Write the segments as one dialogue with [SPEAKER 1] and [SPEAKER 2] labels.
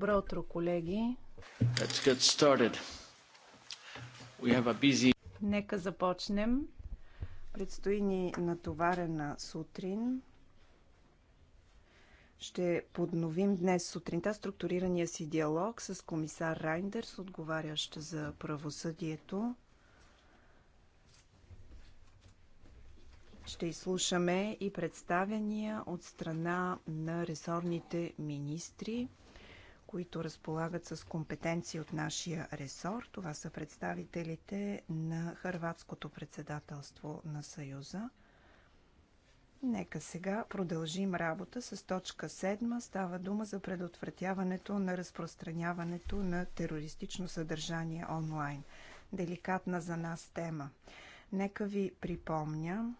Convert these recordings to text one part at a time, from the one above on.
[SPEAKER 1] Добро утро, колеги.
[SPEAKER 2] Let's get started. We have a busy...
[SPEAKER 1] Нека започнем. Предстои ни натоварена сутрин. Ще подновим днес сутринта структурирания си диалог с комисар Райндерс, отговарящ за правосъдието. ще изслушаме и представяния от страна на ресорните министри които разполагат с компетенции от нашия ресор. Това са представителите на Хърватското председателство на Съюза. Нека сега продължим работа с точка 7. Става дума за предотвратяването на разпространяването на терористично съдържание онлайн. Деликатна за нас тема. Нека ви припомня,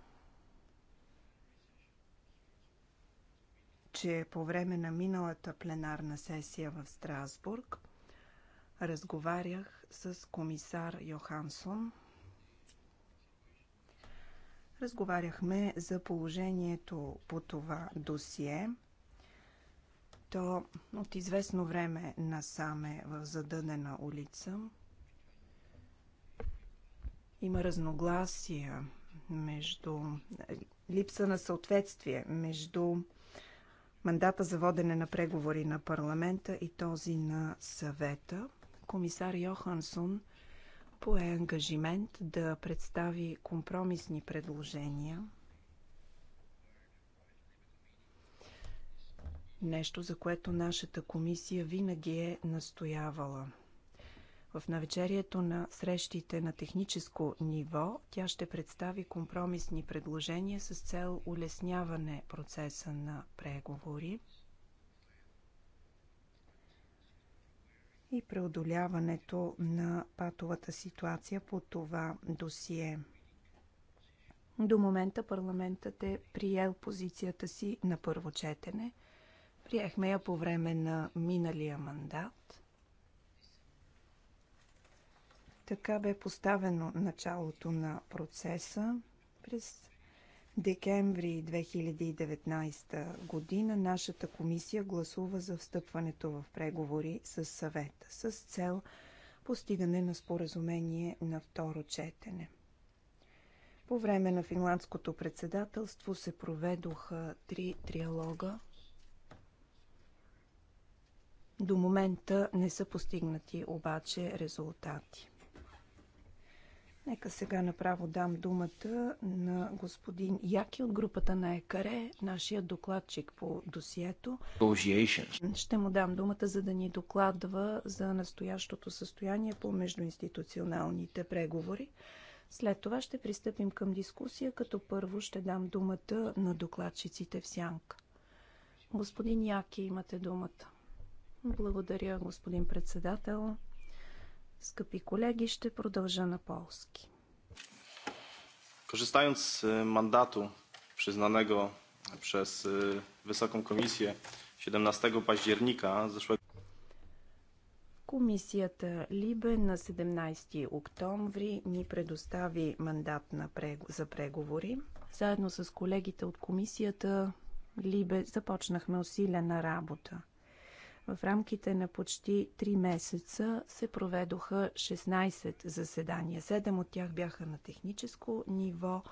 [SPEAKER 1] че по време на миналата пленарна сесия в Страсбург разговарях с комисар Йохансон. Разговаряхме за положението по това досие. То от известно време насаме в задънена улица. Има разногласия между липса на съответствие между мандата за водене на преговори на парламента и този на съвета, комисар Йохансон пое ангажимент да представи компромисни предложения. Нещо, за което нашата комисия винаги е настоявала – в навечерието на срещите на техническо ниво тя ще представи компромисни предложения с цел улесняване процеса на преговори и преодоляването на патовата ситуация по това досие. До момента парламентът е приел позицията си на първо четене. Приехме я по време на миналия мандат – Така бе поставено началото на процеса през декември 2019 година нашата комисия гласува за встъпването в преговори с съвета с цел постигане на споразумение на второ четене. По време на финландското председателство се проведоха три триалога. До момента не са постигнати обаче резултати. Нека сега направо дам думата на господин Яки от групата на ЕКАРЕ, нашия докладчик по досието. Ще му дам думата, за да ни докладва за настоящото състояние по междуинституционалните преговори. След това ще пристъпим към дискусия, като първо ще дам думата на докладчиците в сянка. Господин Яки, имате думата. Благодаря, господин председател. Скъпи колеги, ще продължа на полски.
[SPEAKER 3] Korzystając z e, mandatu przyznanego
[SPEAKER 1] przez e, Wysoką Komisję 17 października zeszłego Комисията Либе на 17 октомври ни предостави мандат на прег... за преговори. Заедно с колегите от комисията Либе започнахме усилена работа. В рамките на почти 3 месеца се проведоха 16 заседания. 7 от тях бяха на техническо ниво,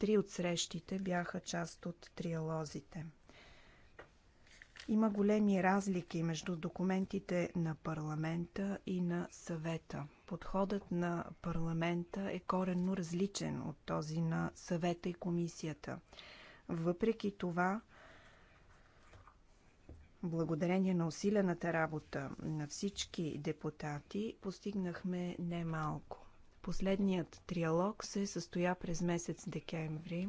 [SPEAKER 1] 3 от срещите бяха част от триалозите. Има големи разлики между документите на парламента и на съвета. Подходът на парламента е коренно различен от този на съвета и комисията. Въпреки това, Благодарение на усилената работа на всички депутати постигнахме немалко. Последният триалог се състоя през месец декември.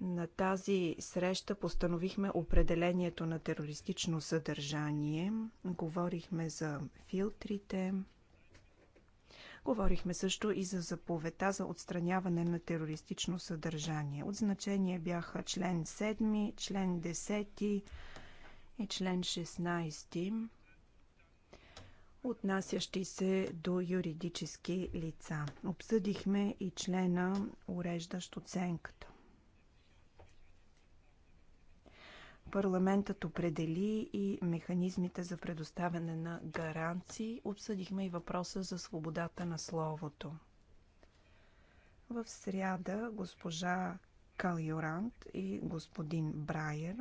[SPEAKER 1] На тази среща постановихме определението на терористично съдържание, говорихме за филтрите, Говорихме също и за заповедта за отстраняване на терористично съдържание. От значение бяха член 7, член 10 и член 16, отнасящи се до юридически лица. Обсъдихме и члена, уреждащ оценката. Парламентът определи и механизмите за предоставяне на гаранции. Обсъдихме и въпроса за свободата на словото. В сряда госпожа Калиорант и господин Брайер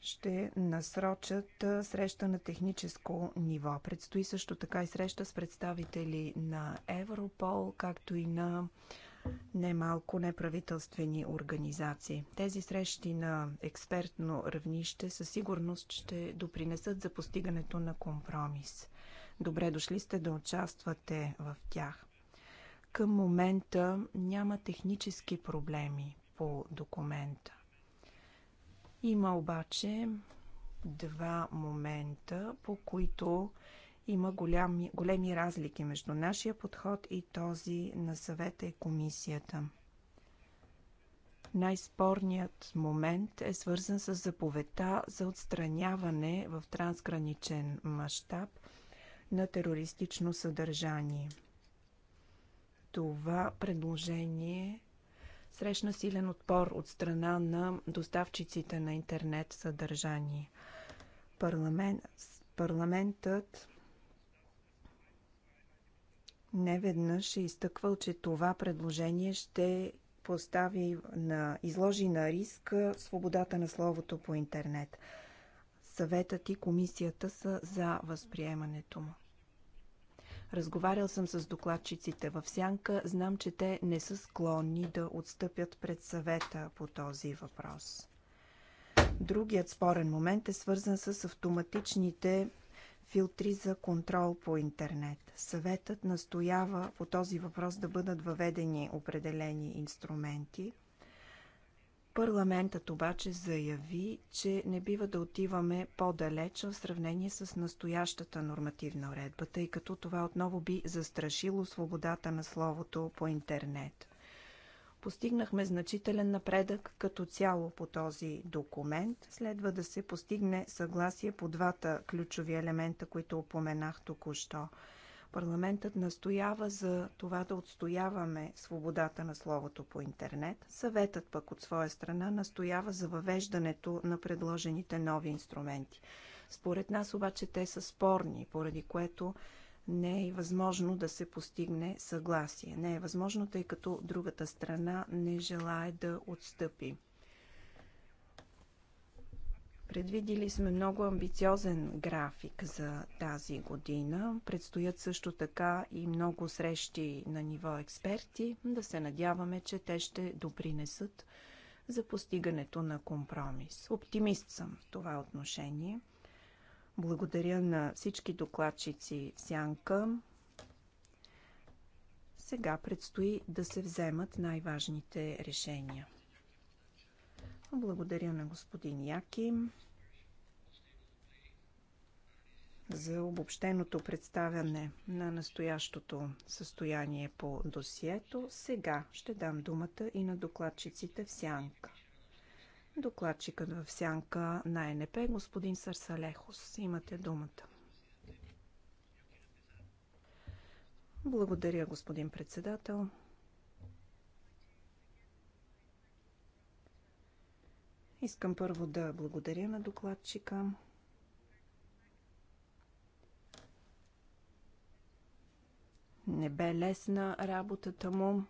[SPEAKER 1] ще насрочат среща на техническо ниво. Предстои също така и среща с представители на Европол, както и на немалко неправителствени организации. Тези срещи на експертно равнище със сигурност ще допринесат за постигането на компромис. Добре дошли сте да участвате в тях. Към момента няма технически проблеми по документа. Има обаче два момента, по които има големи, големи разлики между нашия подход и този на съвета и комисията. Най-спорният момент е свързан с заповедта за отстраняване в трансграничен мащаб на терористично съдържание. Това предложение срещна силен отпор от страна на доставчиците на интернет съдържание. Парламент, парламентът неведнъж е изтъквал, че това предложение ще постави на, изложи на риск свободата на словото по интернет. Съветът и комисията са за възприемането му. Разговарял съм с докладчиците в Сянка. Знам, че те не са склонни да отстъпят пред съвета по този въпрос. Другият спорен момент е свързан с автоматичните филтри за контрол по интернет. Съветът настоява по този въпрос да бъдат въведени определени инструменти. Парламентът обаче заяви, че не бива да отиваме по-далеч в сравнение с настоящата нормативна уредба, тъй като това отново би застрашило свободата на словото по интернет. Постигнахме значителен напредък като цяло по този документ. Следва да се постигне съгласие по двата ключови елемента, които упоменах току-що. Парламентът настоява за това да отстояваме свободата на словото по интернет. Съветът пък от своя страна настоява за въвеждането на предложените нови инструменти. Според нас обаче те са спорни, поради което не е възможно да се постигне съгласие. Не е възможно, тъй като другата страна не желае да отстъпи. Предвидили сме много амбициозен график за тази година. Предстоят също така и много срещи на ниво експерти. Да се надяваме, че те ще допринесат за постигането на компромис. Оптимист съм в това отношение – благодаря на всички докладчици Сянка. Сега предстои да се вземат най-важните решения. Благодаря на господин Яким за обобщеното представяне на настоящото състояние по досието. Сега ще дам думата и на докладчиците в Сянка. Докладчикът в сянка на е НП, господин Сарсалехос. Имате думата. Благодаря, господин председател. Искам първо да благодаря на докладчика. Не бе лесна работата му.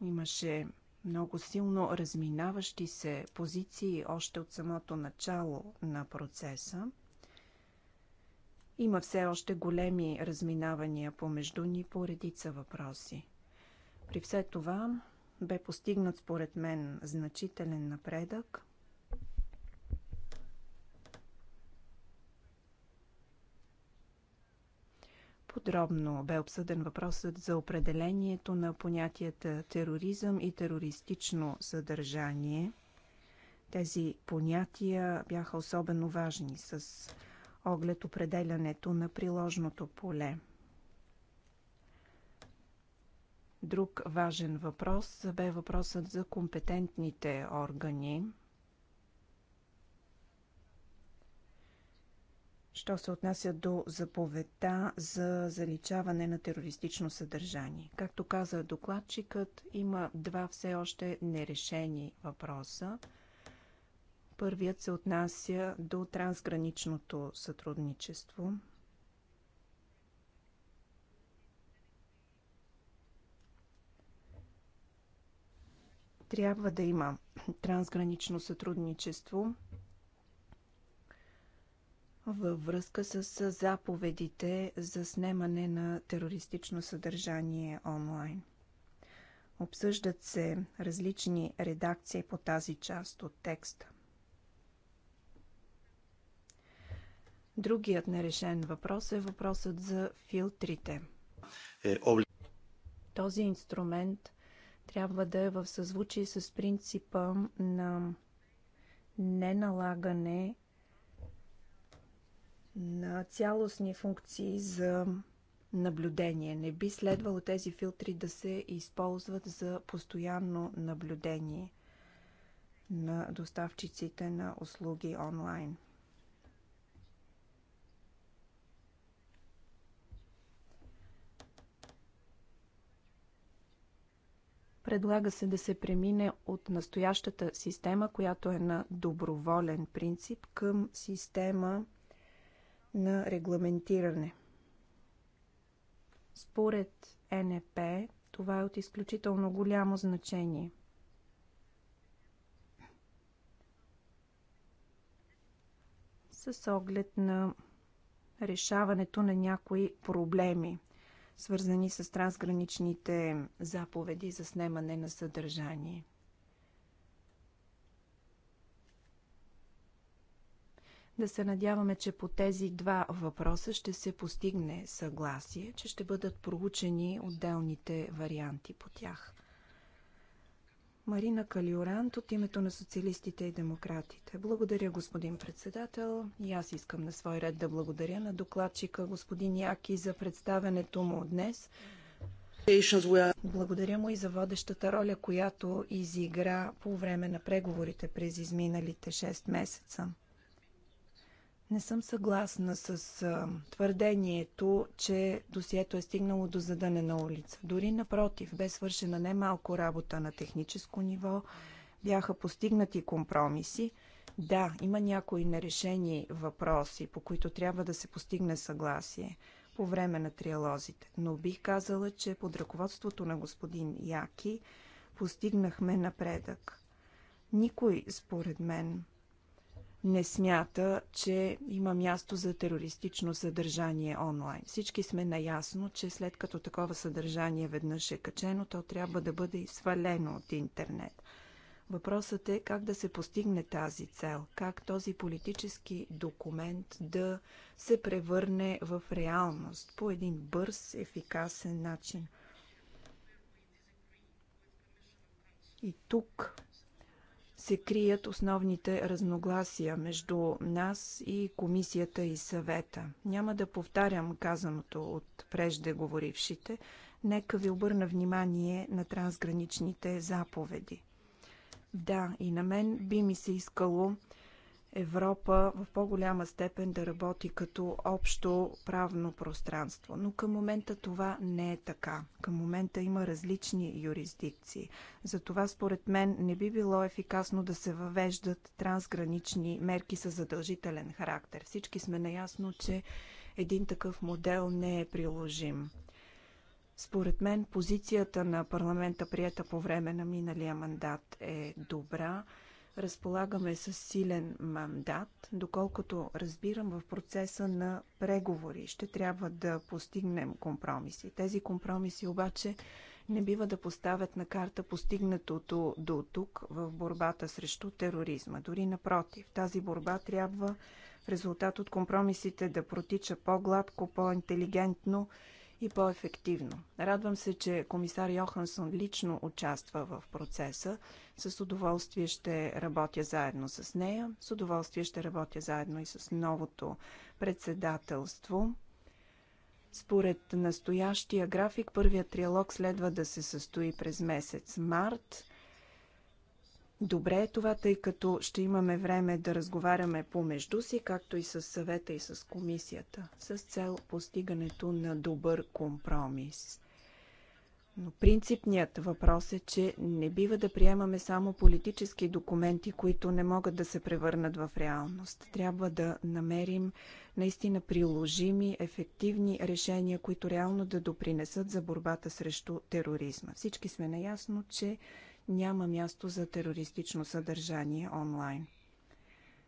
[SPEAKER 1] Имаше много силно разминаващи се позиции още от самото начало на процеса. Има все още големи разминавания помежду ни по редица въпроси. При все това бе постигнат според мен значителен напредък. Подробно бе обсъден въпросът за определението на понятията тероризъм и терористично съдържание. Тези понятия бяха особено важни с оглед определянето на приложното поле. Друг важен въпрос бе въпросът за компетентните органи – що се отнася до заповедта за заличаване на терористично съдържание. Както каза докладчикът, има два все още нерешени въпроса. Първият се отнася до трансграничното сътрудничество. Трябва да има трансгранично сътрудничество – във връзка с заповедите за снемане на терористично съдържание онлайн. Обсъждат се различни редакции по тази част от текста. Другият нерешен въпрос е въпросът за филтрите. Е, Този инструмент трябва да е в съзвучие с принципа на неналагане на цялостни функции за наблюдение. Не би следвало тези филтри да се използват за постоянно наблюдение на доставчиците на услуги онлайн. Предлага се да се премине от настоящата система, която е на доброволен принцип, към система – на регламентиране. Според НП това е от изключително голямо значение. С оглед на решаването на някои проблеми, свързани с трансграничните заповеди за снемане на съдържание – Да се надяваме, че по тези два въпроса ще се постигне съгласие, че ще бъдат проучени отделните варианти по тях. Марина Калиорант от името на социалистите и демократите. Благодаря, господин председател. И аз искам на свой ред да благодаря на докладчика господин Яки за представенето му днес. Благодаря му и за водещата роля, която изигра по време на преговорите през изминалите 6 месеца. Не съм съгласна с твърдението, че досието е стигнало до задане на улица. Дори напротив, бе свършена немалко работа на техническо ниво, бяха постигнати компромиси. Да, има някои нерешени въпроси, по които трябва да се постигне съгласие по време на триалозите, но бих казала, че под ръководството на господин Яки постигнахме напредък. Никой, според мен, не смята, че има място за терористично съдържание онлайн. Всички сме наясно, че след като такова съдържание веднъж е качено, то трябва да бъде свалено от интернет. Въпросът е как да се постигне тази цел, как този политически документ да се превърне в реалност по един бърз, ефикасен начин. И тук се крият основните разногласия между нас и комисията и съвета. Няма да повтарям казаното от преждеговорившите, нека ви обърна внимание на трансграничните заповеди. Да, и на мен би ми се искало Европа в по-голяма степен да работи като общо правно пространство. Но към момента това не е така. Към момента има различни юрисдикции. Затова според мен не би било ефикасно да се въвеждат трансгранични мерки с задължителен характер. Всички сме наясно, че един такъв модел не е приложим. Според мен позицията на парламента, прията по време на миналия мандат, е добра разполагаме с силен мандат. Доколкото разбирам в процеса на преговори, ще трябва да постигнем компромиси. Тези компромиси обаче не бива да поставят на карта постигнатото до тук в борбата срещу тероризма. Дори напротив, тази борба трябва резултат от компромисите да протича по-гладко, по-интелигентно и по-ефективно. Радвам се, че комисар Йохансон лично участва в процеса. С удоволствие ще работя заедно с нея. С удоволствие ще работя заедно и с новото председателство. Според настоящия график, първият триалог следва да се състои през месец март. Добре е това, тъй като ще имаме време да разговаряме помежду си, както и с съвета и с комисията, с цел постигането на добър компромис. Но принципният въпрос е, че не бива да приемаме само политически документи, които не могат да се превърнат в реалност. Трябва да намерим наистина приложими, ефективни решения, които реално да допринесат за борбата срещу тероризма. Всички сме наясно, че няма място за терористично съдържание онлайн.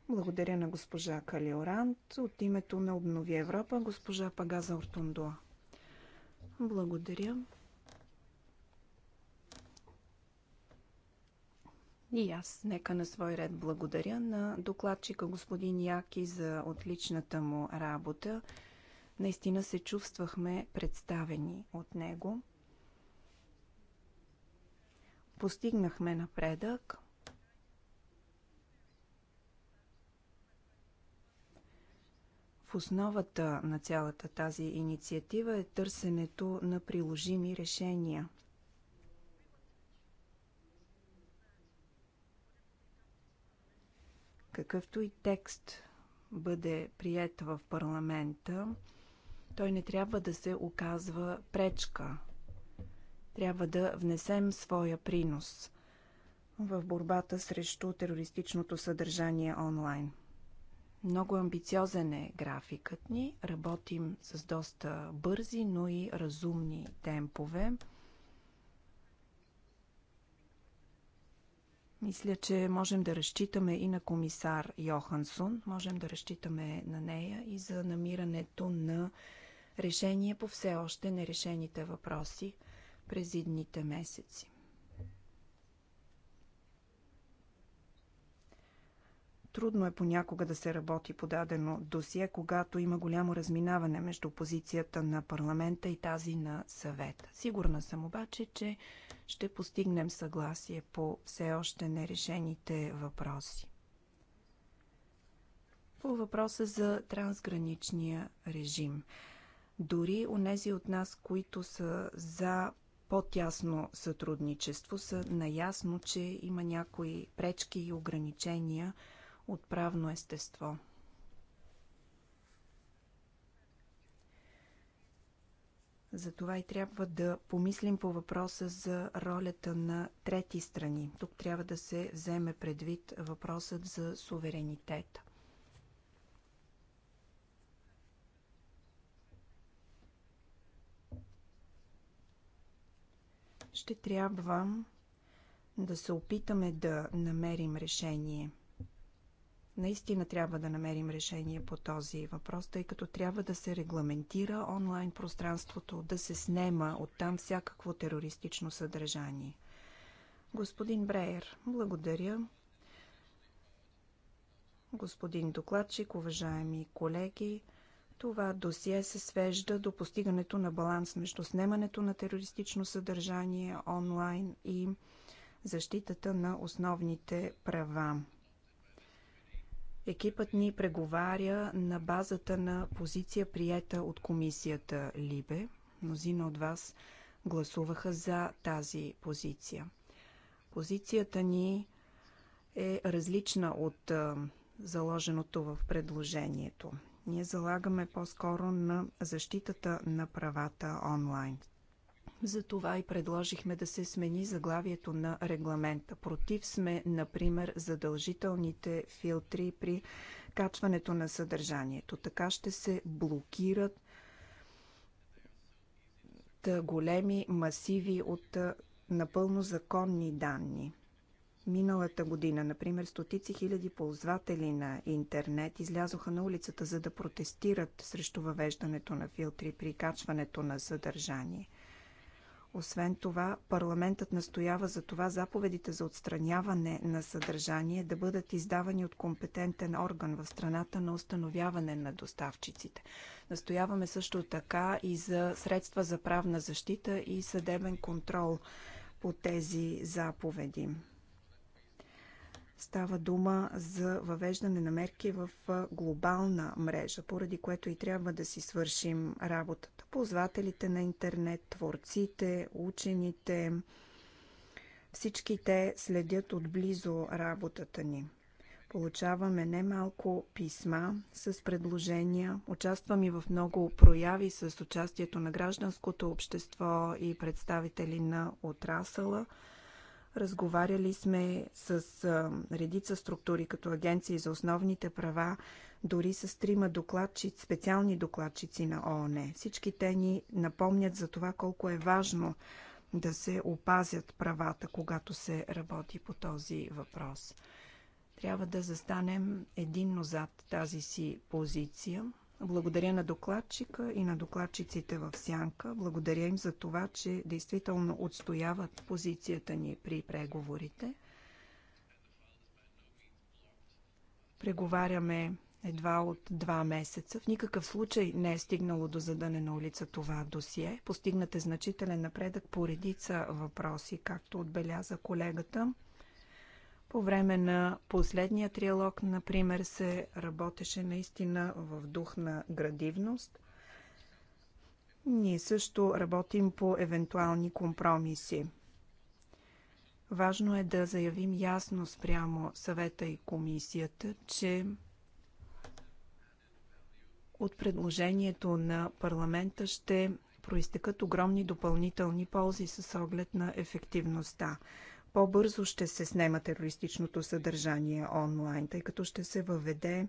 [SPEAKER 1] Благодаря на госпожа Калиорант. От името на Обнови Европа, госпожа Пагаза Ортундуа. Благодаря. И аз нека на свой ред благодаря на докладчика господин Яки за отличната му работа. Наистина се чувствахме представени от него. Постигнахме напредък. В основата на цялата тази инициатива е търсенето на приложими решения. Какъвто и текст бъде прият в парламента, той не трябва да се оказва пречка трябва да внесем своя принос в борбата срещу терористичното съдържание онлайн. Много амбициозен е графикът ни. Работим с доста бързи, но и разумни темпове. Мисля, че можем да разчитаме и на комисар Йохансон, можем да разчитаме на нея и за намирането на решение по все още нерешените въпроси – през идните месеци. Трудно е понякога да се работи по дадено досие, когато има голямо разминаване между позицията на парламента и тази на съвета. Сигурна съм обаче, че ще постигнем съгласие по все още нерешените въпроси. По въпроса за трансграничния режим. Дори онези от нас, които са за по-тясно сътрудничество са наясно, че има някои пречки и ограничения от правно естество. Затова и трябва да помислим по въпроса за ролята на трети страни. Тук трябва да се вземе предвид въпросът за суверенитета. ще трябва да се опитаме да намерим решение. Наистина трябва да намерим решение по този въпрос, тъй като трябва да се регламентира онлайн пространството, да се снема оттам всякакво терористично съдържание. Господин Бреер, благодаря. Господин докладчик, уважаеми колеги, това досие се свежда до постигането на баланс между снемането на терористично съдържание онлайн и защитата на основните права. Екипът ни преговаря на базата на позиция приета от комисията Либе. Мнозина от вас гласуваха за тази позиция. Позицията ни е различна от заложеното в предложението. Ние залагаме по-скоро на защитата на правата онлайн. Затова и предложихме да се смени заглавието на регламента. Против сме, например, задължителните филтри при качването на съдържанието. Така ще се блокират големи масиви от напълно законни данни. Миналата година, например, стотици хиляди ползватели на интернет излязоха на улицата, за да протестират срещу въвеждането на филтри при качването на съдържание. Освен това, парламентът настоява за това заповедите за отстраняване на съдържание да бъдат издавани от компетентен орган в страната на установяване на доставчиците. Настояваме също така и за средства за правна защита и съдебен контрол по тези заповеди. Става дума за въвеждане на мерки в глобална мрежа, поради което и трябва да си свършим работата. Ползвателите на интернет, творците, учените, всички те следят отблизо работата ни. Получаваме немалко писма с предложения. Участвам и в много прояви с участието на гражданското общество и представители на отрасъла – Разговаряли сме с редица структури, като агенции за основните права, дори с трима докладчици, специални докладчици на ООН. Всички те ни напомнят за това колко е важно да се опазят правата, когато се работи по този въпрос. Трябва да застанем единно зад тази си позиция. Благодаря на докладчика и на докладчиците в Сянка. Благодаря им за това, че действително отстояват позицията ни при преговорите. Преговаряме едва от два месеца. В никакъв случай не е стигнало до задане на улица това досие. Постигнат е значителен напредък по редица въпроси, както отбеляза колегата. По време на последния триалог, например, се работеше наистина в дух на градивност. Ние също работим по евентуални компромиси. Важно е да заявим ясно спрямо съвета и комисията, че от предложението на парламента ще проистекат огромни допълнителни ползи с оглед на ефективността по-бързо ще се снема терористичното съдържание онлайн, тъй като ще се въведе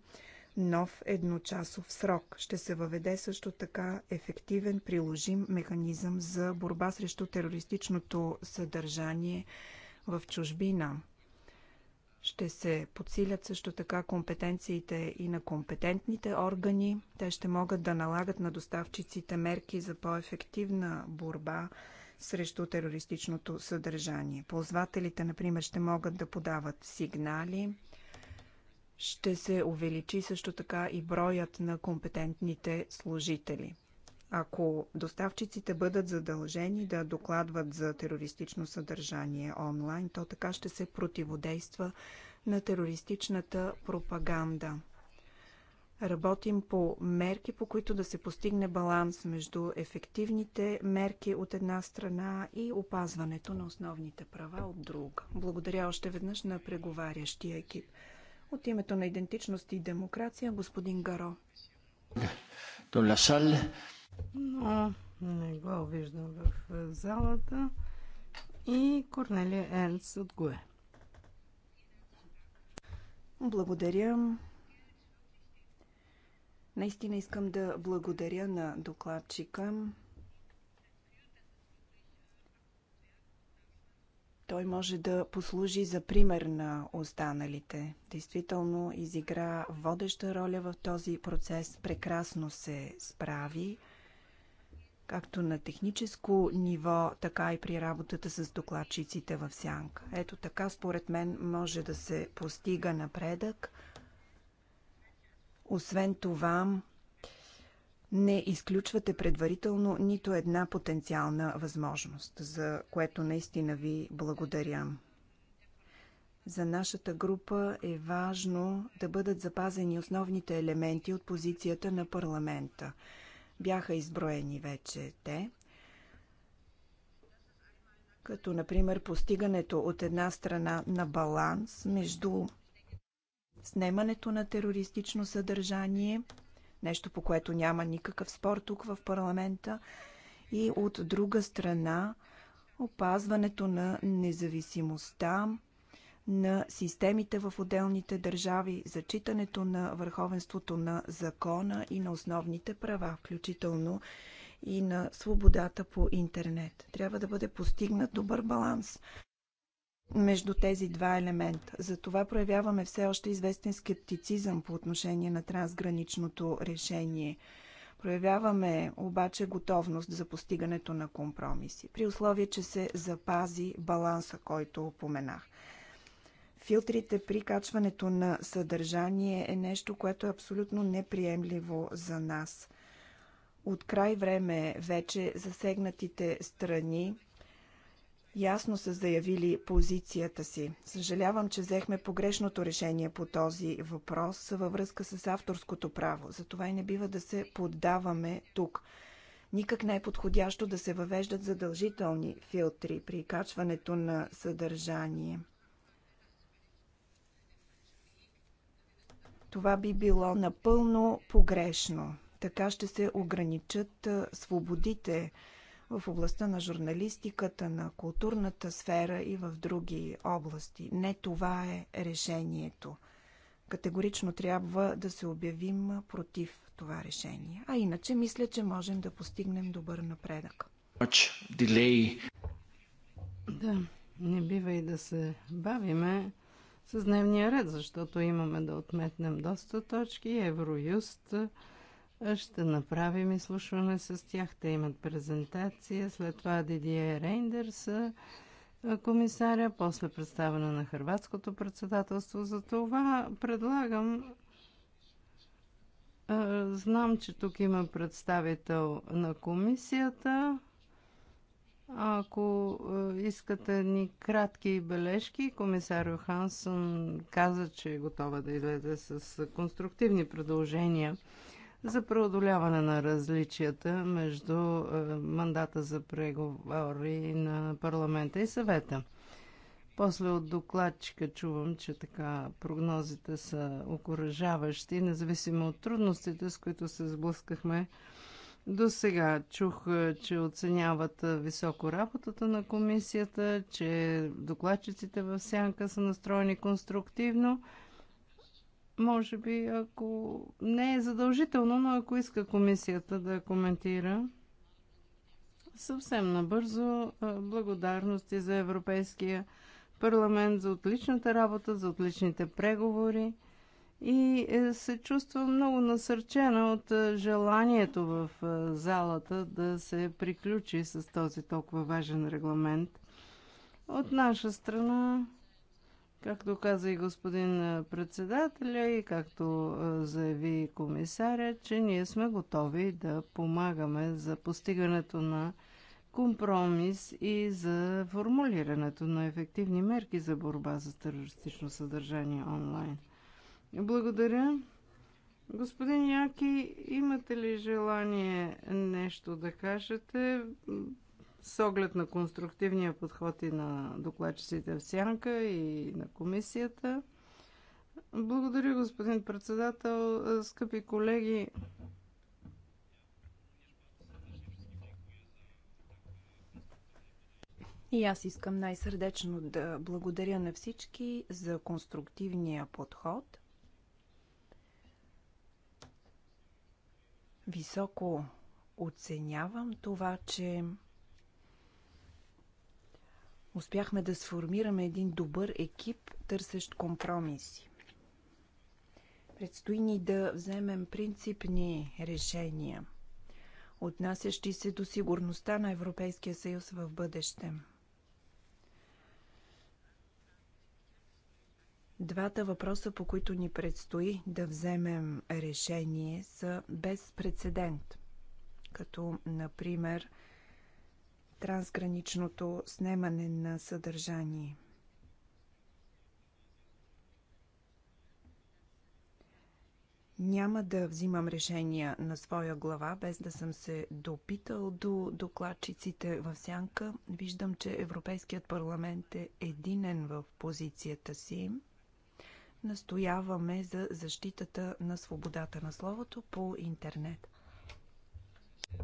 [SPEAKER 1] нов едночасов срок. Ще се въведе също така ефективен приложим механизъм за борба срещу терористичното съдържание в чужбина. Ще се подсилят също така компетенциите и на компетентните органи. Те ще могат да налагат на доставчиците мерки за по-ефективна борба срещу терористичното съдържание. Ползвателите, например, ще могат да подават сигнали, ще се увеличи също така и броят на компетентните служители. Ако доставчиците бъдат задължени да докладват за терористично съдържание онлайн, то така ще се противодейства на терористичната пропаганда – Работим по мерки, по които да се постигне баланс между ефективните мерки от една страна и опазването на основните права от друга. Благодаря още веднъж на преговарящия екип. От името на идентичност и демокрация, господин Гаро. Но не го виждам в залата. И Корнелия Ернс от ГУЕ. Благодаря. Наистина искам да благодаря на докладчика. Той може да послужи за пример на останалите. Действително изигра водеща роля в този процес, прекрасно се справи, както на техническо ниво, така и при работата с докладчиците в сянка. Ето така, според мен, може да се постига напредък – освен това, не изключвате предварително нито една потенциална възможност, за което наистина ви благодаря. За нашата група е важно да бъдат запазени основните елементи от позицията на парламента. Бяха изброени вече те, като например постигането от една страна на баланс между снемането на терористично съдържание, нещо по което няма никакъв спор тук в парламента, и от друга страна опазването на независимостта на системите в отделните държави, зачитането на върховенството на закона и на основните права, включително и на свободата по интернет. Трябва да бъде постигнат добър баланс между тези два елемента. Затова проявяваме все още известен скептицизъм по отношение на трансграничното решение. Проявяваме обаче готовност за постигането на компромиси, при условие, че се запази баланса, който упоменах. Филтрите при качването на съдържание е нещо, което е абсолютно неприемливо за нас. От край време вече засегнатите страни ясно са заявили позицията си. Съжалявам, че взехме погрешното решение по този въпрос във връзка с авторското право. Затова и не бива да се поддаваме тук. Никак не е подходящо да се въвеждат задължителни филтри при качването на съдържание. Това би било напълно погрешно. Така ще се ограничат свободите в областта на журналистиката, на културната сфера и в други области. Не това е решението. Категорично трябва да се обявим против това решение. А иначе мисля, че можем да постигнем добър напредък. Да,
[SPEAKER 3] не бива и да се бавиме с дневния ред, защото имаме да отметнем доста точки. Евроюст, ще направим изслушване с тях. Те имат презентация. След това Дидие Рейндерс, комисаря, после представяне на Хрватското председателство. За това предлагам Знам, че тук има представител на комисията. Ако искате ни кратки бележки, комисар Йохансън каза, че е готова да излезе с конструктивни предложения за преодоляване на различията между е, мандата за преговори на парламента и съвета. После от докладчика чувам, че така прогнозите са окоръжаващи, независимо от трудностите, с които се сблъскахме до сега. Чух, е, че оценяват е, високо работата на комисията, че докладчиците в сянка са настроени конструктивно – може би, ако не е задължително, но ако иска комисията да коментира. Съвсем набързо, благодарности за Европейския парламент, за отличната работа, за отличните преговори и е, се чувствам много насърчена от желанието в залата да се приключи с този толкова важен регламент. От наша страна Както каза и господин председателя и както заяви комисаря, че ние сме готови да помагаме за постигането на компромис и за формулирането на ефективни мерки за борба за терористично съдържание онлайн. Благодаря. Господин Яки, имате ли желание нещо да кажете? С оглед на конструктивния подход и на докладчиците в Сянка и на комисията. Благодаря, господин председател. Скъпи колеги,
[SPEAKER 1] И аз искам най-сърдечно да благодаря на всички за конструктивния подход. Високо оценявам това, че успяхме да сформираме един добър екип, търсещ компромиси. Предстои ни да вземем принципни решения, отнасящи се до сигурността на Европейския съюз в бъдеще. Двата въпроса, по които ни предстои да вземем решение, са без прецедент, като, например, трансграничното снемане на съдържание. Няма да взимам решения на своя глава, без да съм се допитал до докладчиците в сянка. Виждам, че Европейският парламент е единен в позицията си. Настояваме за защитата на свободата на словото по интернет.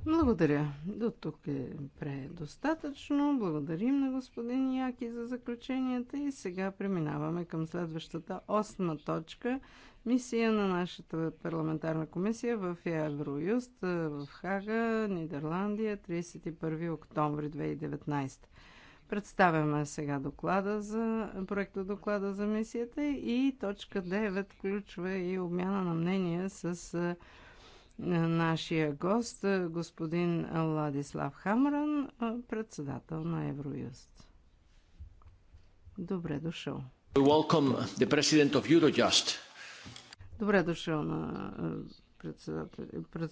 [SPEAKER 3] Благодаря. До тук е предостатъчно. Благодарим на господин Яки за заключенията и сега преминаваме към следващата осма точка. Мисия на нашата парламентарна комисия в Евроюст в Хага, Нидерландия, 31 октомври 2019. Представяме сега доклада за, проекта доклада за мисията и точка 9 включва и обмяна на мнения с нашия гост, е, господин Владислав Хамран, е, председател на Евроюст. Добре дошъл. Добре дошъл на е,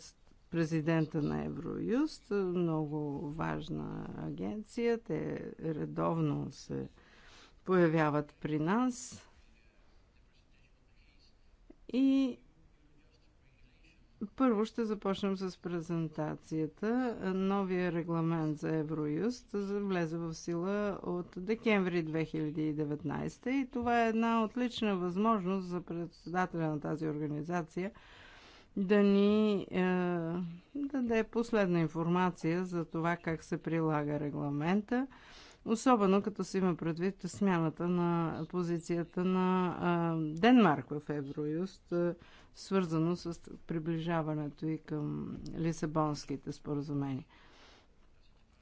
[SPEAKER 3] президента на Евроюст. Много важна агенция. Те редовно се появяват при нас. И първо ще започнем с презентацията. Новия регламент за Евроюст влезе в сила от декември 2019 и това е една отлична възможност за председателя на тази организация да ни е, даде последна информация за това как се прилага регламента Особено като се има предвид смяната на позицията на Денмарк в Евроюст, свързано с приближаването и към Лисабонските споразумения.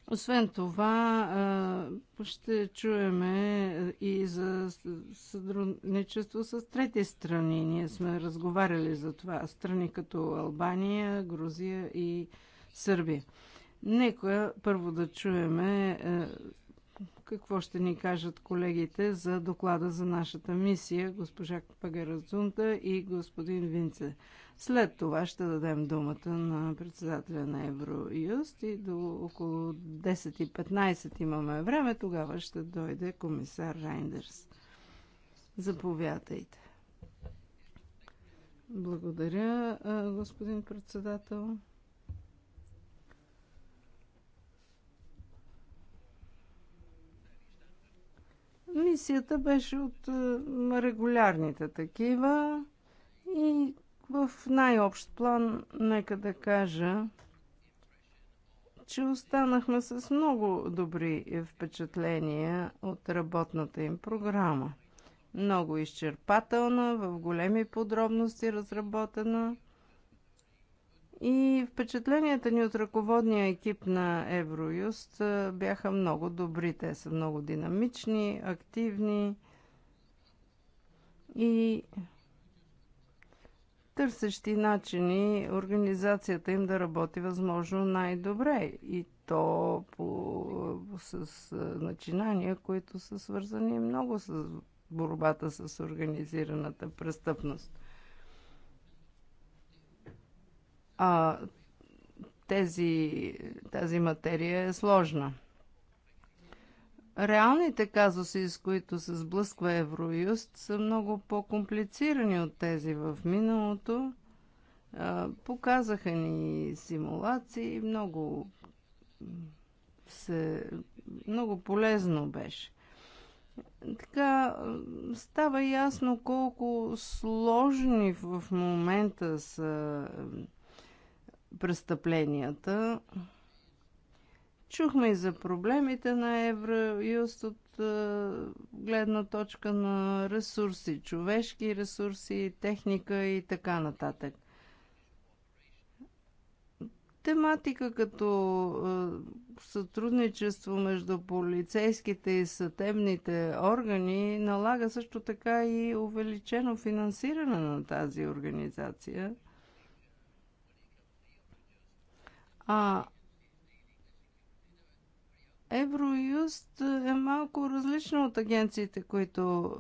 [SPEAKER 3] Освен това, ще чуеме и за съдруничество с трети страни. Ние сме разговаряли за това. Страни като Албания, Грузия и Сърбия. Нека първо да чуеме какво ще ни кажат колегите за доклада за нашата мисия, госпожа Пагаразунта и господин Винце. След това ще дадем думата на председателя на Евроюст и до около 10.15 имаме време, тогава ще дойде комисар Райндерс. Заповядайте. Благодаря, господин председател. Мисията беше от е, регулярните такива и в най-общ план, нека да кажа, че останахме с много добри впечатления от работната им програма. Много изчерпателна, в големи подробности разработена и впечатленията ни от ръководния екип на Евроюст бяха много добри. Те са много динамични, активни и търсещи начини организацията им да работи възможно най-добре. И то по, с начинания, които са свързани много с борбата с организираната престъпност. А, тези, тази материя е сложна. Реалните казуси, с които се сблъсква Евроюст, са много по-комплицирани от тези в миналото. Показаха ни симулации, много, се, много полезно беше. Така става ясно колко сложни в момента са престъпленията. Чухме и за проблемите на Евроюст от гледна точка на ресурси, човешки ресурси, техника и така нататък. Тематика като сътрудничество между полицейските и съдебните органи налага също така и увеличено финансиране на тази организация А Евроюст е, е малко различно от агенциите, които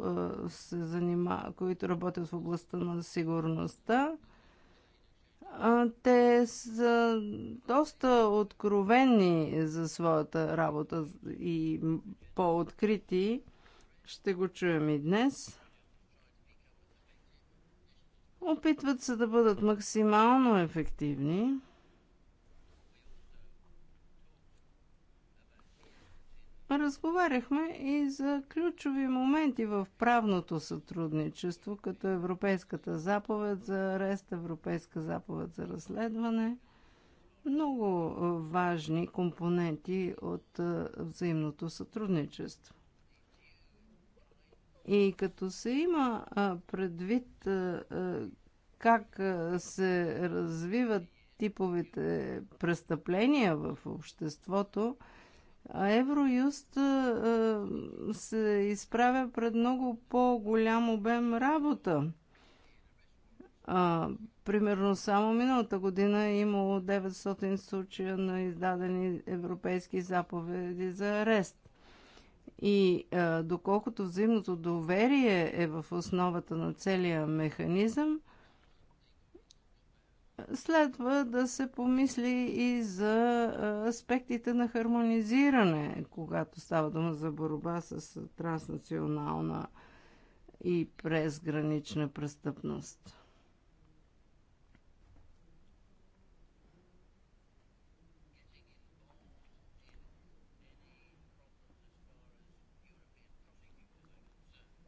[SPEAKER 3] е, се занимават, които работят в областта на сигурността. Те са доста откровени за своята работа и по-открити. Ще го чуем и днес. Опитват се да бъдат максимално ефективни. Разговаряхме и за ключови моменти в правното сътрудничество, като Европейската заповед за арест, Европейска заповед за разследване. Много важни компоненти от взаимното сътрудничество. И като се има предвид как се развиват типовите престъпления в обществото, Евроюст се изправя пред много по-голям обем работа. А, примерно само миналата година е имало 900 случая на издадени европейски заповеди за арест. И а, доколкото взаимното доверие е в основата на целия механизъм, Следва да се помисли и за аспектите на хармонизиране, когато става дума за борба с транснационална и презгранична престъпност.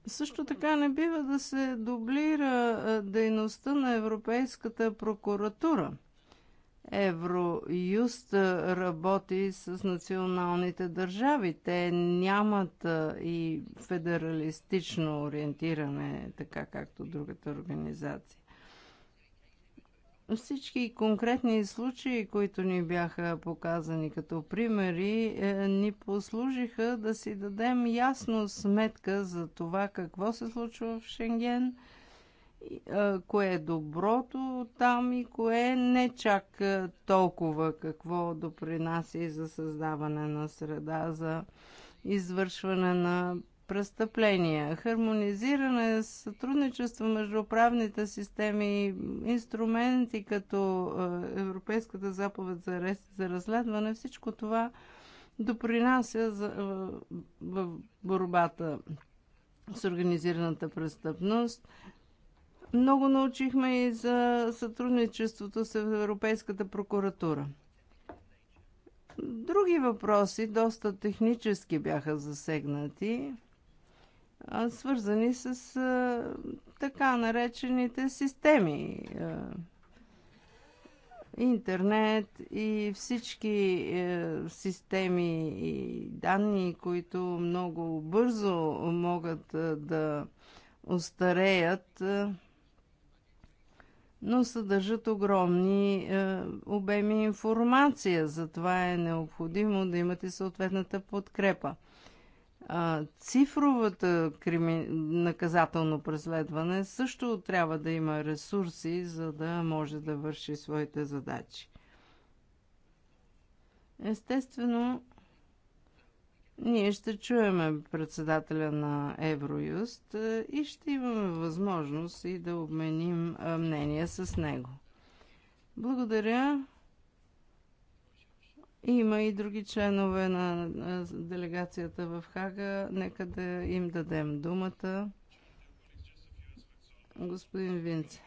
[SPEAKER 3] Също така не бива да се дублира дейността на Европейската прокуратура. Евроюст работи с националните държави. Те нямат и федералистично ориентиране, така както другата организация. Всички конкретни случаи, които ни бяха показани като примери, е, ни послужиха да си дадем ясно сметка за това какво се случва в Шенген, е, кое е доброто там и кое не чак е, толкова какво допринася и за създаване на среда за извършване на престъпления, хармонизиране, сътрудничество между правните системи, инструменти като е, Европейската заповед за арест за разследване, всичко това допринася за, е, в борбата с организираната престъпност. Много научихме и за сътрудничеството с Европейската прокуратура. Други въпроси, доста технически бяха засегнати свързани с така наречените системи. Интернет и всички е, системи и данни, които много бързо могат да остареят, но съдържат огромни е, обеми информация. Затова е необходимо да имате съответната подкрепа. Цифровата крими... наказателно преследване също трябва да има ресурси, за да може да върши своите задачи. Естествено, ние ще чуеме председателя на Евроюст е, и ще имаме възможност и да обменим мнение с него. Благодаря. Има и други членове на делегацията в Хага. Нека да им дадем думата. Господин Винце.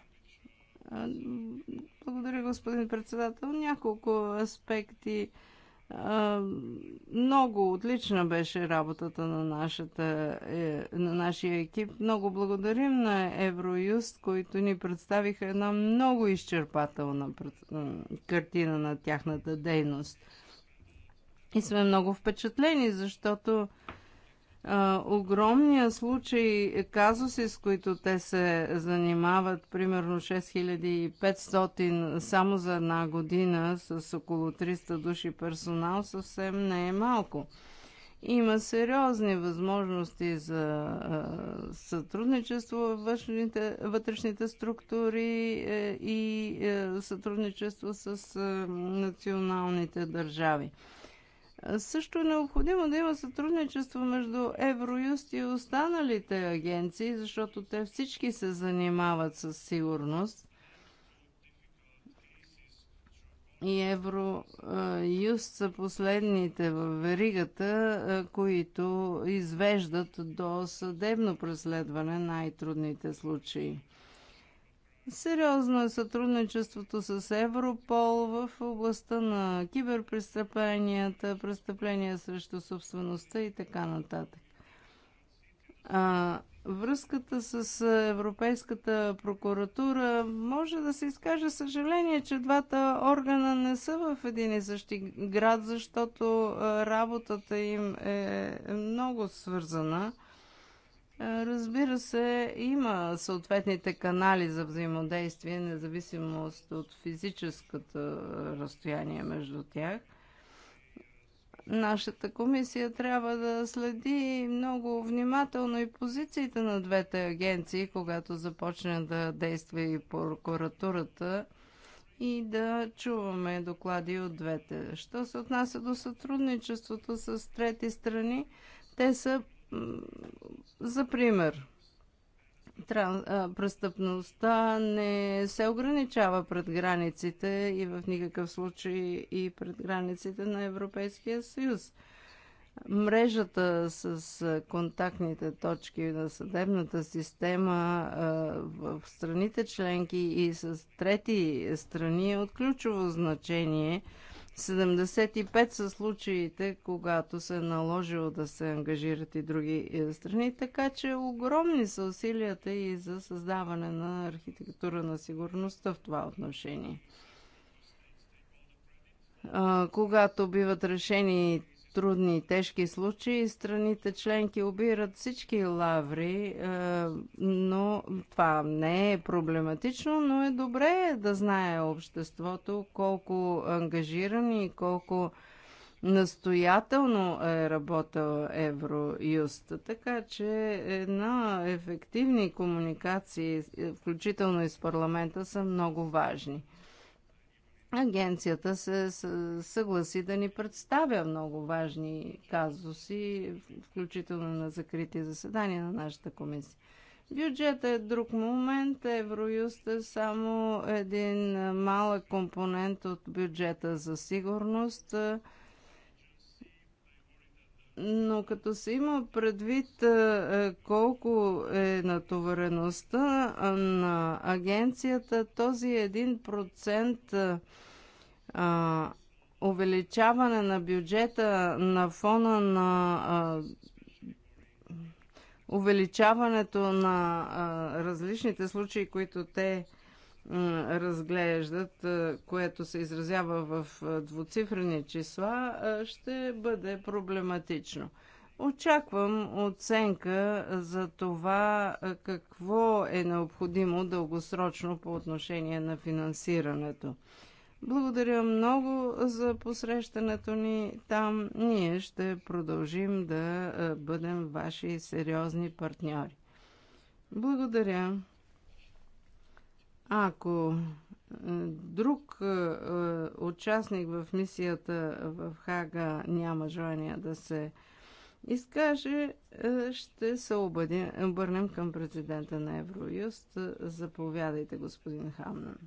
[SPEAKER 3] Благодаря, господин председател. Няколко аспекти. Много отлична беше работата на, нашата, е, на нашия екип. Много благодарим на Евроюст, които ни представиха една много изчерпателна картина на тяхната дейност. И сме много впечатлени, защото а, огромния случай, е казуси, с които те се занимават, примерно 6500 само за една година с около 300 души персонал, съвсем не е малко. Има сериозни възможности за а, сътрудничество в вътрешните, вътрешните структури е, и е, сътрудничество с е, националните държави. Също е необходимо да има сътрудничество между Евроюст и останалите агенции, защото те всички се занимават с сигурност. И Евроюст са последните в веригата, които извеждат до съдебно преследване най-трудните случаи. Сериозно е сътрудничеството с Европол в областта на киберпрестъпленията, престъпления срещу собствеността и така нататък. А, връзката с Европейската прокуратура може да се изкаже съжаление, че двата органа не са в един и същи град, защото работата им е много свързана е, разбира се, има съответните канали за взаимодействие, независимост от физическото разстояние между тях. Нашата комисия трябва да следи много внимателно и позициите на двете агенции, когато започне да действа и прокуратурата и да чуваме доклади от двете. Що се отнася до сътрудничеството с трети страни, те са за пример, тран, а, престъпността не се ограничава пред границите и в никакъв случай и пред границите на Европейския съюз. Мрежата с контактните точки на съдебната система в страните членки и с трети страни е от ключово значение – 75 са случаите, когато се е наложило да се ангажират и други е, страни, така че огромни са усилията и за създаване на архитектура на сигурността в това отношение. Когато биват решени трудни и тежки случаи. Страните членки обират всички лаври, е, но това не е проблематично, но е добре да знае обществото колко ангажирани и колко настоятелно е работил Евроюст. Така че една ефективни комуникации, включително и с парламента, са много важни. Агенцията се съгласи да ни представя много важни казуси, включително на закрити заседания на нашата комисия. Бюджета е друг момент. Евроюст е само един малък компонент от бюджета за сигурност. Но като се има предвид е, е, колко е натовареността на агенцията, този 1% е, увеличаване на бюджета на фона на увеличаването на различните случаи, които те разглеждат, което се изразява в двуцифрени числа, ще бъде проблематично. Очаквам оценка за това какво е необходимо дългосрочно по отношение на финансирането. Благодаря много за посрещането ни там. Ние ще продължим да бъдем ваши сериозни партньори. Благодаря. Ако е, друг е, е, участник в мисията в Хага няма желание да се изкаже, ще се обърнем към президента на Евроюст. Заповядайте, господин Хамнан.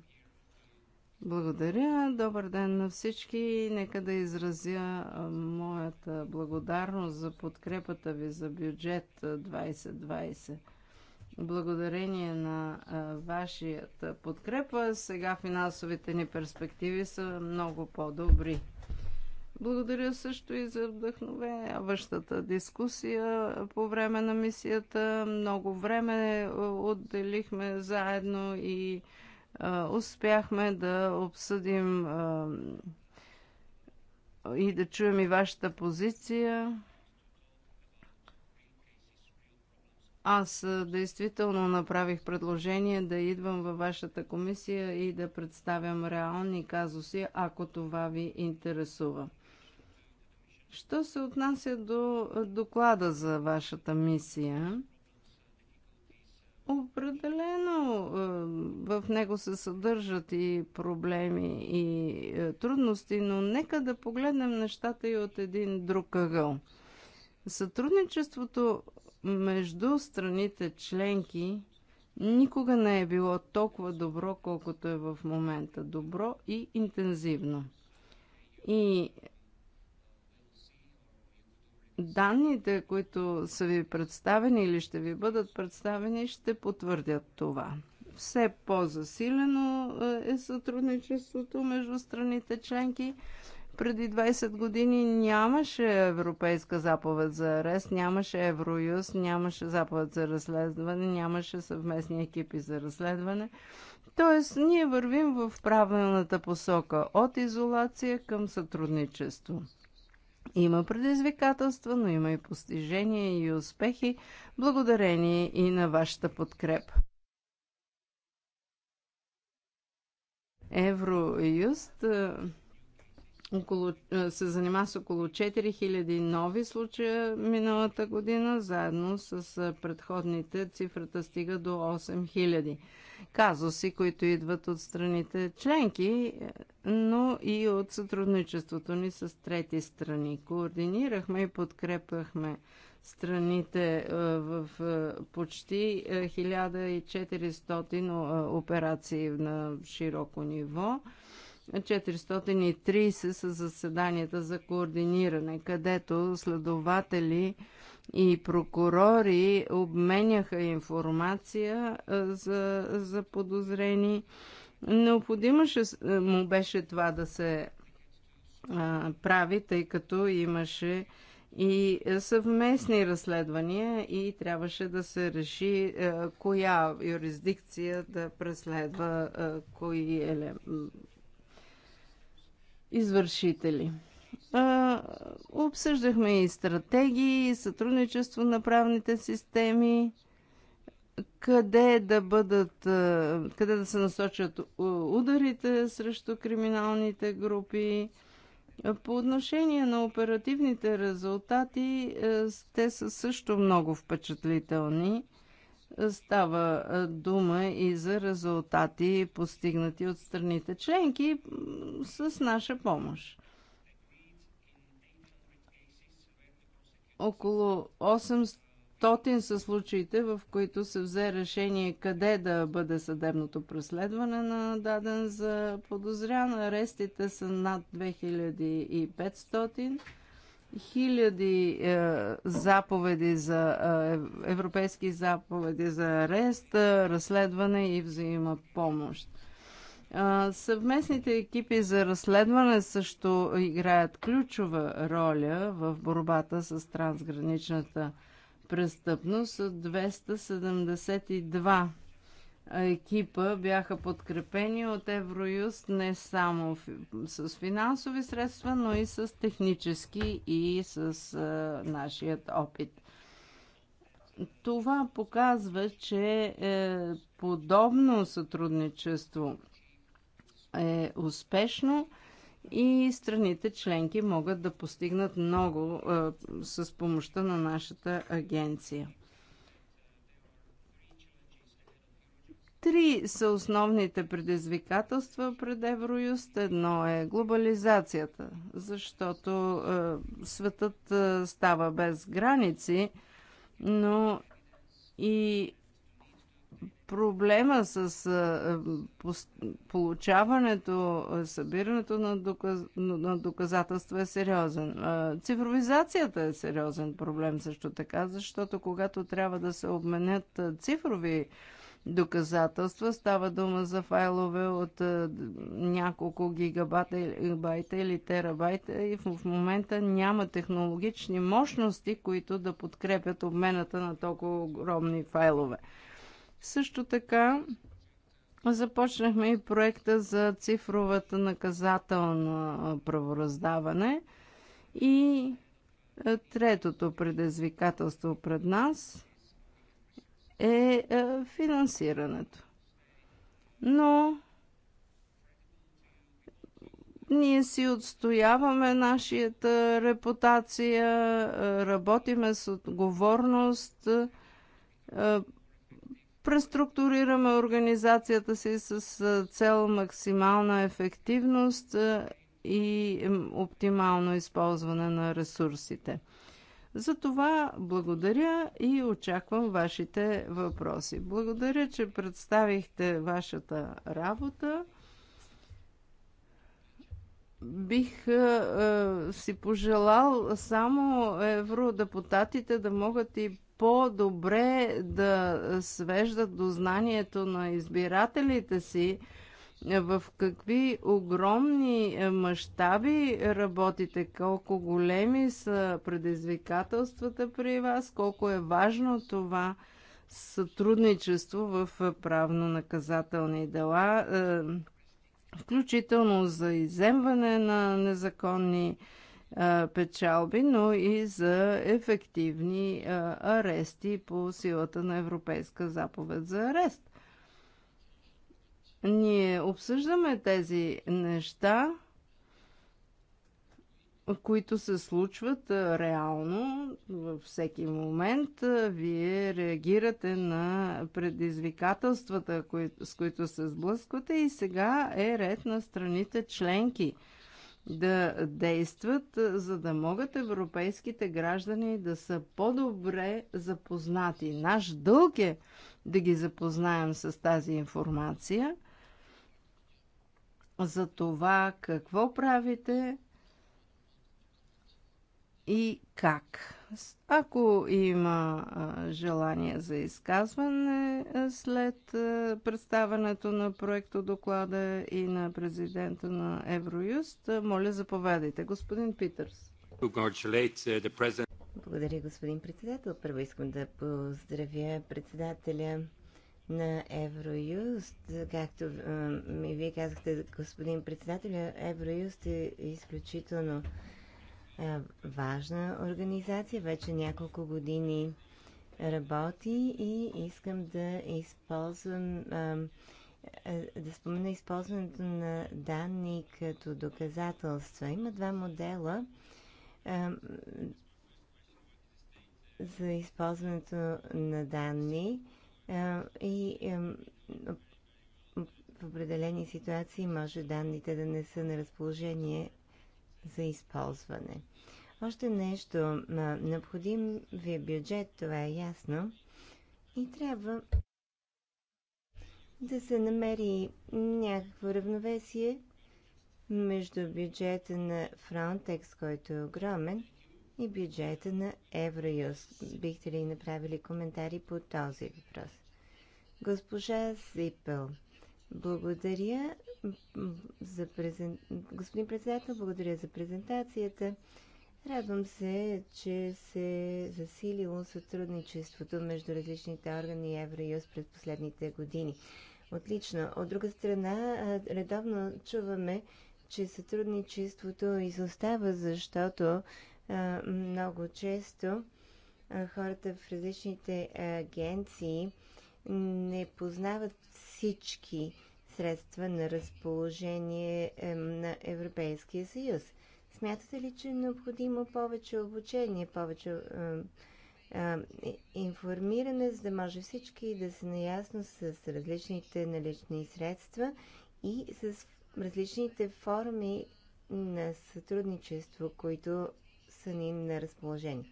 [SPEAKER 3] Благодаря. Добър ден на всички. Нека да изразя моята благодарност за подкрепата ви за бюджет 2020 благодарение на вашата подкрепа, сега финансовите ни перспективи са много по-добри. Благодаря също и за вдъхновяващата дискусия по време на мисията. Много време отделихме заедно и а, успяхме да обсъдим а, и да чуем и вашата позиция. Аз действително направих предложение да идвам във вашата комисия и да представям реални казуси, ако това ви интересува. Що се отнася до доклада за вашата мисия? Определено в него се съдържат и проблеми и трудности, но нека да погледнем нещата и от един друг ъгъл. Сътрудничеството между страните членки никога не е било толкова добро, колкото е в момента. Добро и интензивно. И данните, които са ви представени или ще ви бъдат представени, ще потвърдят това. Все по-засилено е, е сътрудничеството между страните членки преди 20 години нямаше европейска заповед за арест, нямаше Евроюз, нямаше заповед за разследване, нямаше съвместни екипи за разследване. Тоест, ние вървим в правилната посока от изолация към сътрудничество. Има предизвикателства, но има и постижения и успехи, благодарение и на вашата подкрепа. Евроюст около, се занима с около 4000 нови случая миналата година, заедно с предходните цифрата стига до 8000 казуси, които идват от страните членки, но и от сътрудничеството ни с трети страни. Координирахме и подкрепахме страните в почти 1400 операции на широко ниво – 430 са заседанията за координиране, където следователи и прокурори обменяха информация за, за подозрени. Необходимо ще, му беше това да се а, прави, тъй като имаше и съвместни разследвания и трябваше да се реши а, коя юрисдикция да преследва а, кои елементи извършители. А, обсъждахме и стратегии, и сътрудничество на правните системи, къде да бъдат, къде да се насочат ударите срещу криминалните групи. По отношение на оперативните резултати, те са също много впечатлителни. Става дума и за резултати, постигнати от страните членки с наша помощ. Около 800 са случаите, в които се взе решение къде да бъде съдебното преследване на даден за подозрян. Арестите са над 2500 хиляди е, заповеди за е, европейски заповеди за арест, е, разследване и взаима помощ. Е, съвместните екипи за разследване също играят ключова роля в борбата с трансграничната престъпност. 272 екипа бяха подкрепени от Евроюст не само с финансови средства, но и с технически и с а, нашият опит. Това показва, че е, подобно сътрудничество е успешно и страните членки могат да постигнат много е, с помощта на нашата агенция. Три са основните предизвикателства пред Евроюст. Едно е глобализацията, защото е, светът е, става без граници, но и проблема с е, получаването, е, събирането на, доказ, на доказателства е сериозен. Е, цифровизацията е сериозен проблем също така, защото когато трябва да се обменят е, цифрови е, доказателства. Става дума за файлове от е, няколко гигабайта или терабайта и в момента няма технологични мощности, които да подкрепят обмената на толкова огромни файлове. Също така започнахме и проекта за цифровата наказателна правораздаване и е, третото предизвикателство пред нас е, е финансирането. Но ние си отстояваме нашата репутация, е, работиме с отговорност, е, преструктурираме организацията си с цел максимална ефективност и оптимално използване на ресурсите. За това благодаря и очаквам вашите въпроси. Благодаря, че представихте вашата работа. Бих е, е, си пожелал само евродепутатите да могат и по-добре да свеждат до знанието на избирателите си, в какви огромни е, мащаби работите, колко големи са предизвикателствата при вас, колко е важно това сътрудничество в е, правно-наказателни дела, е, включително за иземване на незаконни печалби, но и за ефективни арести по силата на Европейска заповед за арест. Ние обсъждаме тези неща, които се случват реално във всеки момент. Вие реагирате на предизвикателствата, с които се сблъсквате и сега е ред на страните членки да действат, за да могат европейските граждани да са по-добре запознати. Наш дълг е да ги запознаем с тази информация – за това какво правите и как. Ако има желание за изказване след представането на проекто доклада и на президента на Евроюст, моля заповядайте. Господин
[SPEAKER 2] Питърс.
[SPEAKER 1] Uh,
[SPEAKER 2] Благодаря, господин председател. Първо искам да поздравя председателя на Евроюст. Както ми вие казахте, господин председател, Евроюст е изключително важна организация. Вече няколко години работи и искам да използвам да спомена използването на данни като доказателства. Има два модела за използването на данни е, и е, в определени ситуации може данните да не са на разположение за използване. Още нещо. Необходим ви е бюджет, това е ясно. И трябва да се намери някакво равновесие между бюджета на Frontex, който е огромен, и бюджета на Евроюст. Бихте ли направили коментари по този въпрос? Госпожа Сипел, благодаря за презен... Господин председател, благодаря за презентацията. Радвам се, че се е засилило сътрудничеството между различните органи и Евроюз през последните години. Отлично. От друга страна, редовно чуваме, че сътрудничеството изостава, защото много често хората в различните агенции не познават всички средства на разположение на Европейския съюз. Смятате ли, че е необходимо повече обучение, повече информиране, за да може всички да са наясно с различните налични средства и с различните форми на сътрудничество, които са ни на разположение.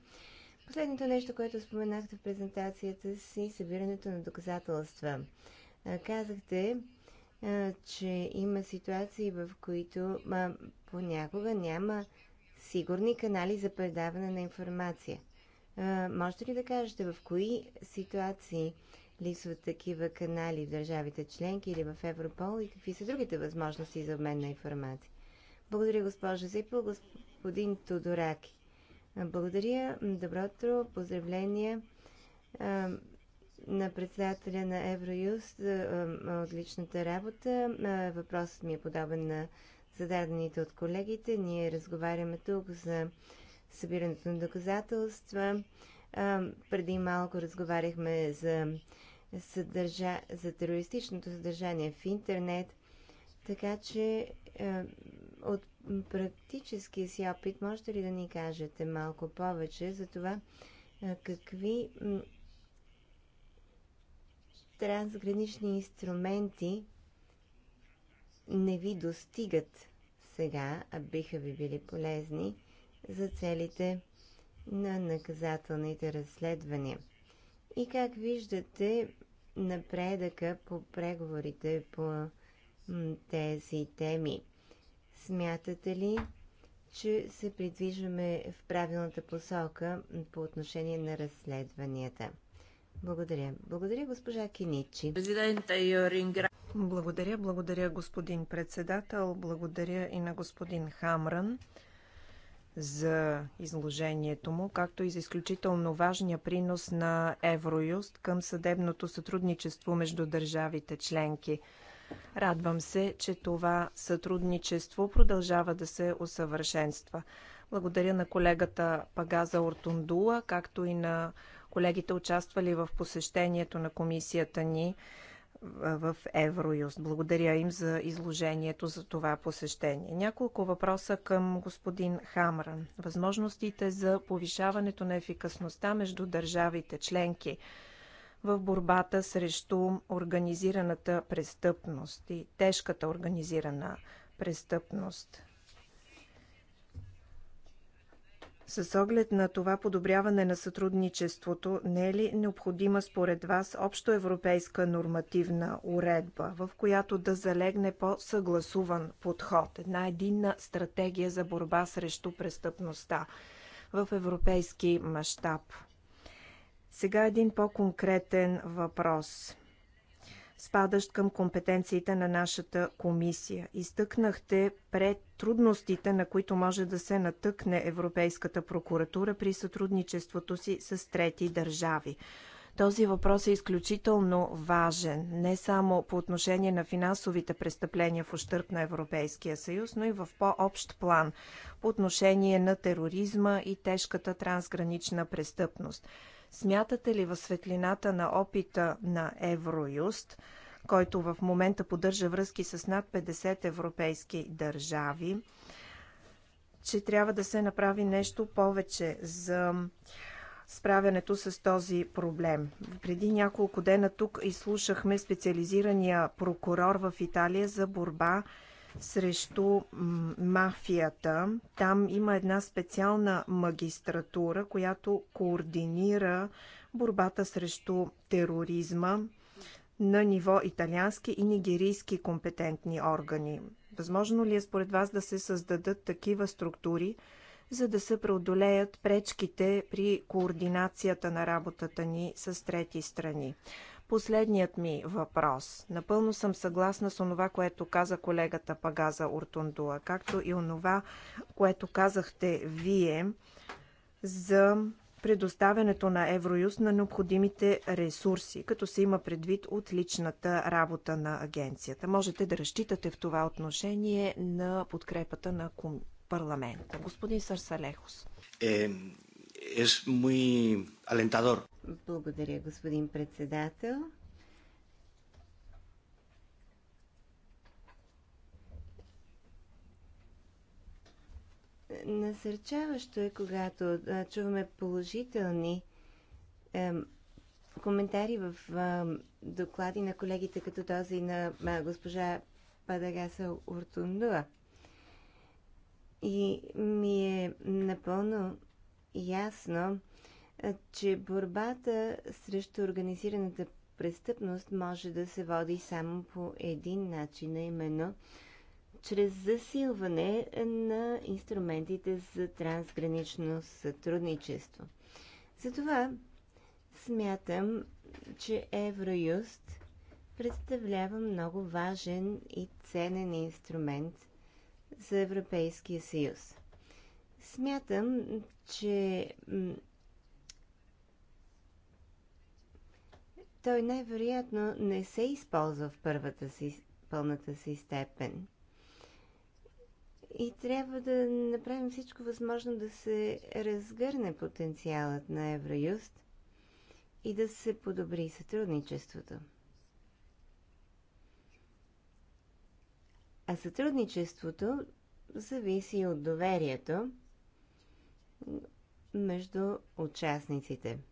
[SPEAKER 2] Последното нещо, което споменахте в презентацията си, събирането на доказателства. Казахте, че има ситуации, в които понякога няма сигурни канали за предаване на информация. Можете ли да кажете в кои ситуации липсват такива канали в държавите членки или в Европол и какви са другите възможности за обмен на информация? Благодаря, госпожа Зипо. Господин Тодораки. Благодаря. Добро утро. Поздравления на председателя на Евроюст за отличната работа. Въпросът ми е подобен на зададените от колегите. Ние разговаряме тук за събирането на доказателства. Преди малко разговаряхме за, съдържа... за терористичното съдържание в интернет. Така че от практическия си опит можете ли да ни кажете малко повече за това какви трансгранични инструменти не ви достигат сега, а биха ви били полезни за целите на наказателните разследвания. И как виждате напредъка по преговорите по тези теми? Смятате ли, че се придвижваме в правилната посока по отношение на разследванията? Благодаря. Благодаря, госпожа Киничи. Благодаря,
[SPEAKER 1] благодаря, господин председател. Благодаря и на господин Хамран за изложението му, както и за изключително важния принос на Евроюст към съдебното сътрудничество между държавите членки. Радвам се, че това сътрудничество продължава да се усъвършенства. Благодаря на колегата Пагаза Ортундула, както и на колегите участвали в посещението на комисията ни в Евроюст. Благодаря им за изложението за това посещение. Няколко въпроса към господин Хамран. Възможностите за повишаването на ефикасността между държавите членки – в борбата срещу организираната престъпност и тежката организирана престъпност. С оглед на това подобряване на сътрудничеството, не е ли необходима според вас общо европейска нормативна уредба, в която да залегне по-съгласуван подход, една единна стратегия за борба срещу престъпността в европейски мащаб? Сега един по-конкретен въпрос, спадащ към компетенциите на нашата комисия. Изтъкнахте пред трудностите, на които може да се натъкне Европейската прокуратура при сътрудничеството си с трети държави. Този въпрос е изключително важен, не само по отношение на финансовите престъпления в ущърп на Европейския съюз, но и в по-общ план по отношение на тероризма и тежката трансгранична престъпност. Смятате ли в светлината на опита на Евроюст, който в момента поддържа връзки с над 50 европейски държави, че трябва да се направи нещо повече за справянето с този проблем. Преди няколко дена тук изслушахме специализирания прокурор в Италия за борба срещу мафията. Там има една специална магистратура, която координира борбата срещу тероризма на ниво италиански и нигерийски компетентни органи. Възможно ли е според вас да се създадат такива структури, за да се преодолеят пречките при координацията на работата ни с трети страни? Последният ми въпрос. Напълно съм съгласна с онова, което каза колегата Пагаза Уртундуа, както и онова, което казахте вие за предоставянето на Евроюз на необходимите ресурси, като се има предвид от личната работа на агенцията. Можете да разчитате в това отношение на подкрепата на парламента. Господин
[SPEAKER 2] Сарсалехос. Е, е, е, е, благодаря, господин председател. Насърчаващо е, когато чуваме положителни коментари в доклади на колегите, като този на госпожа Падагаса Уртундуа. И ми е напълно ясно, че борбата срещу организираната престъпност може да се води само по един начин, а именно чрез засилване на инструментите за трансгранично сътрудничество. Затова смятам, че Евроюст представлява много важен и ценен инструмент за Европейския съюз. Смятам, че той най-вероятно не се използва в първата си, пълната си степен. И трябва да направим всичко възможно да се разгърне потенциалът на Евроюст и да се подобри сътрудничеството. А сътрудничеството зависи от доверието между участниците –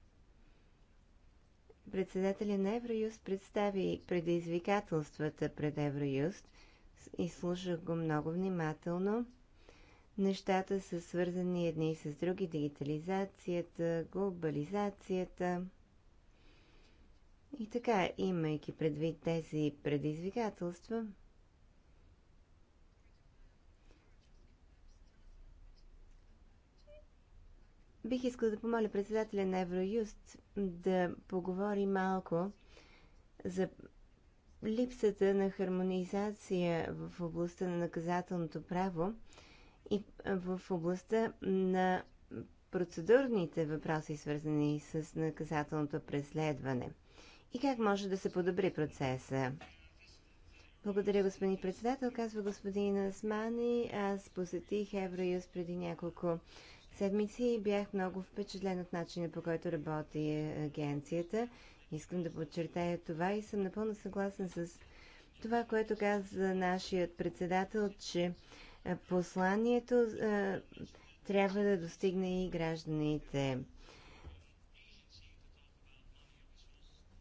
[SPEAKER 2] Председателя на Евроюст представи предизвикателствата пред Евроюст и слушах го много внимателно. Нещата са свързани едни с други. Дигитализацията, глобализацията. И така, имайки предвид тези предизвикателства, Бих искал да помоля председателя на Евроюст да поговори малко за липсата на хармонизация в областта на наказателното право и в областта на процедурните въпроси, свързани с наказателното преследване. И как може да се подобри процеса? Благодаря, господин председател. Казва господин Асмани. Аз посетих Евроюз преди няколко седмици и бях много впечатлен от начина по който работи агенцията. Искам да подчертая това и съм напълно съгласен с това, което каза нашият председател, че посланието трябва да достигне и гражданите.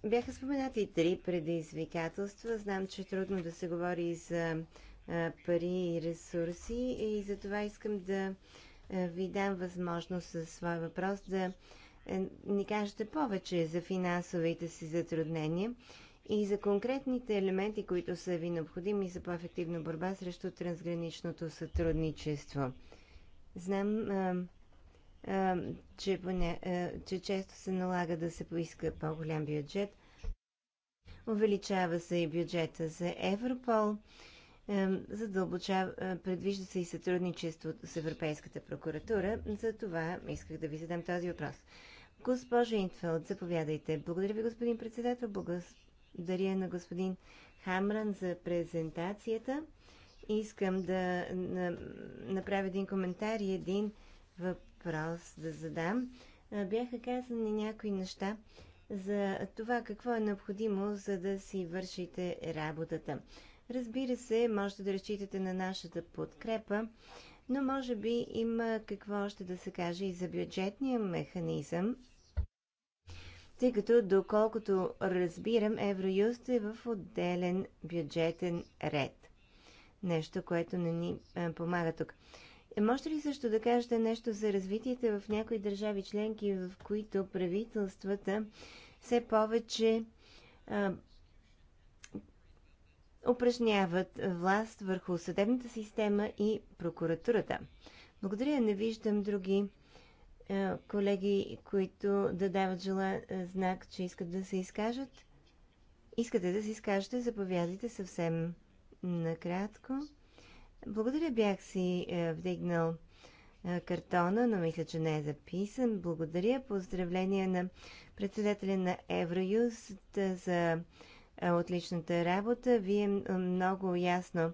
[SPEAKER 2] Бяха споменати три предизвикателства. Знам, че е трудно да се говори за пари и ресурси и за това искам да е, ви дам възможност със своя въпрос да е, ни кажете повече за финансовите си затруднения и за конкретните елементи, които са ви необходими за по-ефективна борба срещу трансграничното сътрудничество. Знам, че, поне, че често се налага да се поиска по-голям бюджет. Увеличава се и бюджета за Европол задълбочава, е, предвижда се и сътрудничество с Европейската прокуратура. За това исках да ви задам този въпрос. Госпожа Интфелд, заповядайте. Благодаря ви, господин председател. Благодаря на господин Хамран за презентацията. Искам да направя един коментар и един въпрос да задам. Е, бяха казани някои неща за това какво е необходимо, за да си вършите работата. Разбира се, можете да разчитате на нашата подкрепа, но може би има какво още да се каже и за бюджетния механизъм, тъй като, доколкото разбирам, Евроюст е в отделен бюджетен ред. Нещо, което не ни а, помага тук. Е, можете ли също да кажете нещо за развитието в някои държави членки, в които правителствата все повече а, упражняват власт върху съдебната система и прокуратурата. Благодаря, не виждам други е, колеги, които да дават жела, е, знак, че искат да се изкажат. Искате да се изкажете, заповядайте съвсем накратко. Благодаря, бях си е, вдигнал картона, но мисля, че не е записан. Благодаря. Поздравления на председателя на Евроюст за е отличната работа. Вие много ясно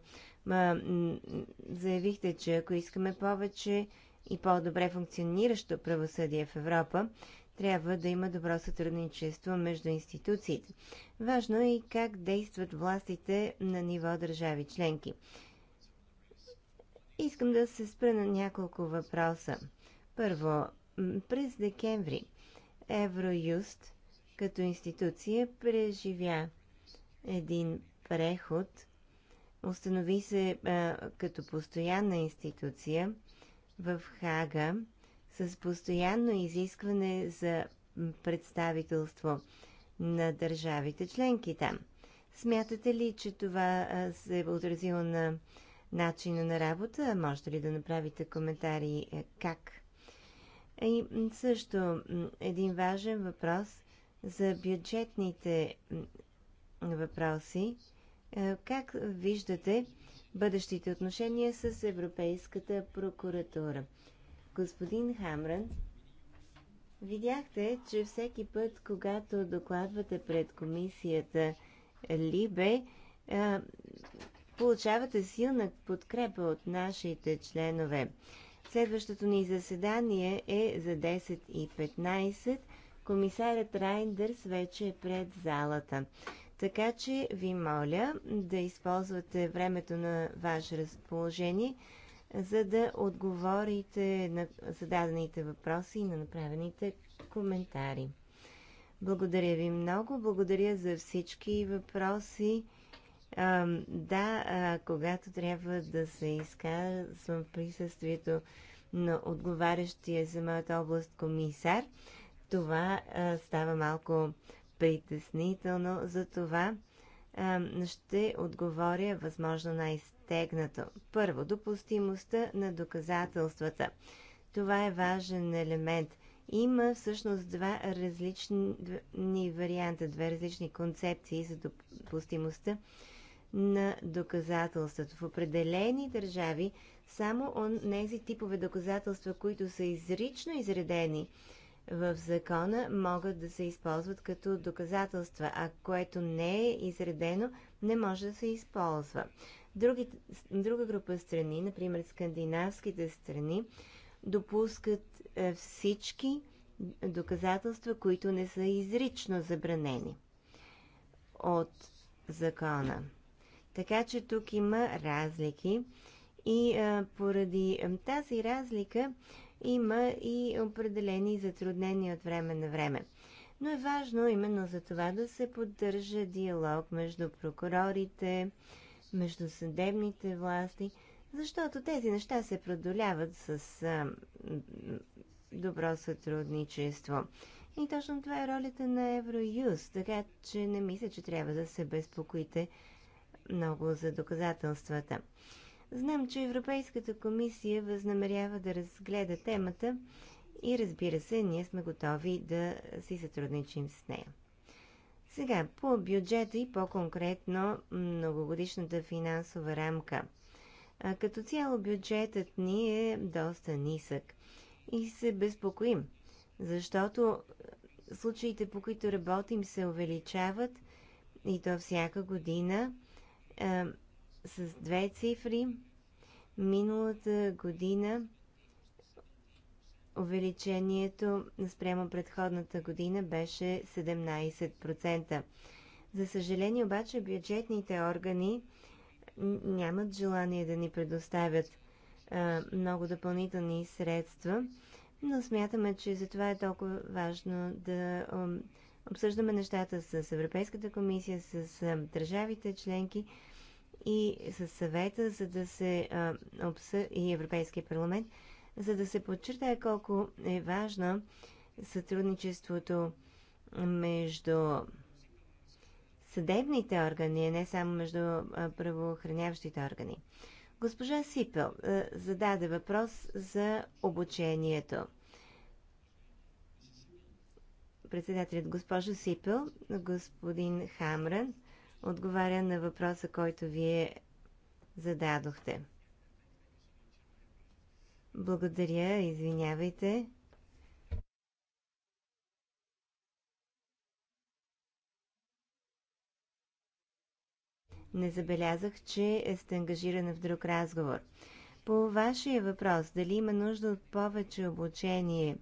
[SPEAKER 2] заявихте, че ако искаме повече и по-добре функциониращо правосъдие в Европа, трябва да има добро сътрудничество между институциите. Важно е и как действат властите на ниво държави членки. Искам да се спра на няколко въпроса. Първо, през декември Евроюст като институция преживя един преход. Установи се а, като постоянна институция в Хага с постоянно изискване за представителство на държавите членки там. Смятате ли, че това се е отразило на начина на работа? Можете ли да направите коментари как? И също един важен въпрос за бюджетните въпроси. Е, как виждате бъдещите отношения с Европейската прокуратура? Господин Хамран, видяхте, че всеки път, когато докладвате пред комисията Либе, е, получавате силна подкрепа от нашите членове. Следващото ни заседание е за 10.15. Комисарят Райндърс вече е пред залата. Така че ви моля да използвате времето на ваше разположение, за да отговорите на зададените въпроси и на направените коментари. Благодаря ви много. Благодаря за всички въпроси. А, да, а, когато трябва да се изказвам в присъствието на отговарящия за моята област комисар, това а, става малко притеснително. За това ще отговоря възможно най-стегнато. Първо, допустимостта на доказателствата. Това е важен елемент. Има всъщност два различни варианта, две различни концепции за допустимостта на доказателствата. В определени държави само тези типове доказателства, които са изрично изредени в закона могат да се използват като доказателства, а което не е изредено, не може да се използва. Други, друга група страни, например скандинавските страни, допускат е, всички доказателства, които не са изрично забранени от закона. Така че тук има разлики и а, е, поради е, тази разлика има и определени затруднения от време на време. Но е важно именно за това да се поддържа диалог между прокурорите, между съдебните власти, защото тези неща се продоляват с а, добро сътрудничество. И точно това е ролята на Евроюз, така че не мисля, че трябва да се безпокоите много за доказателствата. Знам, че Европейската комисия възнамерява да разгледа темата и разбира се, ние сме готови да си сътрудничим с нея. Сега, по бюджета и по-конкретно многогодишната финансова рамка. А, като цяло бюджетът ни е доста нисък и се безпокоим, защото случаите, по които работим, се увеличават и то всяка година а, с две цифри миналата година увеличението спрямо предходната година беше 17%. За съжаление обаче бюджетните органи нямат желание да ни предоставят а, много допълнителни средства, но смятаме, че за това е толкова важно да обсъждаме нещата с Европейската комисия, с държавите членки, и със съвета, за да се обсъ... и Европейския парламент, за да се подчертае колко е важно сътрудничеството между съдебните органи, а не само между правоохраняващите органи. Госпожа Сипел зададе въпрос за обучението. Председателят госпожа Сипел, господин Хамран – отговаря на въпроса, който вие зададохте. Благодаря, извинявайте. Не забелязах, че сте ангажирана в друг разговор. По вашия въпрос, дали има нужда от повече обучение,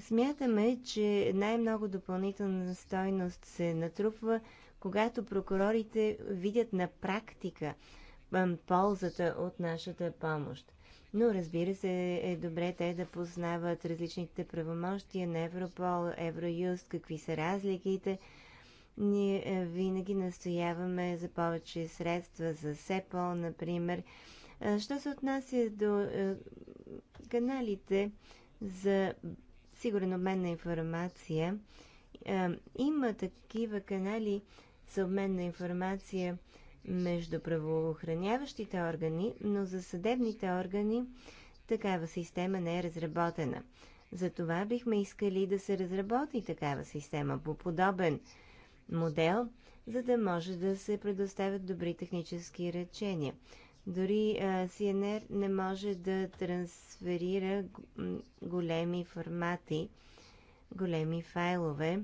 [SPEAKER 2] смятаме, че най-много допълнителна стойност се натрупва когато прокурорите видят на практика ползата от нашата помощ. Но разбира се, е добре те да познават различните правомощия на Европол, Евроюст, какви са разликите. Ние е, винаги настояваме за повече средства за СЕПОЛ, например. Що се отнася до е, каналите за сигурен обмен на информация, има такива канали за обмен на информация между правоохраняващите органи, но за съдебните органи такава система не е разработена. Затова бихме искали да се разработи такава система по подобен модел, за да може да се предоставят добри технически речения. Дори CNR не може да трансферира големи формати, големи файлове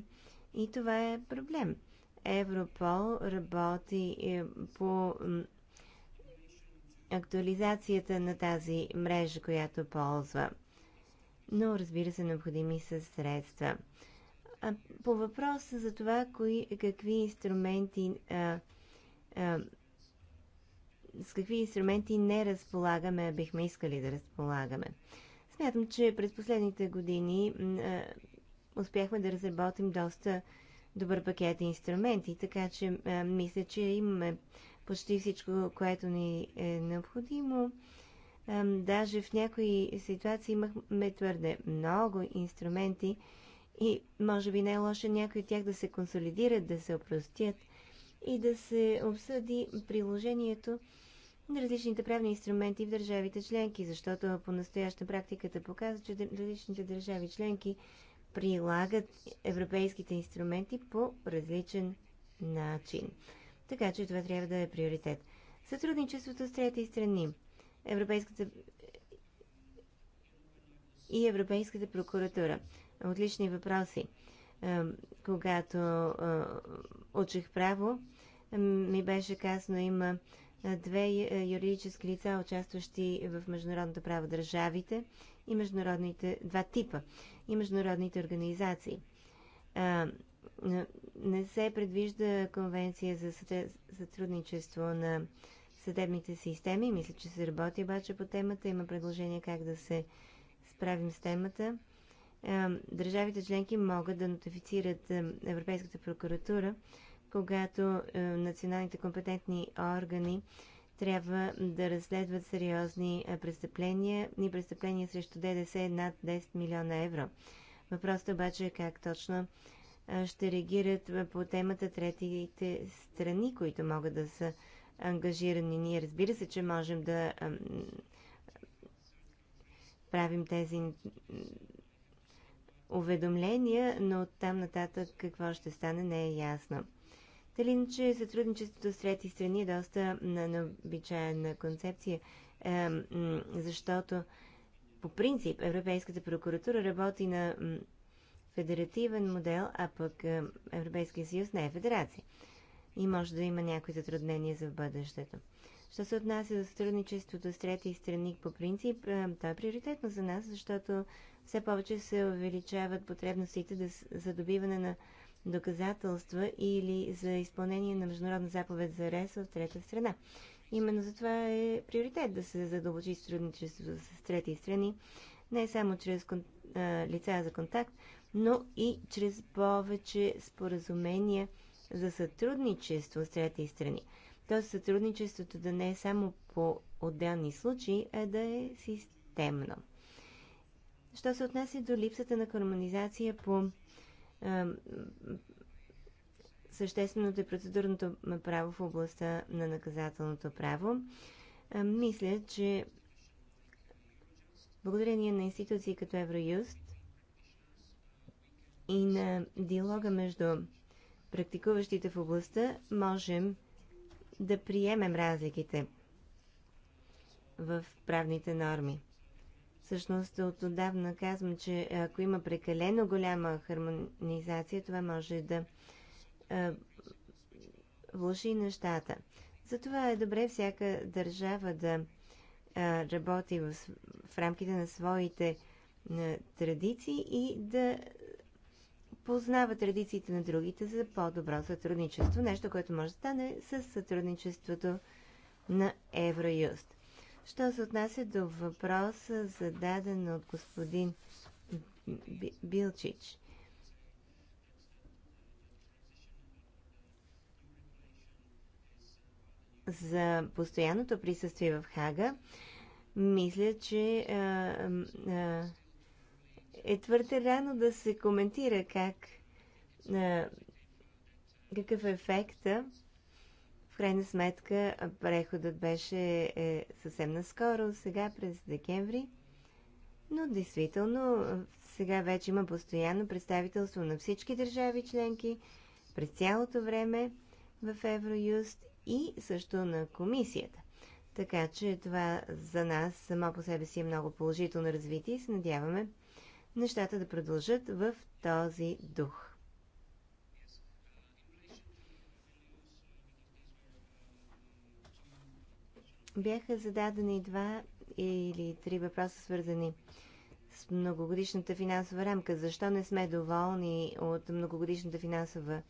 [SPEAKER 2] и това е проблем. Европол работи е, по актуализацията на тази мрежа, която ползва. Но, разбира се, необходими са средства. А, по въпроса за това, кои, какви инструменти а, а, с какви инструменти не разполагаме, а бихме искали да разполагаме. Смятам, че през последните години а, успяхме да разработим доста добър пакет инструменти, така че а, мисля, че имаме почти всичко, което ни е необходимо. А, даже в някои ситуации имахме твърде много инструменти и може би най-лошо е някои от тях да се консолидират, да се опростят и да се обсъди приложението на различните правни инструменти в държавите членки, защото по настояща практиката показва, че различните държави членки прилагат европейските инструменти по различен начин. Така че това трябва да е приоритет. Сътрудничеството с трети страни. Европейската и Европейската прокуратура. Отлични въпроси. Е, когато е, учех право, ми беше казано, има две е, юридически лица, участващи в международното право държавите и международните, два типа, и международните организации. Не се предвижда конвенция за сътрудничество на съдебните системи. Мисля, че се работи обаче по темата. Има предложение как да се справим с темата. Държавите членки могат да нотифицират Европейската прокуратура когато е, националните компетентни органи трябва да разследват сериозни е, престъпления и престъпления срещу ДДС над 10 милиона евро. Въпросът обаче е как точно е, ще реагират по темата третите страни, които могат да са ангажирани. Ние разбира се, че можем да правим тези уведомления, но от там нататък какво ще стане не е ясно. Талин, че сътрудничеството с трети страни е доста необичайна концепция, защото по принцип Европейската прокуратура работи на федеративен модел, а пък Европейския съюз не е федерация. И може да има някои затруднения за бъдещето. Що се отнася до сътрудничеството с трети страни по принцип, то е приоритетно за нас, защото все повече се увеличават потребностите за добиване на доказателства или за изпълнение на международна заповед за арест в трета страна. Именно за това е приоритет да се задълбочи сътрудничеството с трети страни, не само чрез кон... лица за контакт, но и чрез повече споразумения за сътрудничество с трети страни. Тоест сътрудничеството да не е само по отделни случаи, а да е системно. Що се отнася до липсата на хармонизация по същественото и процедурното право в областта на наказателното право. Мисля, че благодарение на институции като Евроюст и на диалога между практикуващите в областта можем да приемем разликите в правните норми. Всъщност от отдавна казвам, че ако има прекалено голяма хармонизация, това може да а, влуши нещата. Затова е добре всяка държава да а, работи в, в рамките на своите на, традиции и да познава традициите на другите за по-добро сътрудничество. Нещо, което може да стане с сътрудничеството на Евроюст. Що се отнася до въпроса, зададен от господин Билчич. За постоянното присъствие в Хага, мисля, че а, а, е твърде рано да се коментира как, а, какъв е ефекта в крайна сметка преходът беше е, съвсем наскоро, сега през декември. Но действително сега вече има постоянно представителство на всички държави членки през цялото време в Евроюст и също на комисията. Така че това за нас само по себе си е много положително развитие и се надяваме нещата да продължат в този дух. Бяха зададени два или три въпроса, свързани с многогодишната финансова рамка. Защо не сме доволни от многогодишната финансова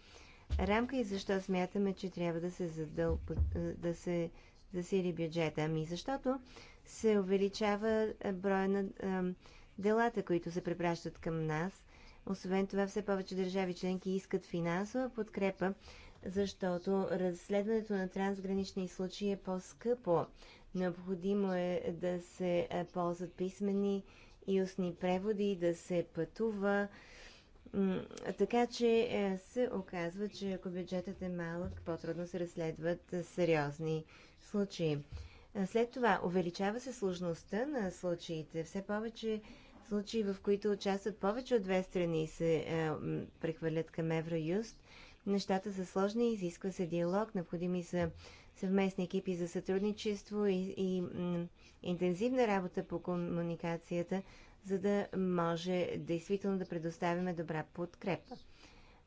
[SPEAKER 2] рамка и защо смятаме, че трябва да се, задъл... да се засили бюджета? Ами защото се увеличава броя на делата, които се препращат към нас. Освен това, все повече държави членки искат финансова подкрепа защото разследването на трансгранични случаи е по-скъпо. Необходимо е да се е, ползват писмени и устни преводи, да се пътува. Така че е, се оказва, че ако бюджетът е малък, по-трудно се разследват сериозни случаи. След това увеличава се сложността на случаите. Все повече случаи, в които участват повече от две страни, се е, прехвърлят към Евроюст нещата са сложни изисква се диалог, необходими са съвместни екипи за сътрудничество и, и интензивна работа по комуникацията, за да може действително да предоставяме добра подкрепа.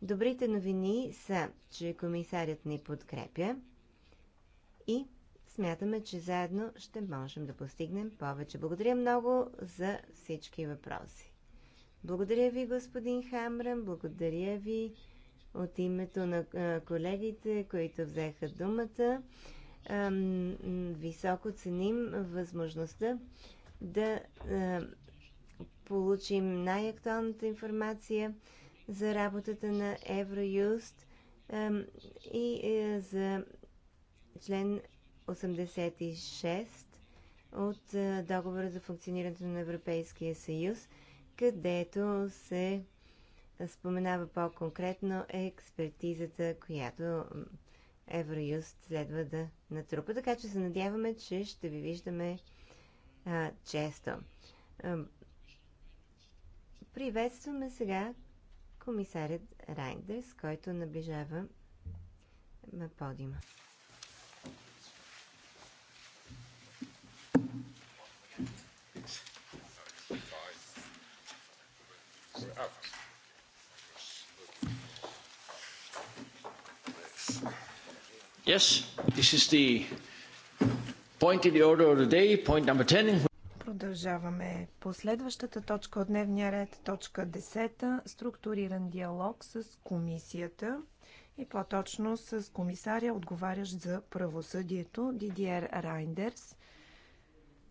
[SPEAKER 2] Добрите новини са, че комисарят ни подкрепя и смятаме, че заедно ще можем да постигнем повече. Благодаря много за всички въпроси. Благодаря ви, господин Хамрам, благодаря ви от името на колегите, които взеха думата. Високо ценим възможността да получим най-актуалната информация за работата на Евроюст и е, за член 86 от договора за функционирането на Европейския съюз, където се споменава по-конкретно е експертизата, която Евроюст следва да натрупа. Така че се надяваме, че ще ви виждаме а, често. А, приветстваме сега комисарят Райндерс, който наближава на подима.
[SPEAKER 1] Продължаваме по следващата точка от дневния ред, точка 10, структуриран диалог с комисията и по-точно с комисаря, отговарящ за правосъдието Дидиер Райндерс.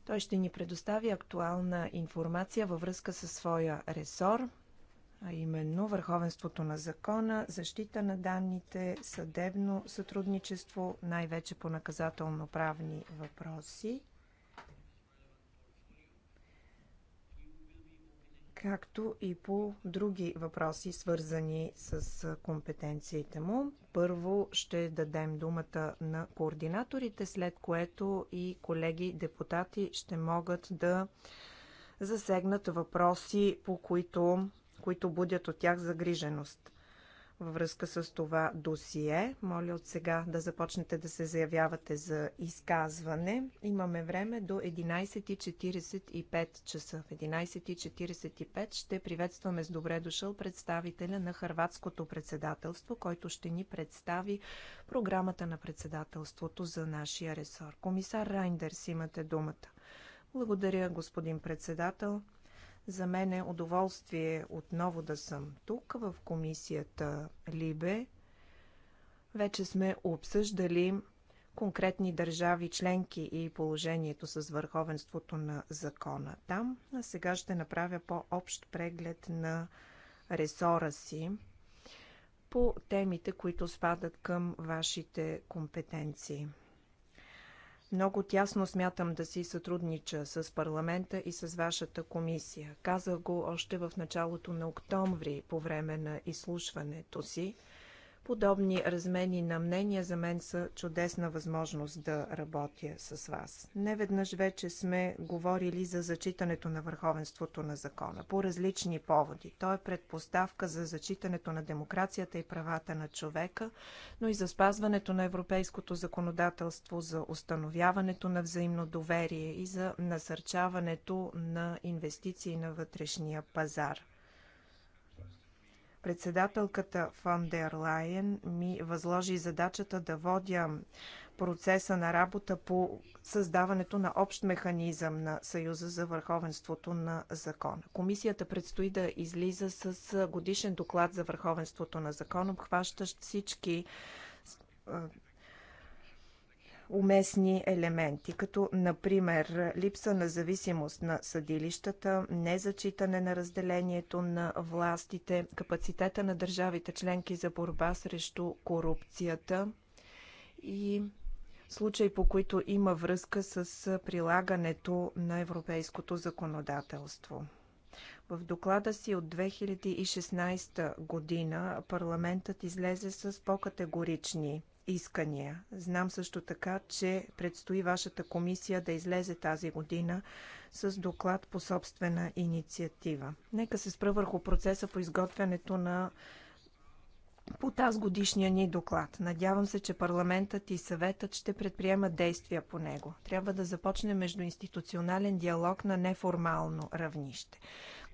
[SPEAKER 1] Той ще ни предостави актуална информация във връзка със своя ресор, а именно върховенството на закона, защита на данните, съдебно сътрудничество, най-вече по наказателно-правни въпроси, както и по други въпроси, свързани с компетенциите му. Първо ще дадем думата на координаторите, след което и колеги депутати ще могат да засегнат въпроси, по които които будят от тях загриженост. Във връзка с това досие, моля от сега да започнете да се заявявате за изказване. Имаме време до 11.45 часа. В 11.45 ще приветстваме с добре дошъл представителя на Харватското председателство, който ще ни представи програмата на председателството за нашия ресор. Комисар Райндерс, имате думата. Благодаря, господин председател. За мен е удоволствие отново да съм тук в комисията Либе. Вече сме обсъждали конкретни държави членки и положението с върховенството на закона там. А сега ще направя по-общ преглед на ресора си по темите, които спадат към вашите компетенции. Много тясно смятам да си сътруднича с парламента и с вашата комисия. Казах го още в началото на октомври по време на изслушването си. Подобни размени на мнения за мен са чудесна възможност да работя с вас. Не веднъж вече сме говорили за зачитането на върховенството на закона по различни поводи. То е предпоставка за зачитането на демокрацията и правата на човека, но и за спазването на европейското законодателство, за установяването на взаимно доверие и за насърчаването на инвестиции на вътрешния пазар. Председателката фон дер Лайен ми възложи задачата да водя процеса на работа по създаването на общ механизъм на Съюза за върховенството на закона. Комисията предстои да излиза с годишен доклад за върховенството на закона, обхващащ всички уместни елементи, като например липса на зависимост на съдилищата, незачитане на разделението на властите, капацитета на държавите членки за борба срещу корупцията и случаи, по които има връзка с прилагането на европейското законодателство. В доклада си от 2016 година парламентът излезе с по-категорични искания. Знам също така, че предстои вашата комисия да излезе тази година с доклад по собствена инициатива. Нека се спра върху процеса по изготвянето на по тази годишния ни доклад. Надявам се, че парламентът и съветът ще предприемат действия по него. Трябва да започне междуинституционален диалог на неформално равнище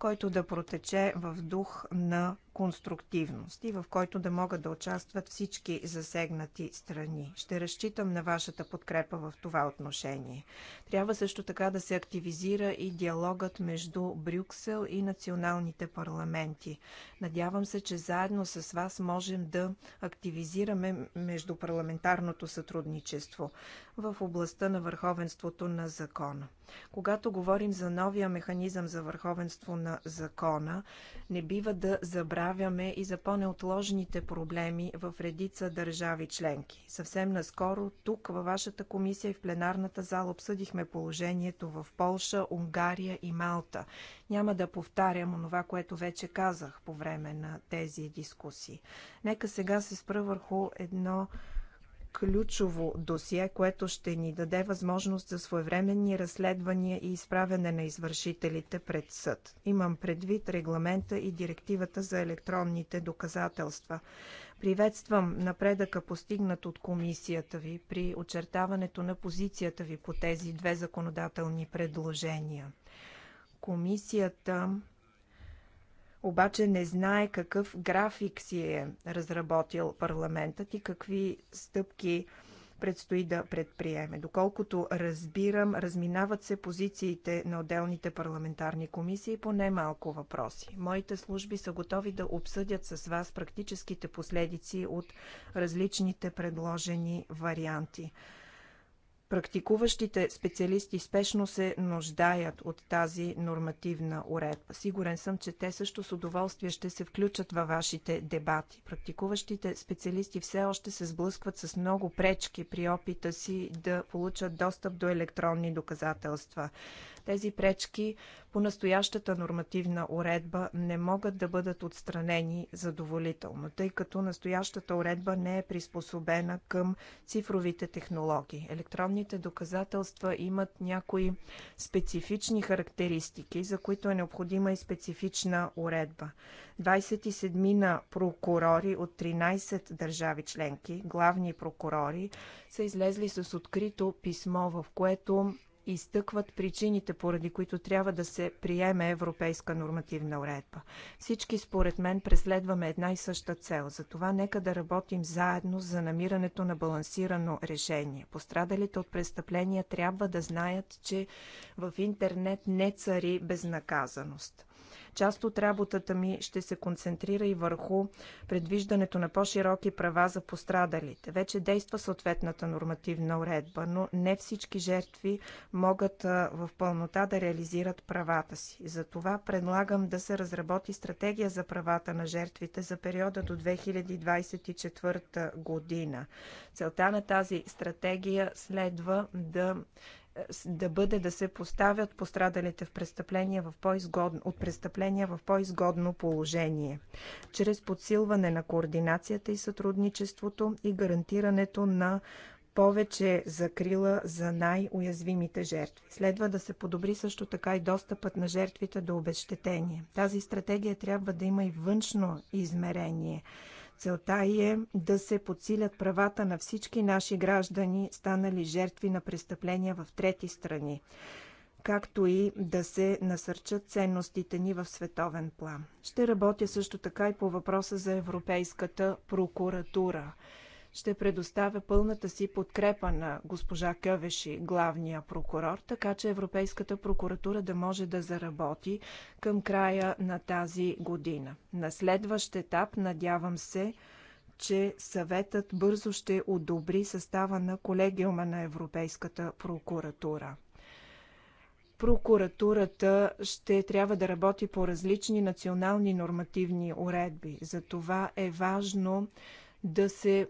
[SPEAKER 1] който да протече в дух на конструктивност и в който да могат да участват всички засегнати страни. Ще разчитам на вашата подкрепа в това отношение. Трябва също така да се активизира и диалогът между Брюксел и националните парламенти. Надявам се, че заедно с вас можем да активизираме междупарламентарното сътрудничество в областта на върховенството на закона. Когато говорим за новия механизъм за върховенство на на закона, не бива да забравяме и за по-неотложните проблеми в редица държави членки. Съвсем наскоро тук във вашата комисия и в пленарната зала обсъдихме положението в Полша, Унгария и Малта. Няма да повтарям онова, което вече казах по време на тези дискусии. Нека сега се спра върху едно ключово досие, което ще ни даде възможност за своевременни разследвания и изправяне на извършителите пред съд. Имам предвид регламента и директивата за електронните доказателства. Приветствам напредъка постигнат от комисията ви при очертаването на позицията ви по тези две законодателни предложения. Комисията обаче не знае какъв график си е разработил парламентът и какви стъпки предстои да предприеме. Доколкото разбирам, разминават се позициите на отделните парламентарни комисии по немалко въпроси. Моите служби са готови да обсъдят с вас практическите последици от различните предложени варианти. Практикуващите специалисти спешно се нуждаят от тази нормативна уредба. Сигурен съм, че те също с удоволствие ще се включат във вашите дебати. Практикуващите специалисти все още се сблъскват с много пречки при опита си да получат достъп до електронни доказателства. Тези пречки по настоящата нормативна уредба не могат да бъдат отстранени задоволително, тъй като настоящата уредба не е приспособена към цифровите технологии. Електронните доказателства имат някои специфични характеристики, за които е необходима и специфична уредба. 27 на прокурори от 13 държави членки, главни прокурори, са излезли с открито писмо, в което изтъкват причините, поради които трябва да се приеме европейска нормативна уредба. Всички, според мен, преследваме една и съща цел. Затова нека да работим заедно за намирането на балансирано решение. Пострадалите от престъпления трябва да знаят, че в интернет не цари безнаказаност. Част от работата ми ще се концентрира и върху предвиждането на по-широки права за пострадалите. Вече действа съответната нормативна уредба, но не всички жертви могат в пълнота да реализират правата си. Затова предлагам да се разработи стратегия за правата на жертвите за периода до 2024 година. Целта на тази стратегия следва да да бъде да се поставят пострадалите в престъпления в по-изгодно, от престъпления в по-изгодно положение, чрез подсилване на координацията и сътрудничеството и гарантирането на повече закрила за най-уязвимите жертви. Следва да се подобри също така и достъпът на жертвите до обещетение. Тази стратегия трябва да има и външно измерение – Целта е да се подсилят правата на всички наши граждани, станали жертви на престъпления в трети страни, както и да се насърчат ценностите ни в световен план. Ще работя също така и по въпроса за Европейската прокуратура. Ще предоставя пълната си подкрепа на госпожа Кьовеши, главния прокурор, така че Европейската прокуратура да може да заработи към края на тази година. На следващ етап, надявам се, че съветът бързо ще одобри състава на колегиума на Европейската прокуратура прокуратурата ще трябва да работи по различни национални нормативни уредби. Затова е важно да се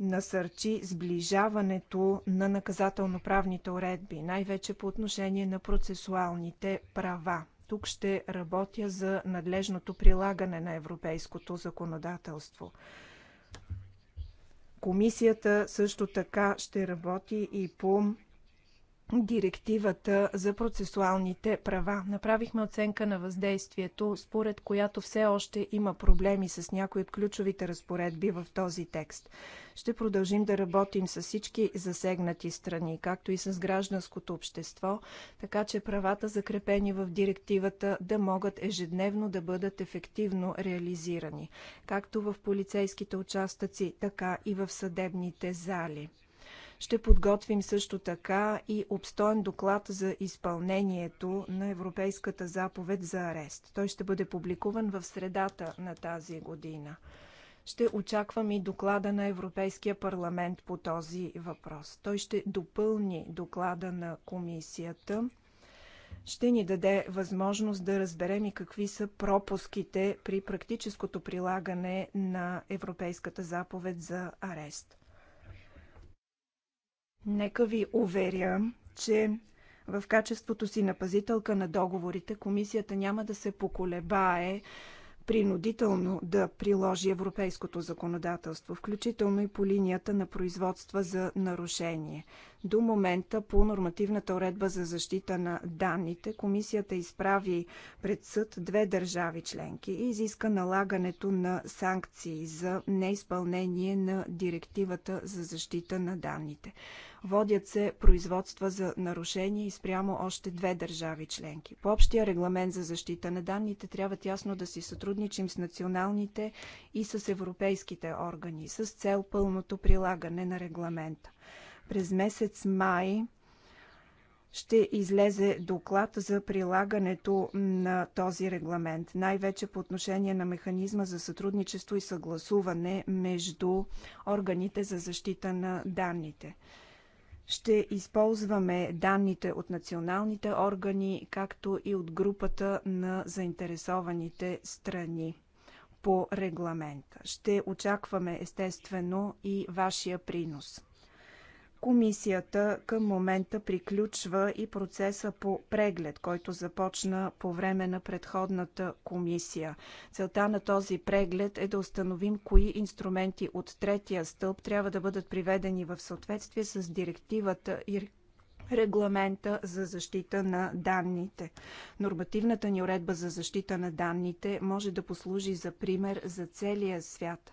[SPEAKER 1] насърчи сближаването на наказателно-правните уредби, най-вече по отношение на процесуалните права. Тук ще работя за надлежното прилагане на европейското законодателство. Комисията също така ще работи и по директивата за процесуалните права. Направихме оценка на въздействието, според която все още има проблеми с някои от ключовите разпоредби в този текст. Ще продължим да работим с всички засегнати страни, както и с гражданското общество, така че правата закрепени в директивата да могат ежедневно да бъдат ефективно реализирани, както в полицейските участъци, така и в съдебните зали. Ще подготвим също така и обстоен доклад за изпълнението на Европейската заповед за арест. Той ще бъде публикуван в средата на тази година. Ще очаквам и доклада на Европейския парламент по този въпрос. Той ще допълни доклада на комисията ще ни даде възможност да разберем и какви са пропуските при практическото прилагане на Европейската заповед за арест. Нека ви уверя, че в качеството си на пазителка на договорите, комисията няма да се поколебае принудително да приложи европейското законодателство, включително и по линията на производства за нарушение. До момента по нормативната уредба за защита на данните комисията изправи пред съд две държави членки и изиска налагането на санкции за неизпълнение на директивата за защита на данните. Водят се производства за нарушение и спрямо още две държави членки. По общия регламент за защита на данните трябва тясно да си сътрудничим с националните и с европейските органи с цел пълното прилагане на регламента. През месец май ще излезе доклад за прилагането на този регламент, най-вече по отношение на механизма за сътрудничество и съгласуване между органите за защита на данните. Ще използваме данните от националните органи, както и от групата на заинтересованите страни по регламента. Ще очакваме естествено и вашия принос. Комисията към момента приключва и процеса по преглед, който започна по време на предходната комисия. Целта на този преглед е да установим кои инструменти от третия стълб трябва да бъдат приведени в съответствие с директивата и регламента за защита на данните. Нормативната ни уредба за защита на данните може да послужи за пример за целия свят.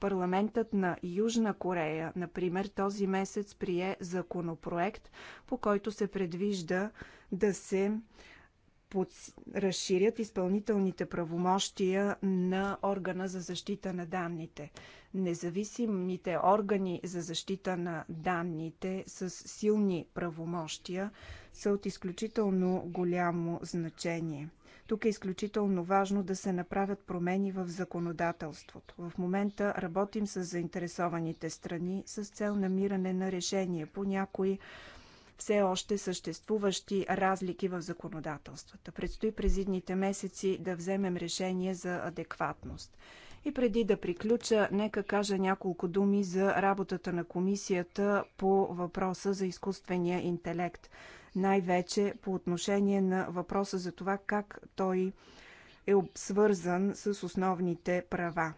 [SPEAKER 1] Парламентът на Южна Корея, например, този месец прие законопроект, по който се предвижда да се подс... разширят изпълнителните правомощия на органа за защита на данните. Независимите органи за защита на данните с силни правомощия са от изключително голямо значение. Тук е изключително важно да се направят промени в законодателството. В момента работим с заинтересованите страни с цел намиране на решение по някои все още съществуващи разлики в законодателствата. Предстои през идните месеци да вземем решение за адекватност. И преди да приключа, нека кажа няколко думи за работата на комисията по въпроса за изкуствения интелект. Най-вече по отношение на въпроса за това как той е свързан с основните права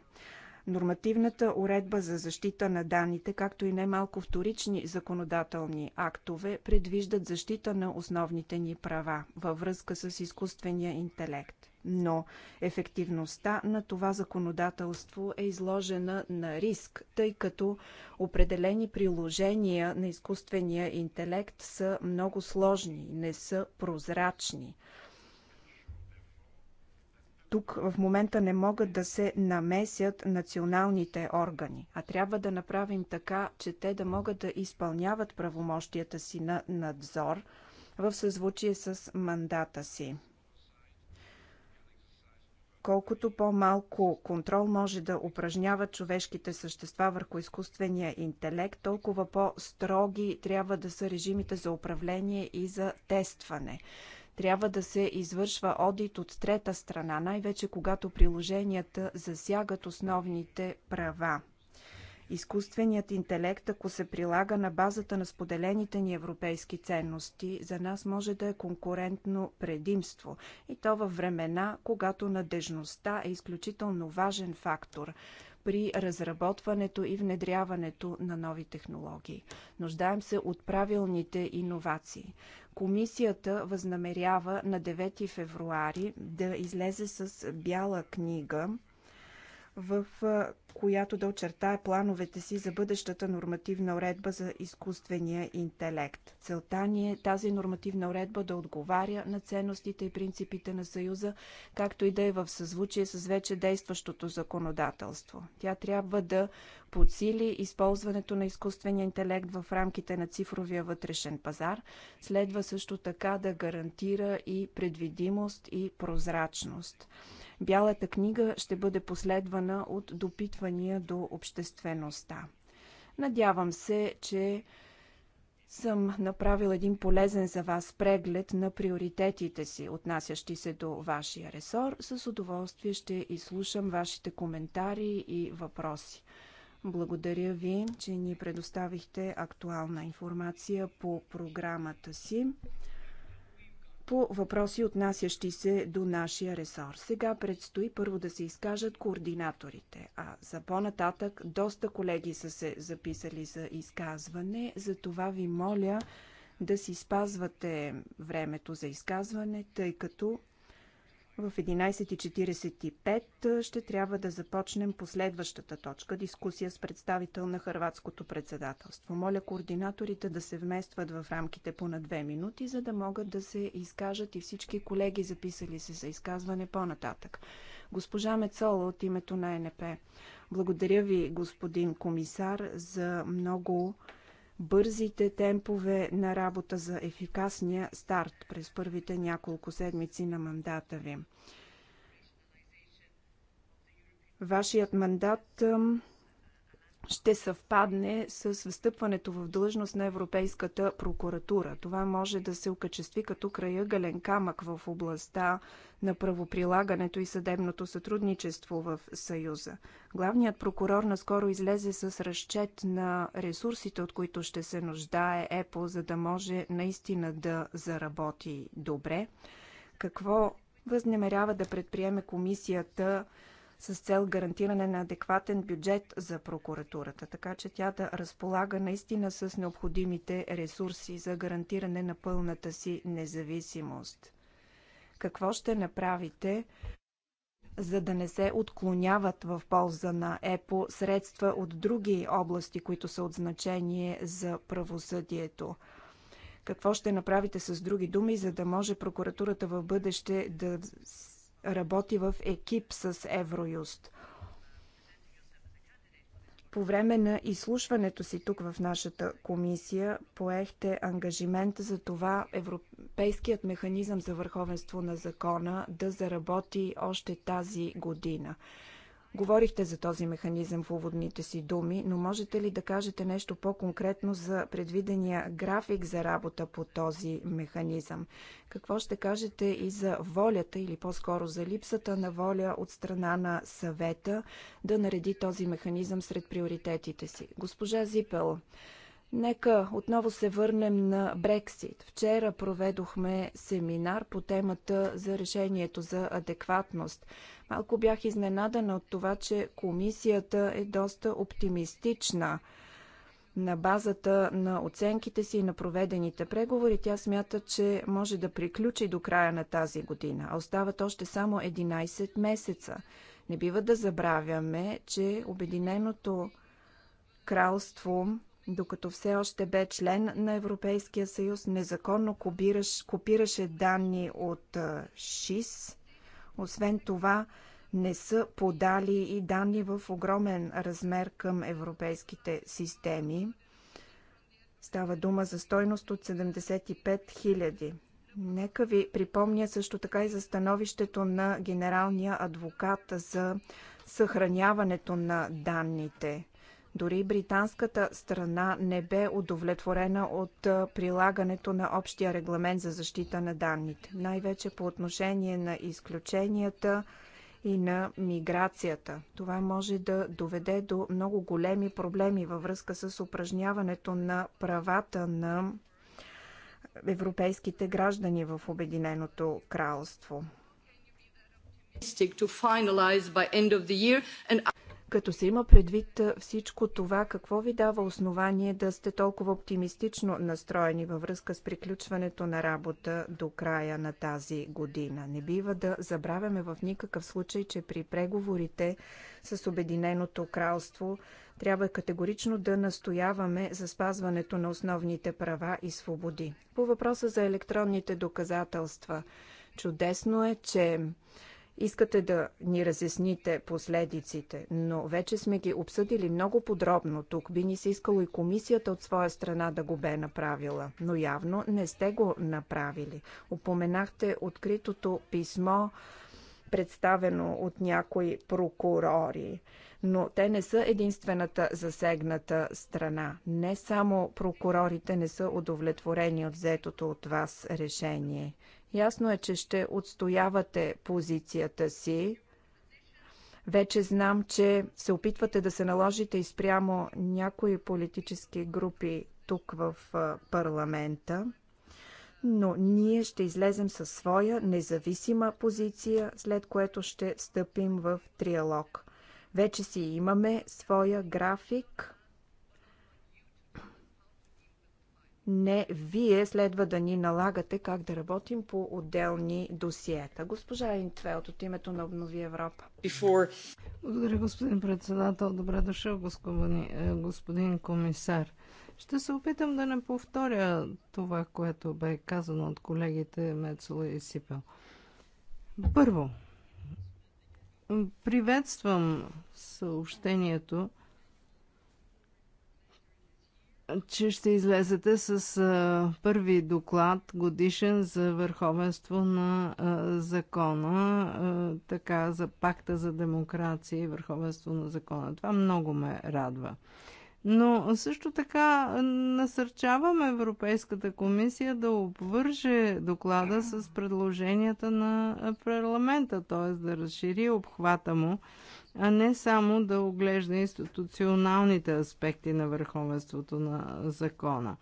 [SPEAKER 1] нормативната уредба за защита на данните, както и немалко вторични законодателни актове, предвиждат защита на основните ни права във връзка с изкуствения интелект. Но ефективността на това законодателство е изложена на риск, тъй като определени приложения на изкуствения интелект са много сложни, не са прозрачни. Тук в момента не могат да се намесят националните органи, а трябва да направим така, че те да могат да изпълняват правомощията си на надзор в съзвучие с мандата си. Колкото по-малко контрол може да упражняват човешките същества върху изкуствения интелект, толкова по-строги трябва да са режимите за управление и за тестване трябва да се извършва одит от трета страна, най-вече когато приложенията засягат основните права. Изкуственият интелект, ако се прилага на базата на споделените ни европейски ценности, за нас може да е конкурентно предимство. И то във времена, когато надежността е изключително важен фактор при разработването и внедряването на нови технологии. Нуждаем се от правилните иновации. Комисията възнамерява на 9 февруари да излезе с бяла книга в която да очертае плановете си за бъдещата нормативна уредба за изкуствения интелект. Целта ни е тази нормативна уредба да отговаря на ценностите и принципите на Съюза, както и да е в съзвучие с вече действащото законодателство. Тя трябва да подсили използването на изкуствения интелект в рамките на цифровия вътрешен пазар, следва също така да гарантира и предвидимост и прозрачност. Бялата книга ще бъде последвана от допитвания до обществеността. Надявам се, че съм направил един полезен за вас преглед на приоритетите си, отнасящи се до вашия ресор. С удоволствие ще изслушам вашите коментари и въпроси. Благодаря ви, че ни предоставихте актуална информация по програмата си по въпроси, отнасящи се до нашия ресор. Сега предстои първо да се изкажат координаторите, а за по-нататък доста колеги са се записали за изказване, затова ви моля да си спазвате времето за изказване, тъй като в 11.45 ще трябва да започнем последващата точка – дискусия с представител на Харватското председателство. Моля координаторите да се вместват в рамките по на две минути, за да могат да се изкажат и всички колеги записали се за изказване по-нататък. Госпожа Мецола от името на НП. Благодаря ви, господин комисар, за много бързите темпове на работа за ефикасния старт през първите няколко седмици на мандата ви. Вашият мандат ще съвпадне с встъпването в длъжност на Европейската прокуратура. Това може да се окачестви като краягален камък в областта на правоприлагането и съдебното сътрудничество в Съюза. Главният прокурор наскоро излезе с разчет на ресурсите, от които ще се нуждае ЕПО, за да може наистина да заработи добре. Какво възнамерява да предприеме комисията? с цел гарантиране на адекватен бюджет за прокуратурата, така че тя да разполага наистина с необходимите ресурси за гарантиране на пълната си независимост. Какво ще направите, за да не се отклоняват в полза на ЕПО средства от други области, които са от значение за правосъдието? Какво ще направите с други думи, за да може прокуратурата в бъдеще да работи в екип с Евроюст. По време на изслушването си тук в нашата комисия поехте ангажимент за това Европейският механизъм за върховенство на закона да заработи още тази година. Говорихте за този механизъм в уводните си думи, но можете ли да кажете нещо по-конкретно за предвидения график за работа по този механизъм? Какво ще кажете и за волята или по-скоро за липсата на воля от страна на съвета да нареди този механизъм сред приоритетите си? Госпожа Зипел, Нека отново се върнем на Брексит. Вчера проведохме семинар по темата за решението за адекватност. Малко бях изненадана от това, че комисията е доста оптимистична. На базата на оценките си и на проведените преговори, тя смята, че може да приключи до края на тази година, а остават още само 11 месеца. Не бива да забравяме, че Обединеното кралство докато все още бе член на Европейския съюз, незаконно копираш, копираше данни от ШИС. Освен това, не са подали и данни в огромен размер към европейските системи. Става дума за стойност от 75 000. Нека ви припомня също така и за становището на генералния адвокат за съхраняването на данните. Дори британската страна не бе удовлетворена от прилагането на общия регламент за защита на данните, най-вече по отношение на изключенията и на миграцията. Това може да доведе до много големи проблеми във връзка с упражняването на правата на европейските граждани в Обединеното кралство. Като се има предвид всичко това, какво ви дава основание да сте толкова оптимистично настроени във връзка с приключването на работа до края на тази година? Не бива да забравяме в никакъв случай, че при преговорите с Обединеното кралство трябва категорично да настояваме за спазването на основните права и свободи. По въпроса за електронните доказателства, чудесно е, че Искате да ни разясните последиците, но вече сме ги обсъдили много подробно тук. Би ни се искало и комисията от своя страна да го бе направила, но явно не сте го направили. Упоменахте откритото писмо, представено от някои прокурори, но те не са единствената засегната страна. Не само прокурорите не са удовлетворени от взетото от вас решение. Ясно е, че ще отстоявате позицията си. Вече знам, че се опитвате да се наложите изпрямо някои политически групи тук в парламента но ние ще излезем със своя независима позиция, след което ще стъпим в триалог. Вече си имаме своя график. не вие следва да ни налагате как да работим по отделни досиета. Госпожа Интвелт от името на Обнови Европа. Before... Благодаря, господин председател.
[SPEAKER 3] Добре дошъл, господин, е, господин комисар. Ще се опитам да не повторя това, което бе казано от колегите Мецола и Сипел. Първо, приветствам съобщението, че ще излезете с а, първи доклад годишен за върховенство на а, закона, а, така за пакта за демокрация и върховенство на закона. Това много ме радва. Но също така насърчаваме Европейската комисия да обвърже доклада с предложенията на парламента, т.е. да разшири обхвата му а не само да оглежда институционалните аспекти на върховенството на закона.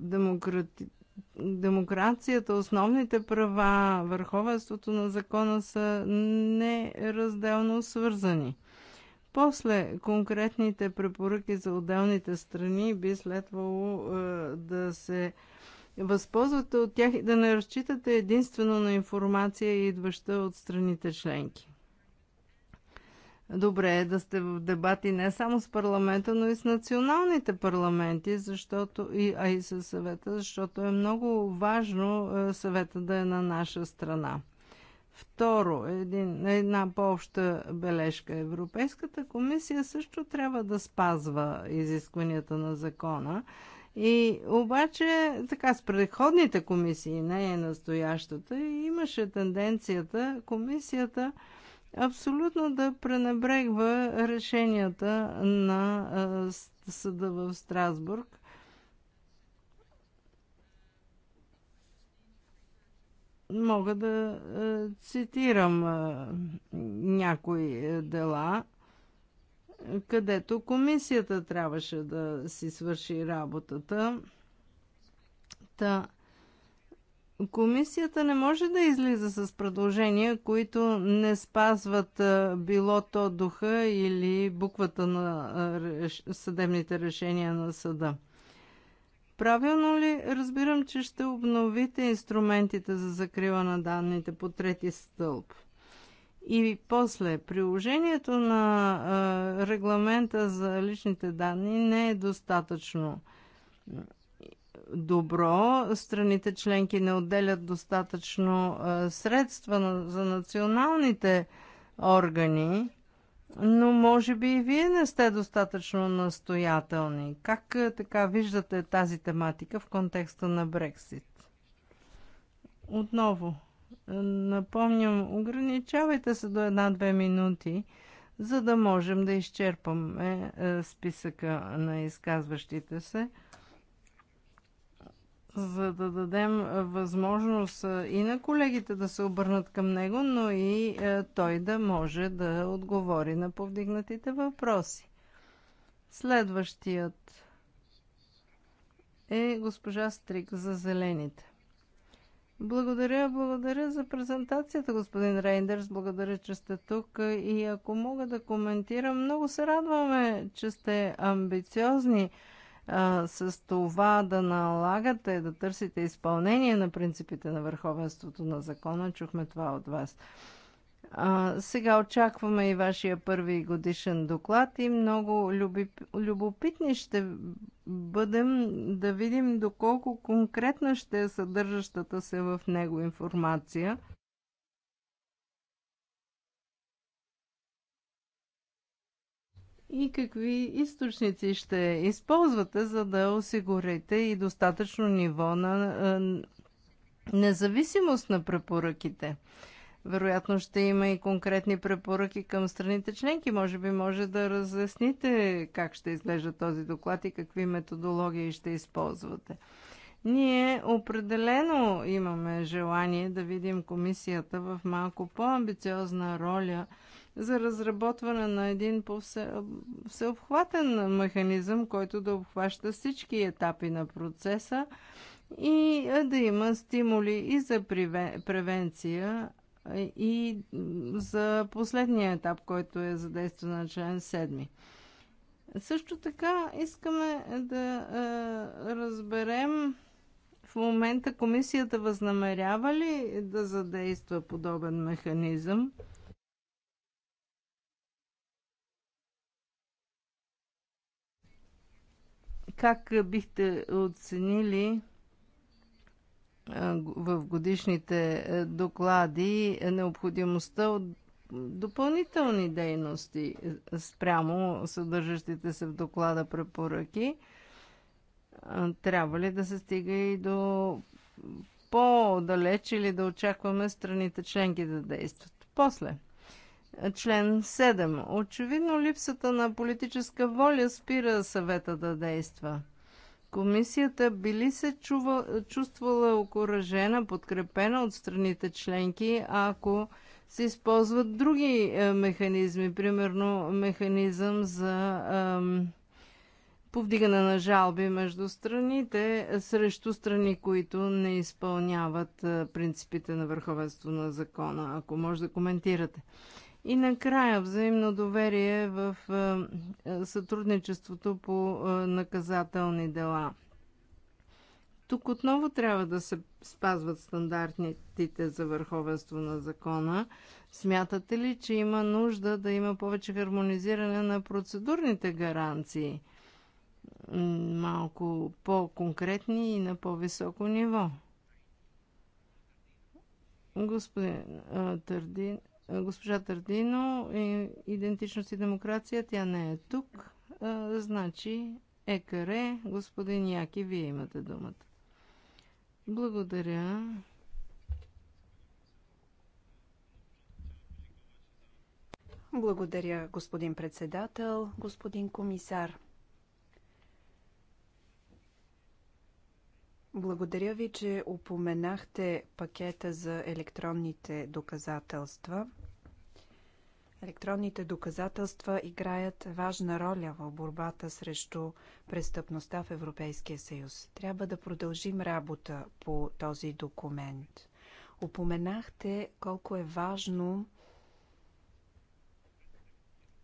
[SPEAKER 3] Демократи... Демокрацията, основните права, върховенството на закона са неразделно свързани. После конкретните препоръки за отделните страни би следвало е, да се възползвате от тях и да не разчитате единствено на информация, идваща от страните членки. Добре е да сте в дебати не само с парламента, но и с националните парламенти, защото, и, а и с съвета, защото е много важно е, съвета да е на наша страна. Второ, един, една по-обща бележка. Европейската комисия също трябва да спазва изискванията на закона. И обаче, така, с предходните комисии, не е настоящата, имаше тенденцията комисията абсолютно да пренебрегва решенията на съда в Страсбург. Мога да цитирам някои дела, където комисията трябваше да си свърши работата. Та, Комисията не може да излиза с предложения, които не спазват било то духа или буквата на съдебните решения на съда. Правилно ли разбирам, че ще обновите инструментите за закрива на данните по трети стълб? И после, приложението на регламента за личните данни не е достатъчно добро. Страните членки не отделят достатъчно средства за националните органи, но може би и вие не сте достатъчно настоятелни. Как така виждате тази тематика в контекста на Брексит? Отново, напомням, ограничавайте се до една-две минути, за да можем да изчерпаме списъка на изказващите се за да дадем възможност и на колегите да се обърнат към него, но и той да може да отговори на повдигнатите въпроси. Следващият е госпожа Стрик за зелените. Благодаря, благодаря за презентацията, господин Рейндърс. Благодаря, че сте тук. И ако мога да коментирам, много се радваме, че сте амбициозни а, с това да налагате, да търсите изпълнение на принципите на върховенството на закона. Чухме това от вас. А, сега очакваме и вашия първи годишен доклад и много люби, любопитни ще бъдем да видим доколко конкретна ще е съдържащата се в него информация и какви източници ще използвате, за да осигурите и достатъчно ниво на е, независимост на препоръките. Вероятно ще има и конкретни препоръки към страните членки. Може би може да разясните как ще изглежда този доклад и какви методологии ще използвате. Ние определено имаме желание да видим комисията в малко по-амбициозна роля – за разработване на един всеобхватен механизъм, който да обхваща всички етапи на процеса и е, да има стимули и за превенция, е, и за последния етап, който е задействан на член 7. Също така искаме да е, разберем в момента комисията възнамерява ли да задейства подобен механизъм Как бихте оценили в годишните доклади е, необходимостта от допълнителни дейности е, спрямо съдържащите се в доклада препоръки? Трябва ли да се стига и до по-далеч или да очакваме страните членки да действат? После – Член 7. Очевидно липсата на политическа воля спира съвета да действа. Комисията били се чува, чувствала окоръжена, подкрепена от страните членки, ако се използват други е, механизми, примерно механизъм за е, повдигане на жалби между страните е, срещу страни, които не изпълняват е, принципите на върховенство на закона, ако може да коментирате. И накрая взаимно доверие в сътрудничеството по наказателни дела. Тук отново трябва да се спазват стандартните за върховенство на закона. Смятате ли, че има нужда да има повече хармонизиране на процедурните гаранции? Малко по-конкретни и на по-високо ниво. Господин Търдин, е, госпожа Тардино, е, идентичност и демокрация, тя не е тук. Е, значи, екаре, господин Яки, вие имате думата.
[SPEAKER 1] Благодаря. Благодаря, господин председател, господин комисар. Благодаря ви, че упоменахте пакета за електронните доказателства. Електронните доказателства играят важна роля в борбата срещу престъпността в Европейския съюз. Трябва да продължим работа по този документ. Упоменахте колко е важно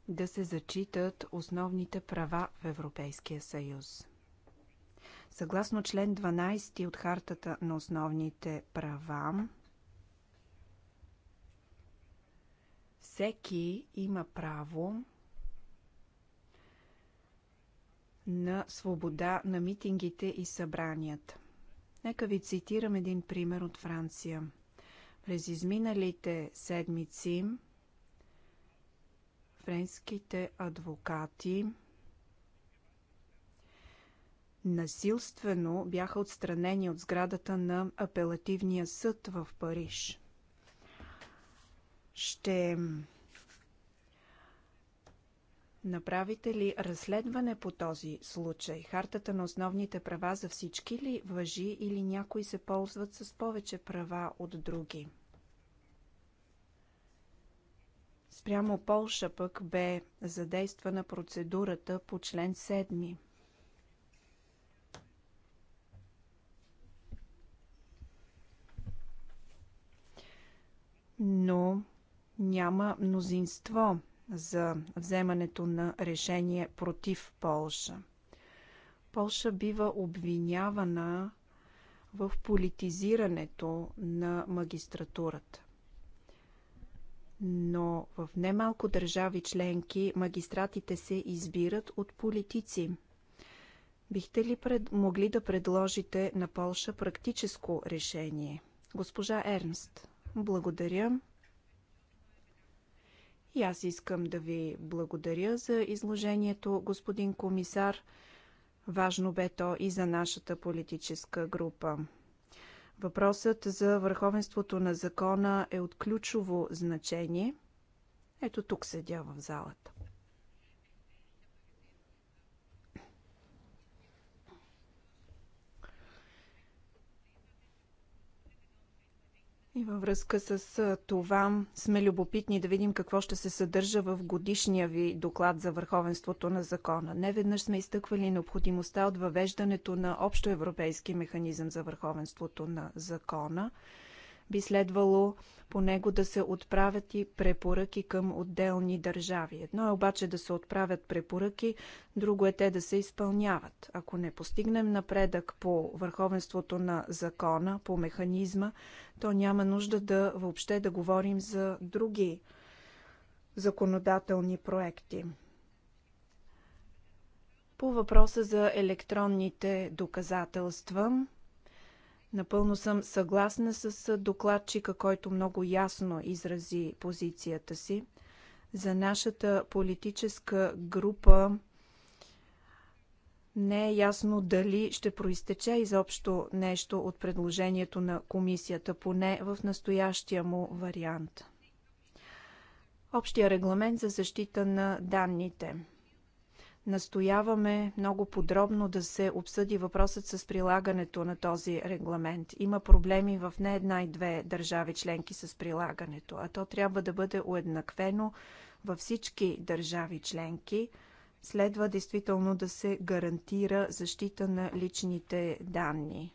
[SPEAKER 1] да се зачитат основните права в Европейския съюз. Съгласно член 12 от Хартата на основните права, всеки има право на свобода на митингите и събранията. Нека ви цитирам един пример от Франция. През изминалите седмици френските адвокати насилствено бяха отстранени от сградата на апелативния съд в Париж – ще направите ли разследване по този случай? Хартата на основните права за всички ли въжи или някои се ползват с повече права от други? Спрямо Полша пък бе задействана процедурата по член 7. Но няма мнозинство за вземането на решение против Полша. Полша бива обвинявана в политизирането на магистратурата. Но в немалко държави членки магистратите се избират от политици. Бихте ли пред... могли да предложите на Полша практическо решение? Госпожа Ернст, благодаря. И аз искам да ви благодаря за изложението, господин комисар. Важно бе то и за нашата политическа група. Въпросът за върховенството на закона е от ключово значение. Ето тук седя в залата. И във връзка с това сме любопитни да видим какво ще се съдържа в годишния ви доклад за върховенството на закона. Не веднъж сме изтъквали необходимостта от въвеждането на общоевропейски механизъм за върховенството на закона би следвало по него да се отправят и препоръки към отделни държави. Едно е обаче да се отправят препоръки, друго е те да се изпълняват. Ако не постигнем напредък по върховенството на закона, по механизма, то няма нужда да въобще да говорим за други законодателни проекти. По въпроса за електронните доказателства, Напълно съм съгласна с докладчика, който много ясно изрази позицията си. За нашата политическа група не е ясно дали ще проистече изобщо нещо от предложението на комисията, поне в настоящия му вариант. Общия регламент за защита на данните – Настояваме много подробно да се обсъди въпросът с прилагането на този регламент. Има проблеми в не една и две държави членки с прилагането, а то трябва да бъде уеднаквено във всички държави членки. Следва действително да се гарантира защита на личните данни.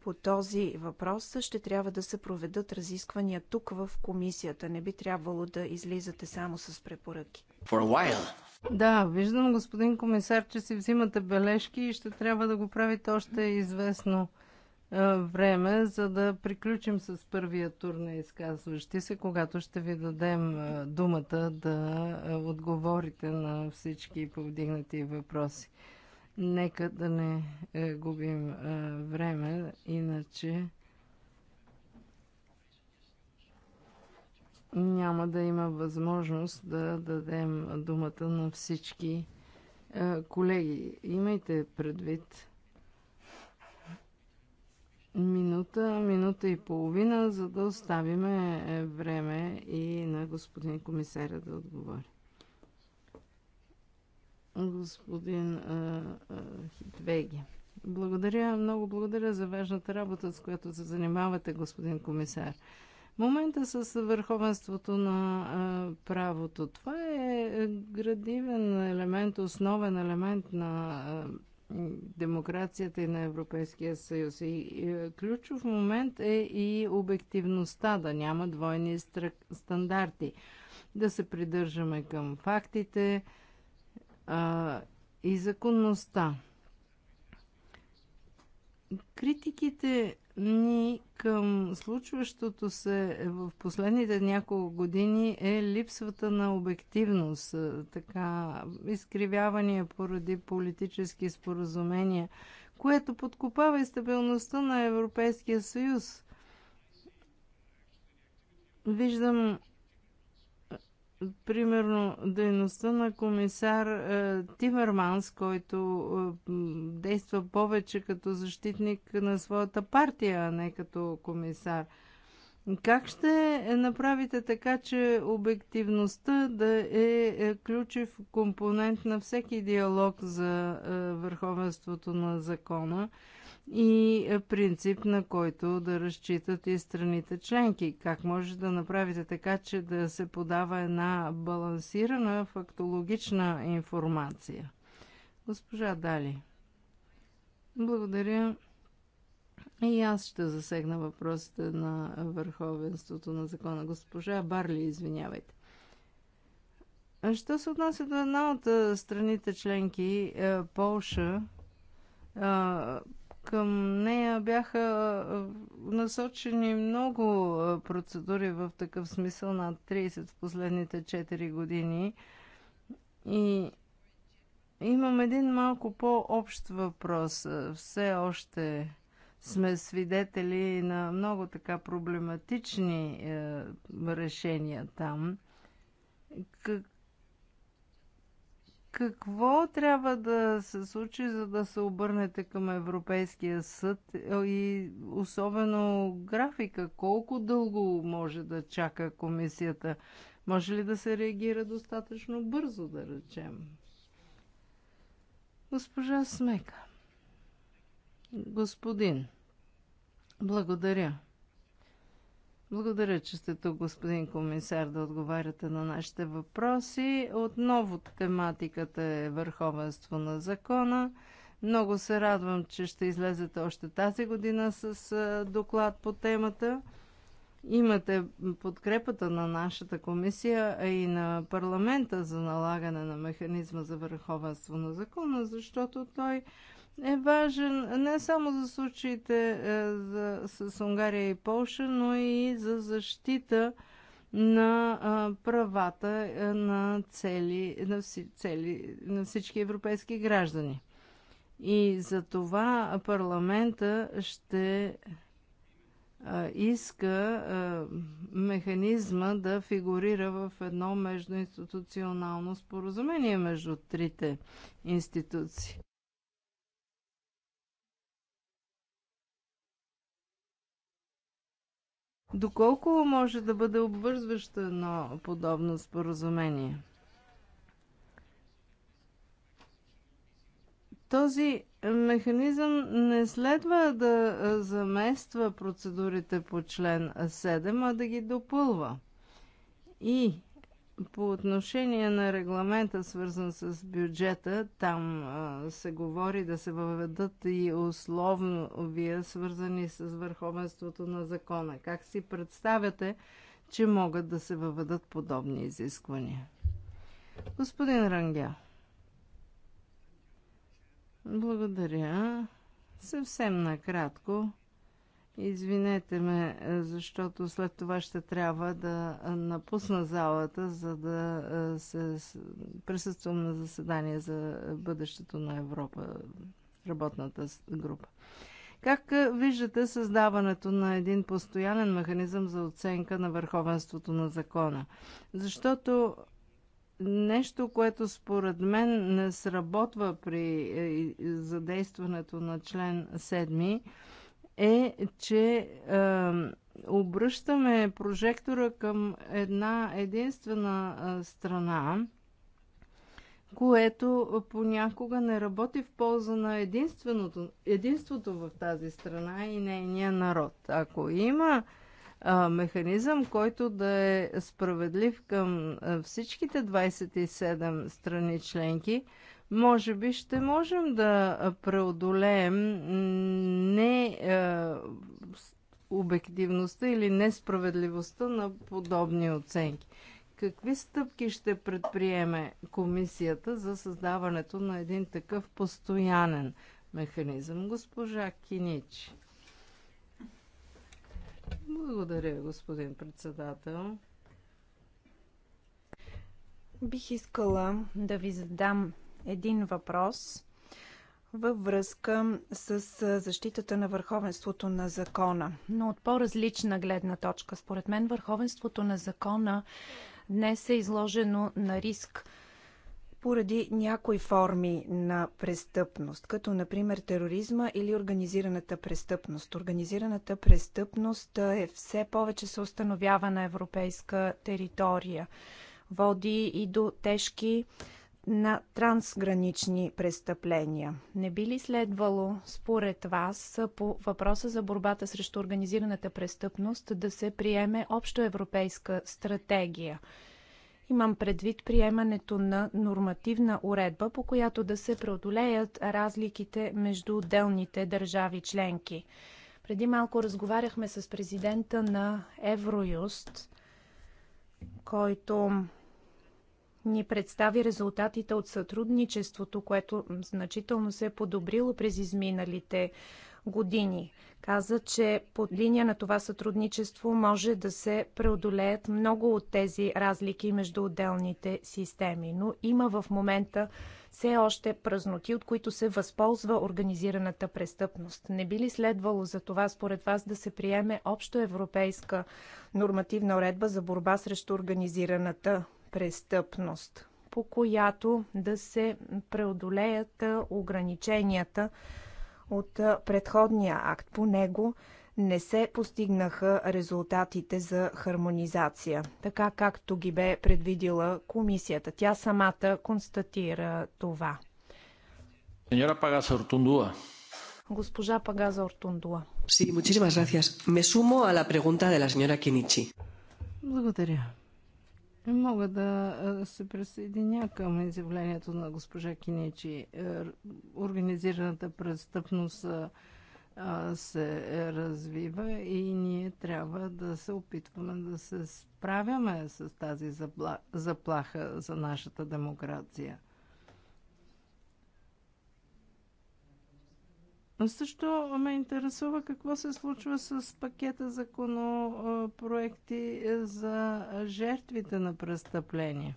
[SPEAKER 1] По този въпрос ще трябва да се проведат разисквания тук в комисията. Не би трябвало да излизате само с препоръки.
[SPEAKER 3] For a while.
[SPEAKER 1] Да, виждам, господин
[SPEAKER 3] комисар, че си взимате бележки и ще трябва да го правите още известно е, време, за да приключим с първия тур на изказващи се, когато ще ви дадем е, думата да е, отговорите на всички повдигнати въпроси. Нека да не губим време, иначе няма да има възможност да дадем думата на всички е, колеги. Имайте предвид минута, минута и половина, за да оставим е, време и на господин комисаря да отговори. Господин е, Хитвеги. Благодаря, много благодаря за важната работа, с която се занимавате, господин комисар. Момента с върховенството на правото. Това е градивен елемент, основен елемент на демокрацията и на Европейския съюз. И ключов момент е и обективността, да няма двойни стандарти. Да се придържаме към фактите а, и законността. Критиките ни към случващото се в последните няколко години е липсвата на обективност, е, така изкривявания поради политически споразумения, което подкопава и стабилността на Европейския съюз. Виждам примерно дейността на комисар е, Тимерманс, който е, действа повече като защитник на своята партия, а не като комисар. Как ще направите така, че обективността да е, е ключов компонент на всеки диалог за е, върховенството на закона? и принцип, на който да разчитат и страните членки. Как може да направите така, че да се подава една балансирана фактологична информация? Госпожа Дали. Благодаря. И аз ще засегна въпросите на върховенството на закона. Госпожа Барли, извинявайте. Що се отнася до една от страните членки, е, Полша, към нея бяха насочени много процедури в такъв смисъл, над 30 в последните 4 години. И имам един малко по-общ въпрос. Все още сме свидетели на много така проблематични решения там. Как, какво трябва да се случи, за да се обърнете към Европейския съд и особено графика? Колко дълго може да чака комисията? Може ли да се реагира достатъчно бързо, да речем? Госпожа Смека. Господин, благодаря. Благодаря, че сте тук, господин комисар, да отговаряте на нашите въпроси. Отново тематиката е върховенство на закона. Много се радвам, че ще излезете още тази година с доклад по темата. Имате подкрепата на нашата комисия, а и на парламента за налагане на механизма за върховенство на закона, защото той е важен не само за случаите е, за, с Унгария и Полша, но и за защита на а, е, правата е, на, цели, на, вси, цели, на всички европейски граждани. И за това парламента ще а, иска а, механизма да фигурира в едно междуинституционално споразумение между трите институции. Доколко може да бъде обвързващо едно подобно споразумение? Този механизъм не следва да замества процедурите по член 7, а да ги допълва. И по отношение на регламента, свързан с бюджета, там а, се говори да се въведат и условно вие, свързани с върховенството на закона. Как си представяте, че могат да се въведат подобни изисквания? Господин Рангя. Благодаря. Съвсем накратко. Извинете ме, е, защото след това ще трябва да напусна залата, за да е, се присъствам на заседание за бъдещето на Европа, работната група. Как е, виждате създаването на един постоянен механизъм за оценка на върховенството на закона? Защото нещо, което според мен не сработва при задействането на член 7, е, че обръщаме прожектора към една единствена страна, което понякога не работи в полза на единственото, единството в тази страна и нейния народ. Ако има е, механизъм, който да е справедлив към всичките 27 страни членки, може би ще можем да преодолеем не а, обективността или несправедливостта на подобни оценки. Какви стъпки ще предприеме комисията за създаването на един такъв постоянен механизъм, госпожа Киничи? Благодаря, господин председател.
[SPEAKER 1] Бих искала да ви задам един въпрос във връзка с защитата на върховенството на закона, но от по-различна гледна точка. Според мен върховенството на закона днес е изложено на риск поради някои форми на престъпност, като например тероризма или организираната престъпност. Организираната престъпност е все повече се установява на европейска територия. Води и до тежки на трансгранични престъпления. Не би ли следвало, според вас, по въпроса за борбата срещу организираната престъпност да се приеме общоевропейска стратегия? Имам предвид приемането на нормативна уредба, по която да се преодолеят разликите между отделните държави членки. Преди малко разговаряхме с президента на Евроюст, който ни представи резултатите от сътрудничеството, което значително се е подобрило през изминалите години. Каза, че под линия на това сътрудничество може да се преодолеят много от тези разлики между отделните системи, но има в момента все още празноти, от които се възползва организираната престъпност. Не би ли следвало за това, според вас, да се приеме общо европейска нормативна уредба за борба срещу организираната престъпност, по която да се преодолеят ограниченията от предходния акт. По него не се постигнаха резултатите за хармонизация, така както ги бе предвидила комисията. Тя самата констатира това. Señora Pagasa Ortundúa. Госпожа Пагаза Ортундуа. Sí, muchísimas gracias. Me sumo a la pregunta de la señora Kinichi.
[SPEAKER 3] Благодаря. Мога да се присъединя към изявлението на госпожа Киничи. Е, организираната престъпност се развива и ние трябва да се опитваме да се справяме с тази заплаха за нашата демокрация. Също ме интересува какво се случва с пакета законопроекти е, за жертвите на престъпления.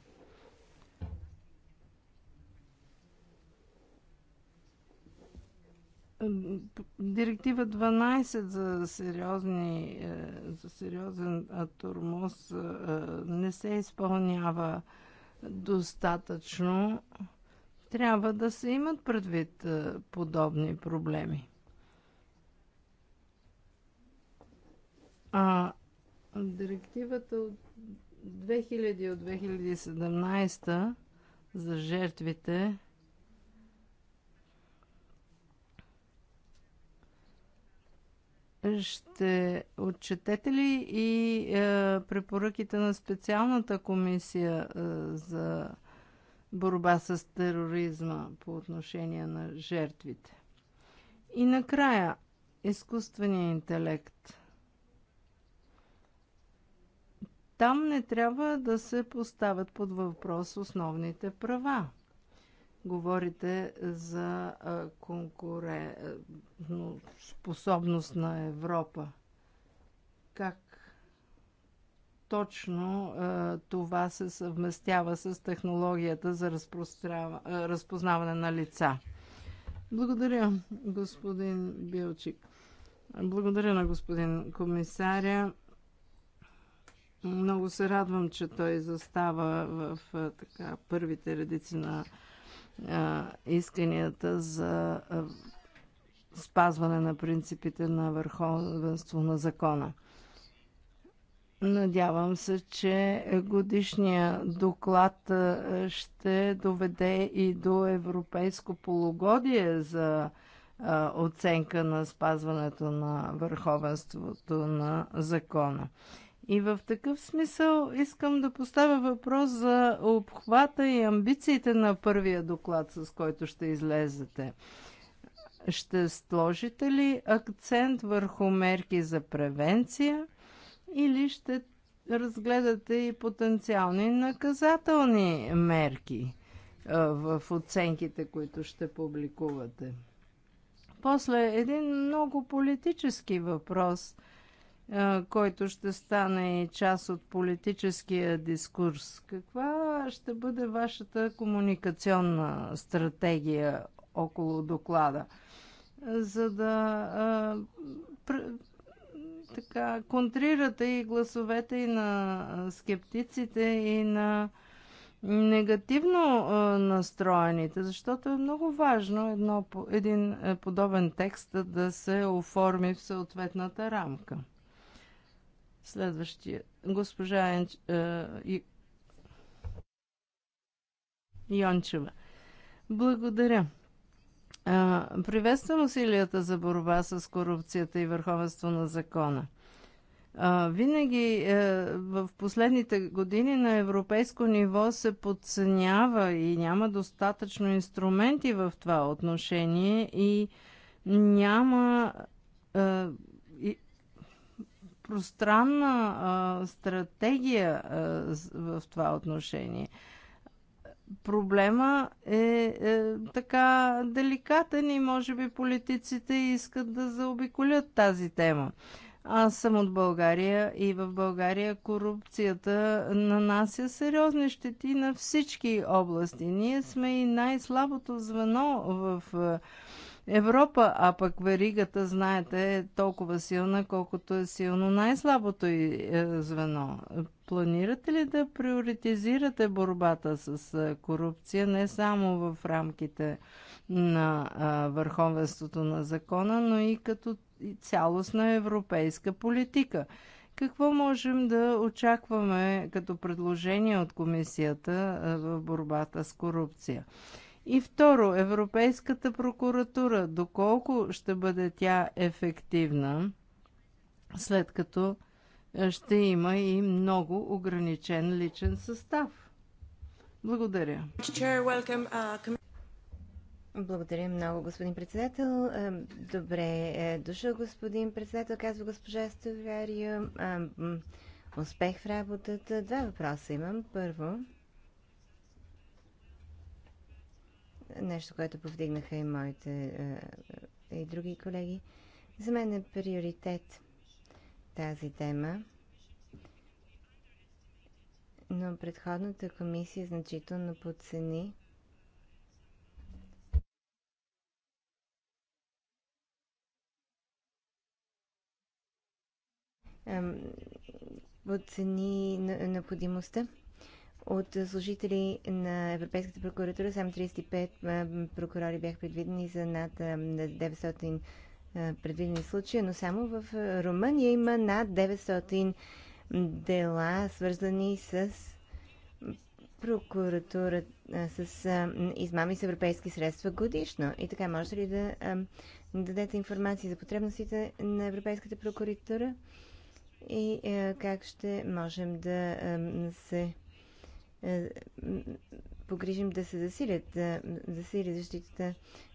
[SPEAKER 3] Директива 12 за, сериозни, е, за сериозен турмоз е, не се изпълнява достатъчно трябва да се имат предвид е, подобни проблеми. А директивата от 2000 от 2017 за жертвите ще отчетете ли и е, препоръките на специалната комисия е, за борба с тероризма по отношение на жертвите. И накрая, изкуственият интелект. Там не трябва да се поставят под въпрос основните права. Говорите за конкурентоспособност на Европа точно а, това се съвместява с технологията за разпознаване на лица. Благодаря, господин Билчик. Благодаря на господин комисаря. Много се радвам, че той застава в така, първите редици на а, исканията за а, спазване на принципите на върховенство на закона. Надявам се, че годишния доклад ще доведе и до европейско полугодие за оценка на спазването на върховенството на закона. И в такъв смисъл искам да поставя въпрос за обхвата и амбициите на първия доклад, с който ще излезете. Ще сложите ли акцент върху мерки за превенция – или ще разгледате и потенциални наказателни мерки в оценките, които ще публикувате? После един много политически въпрос, който ще стане и част от политическия дискурс. Каква ще бъде вашата комуникационна стратегия около доклада? За да така контрирате и гласовете и на скептиците, и на негативно настроените, защото е много важно едно, един е, подобен текст да се оформи в съответната рамка. Следващия. Госпожа Енч... Йончева. Благодаря. Приветствам усилията за борба с корупцията и върховенство на закона. Винаги е, в последните години на европейско ниво се подценява и няма достатъчно инструменти в това отношение и няма е, пространна стратегия е, в това отношение – проблема е, е така деликатен и може би политиците искат да заобиколят тази тема. Аз съм от България и в България корупцията нанася сериозни щети на всички области. Ние сме и най-слабото звено в е, Европа, а пък веригата, знаете, е толкова силна, колкото е силно най-слабото и е, звено. Планирате ли да приоритизирате борбата с е, корупция не само в рамките на е, върховенството на закона, но и като цялостна европейска политика? Какво можем да очакваме като предложение от комисията в борбата с корупция? И второ, Европейската прокуратура, доколко ще бъде тя ефективна, след като е, ще има и много ограничен личен
[SPEAKER 2] състав. Благодаря.
[SPEAKER 1] Uh,
[SPEAKER 2] Благодаря много, господин председател. Е, добре е дошъл, господин председател, казва госпожа Стоверия. Е, успех в работата. Два въпроса имам. Първо, нещо, което повдигнаха и моите е, е, и други колеги. За мен е приоритет тази тема, но предходната комисия значително подцени подцени необходимостта от служители на Европейската прокуратура само 35 прокурори бяха предвидени за над 900 предвидени случая, но само в Румъния има над 900 дела, свързани с прокуратура с измами с европейски средства годишно. И така, може ли да дадете информация за потребностите на Европейската прокуратура и как ще можем да се е, погрижим да се засилят, да засили защитата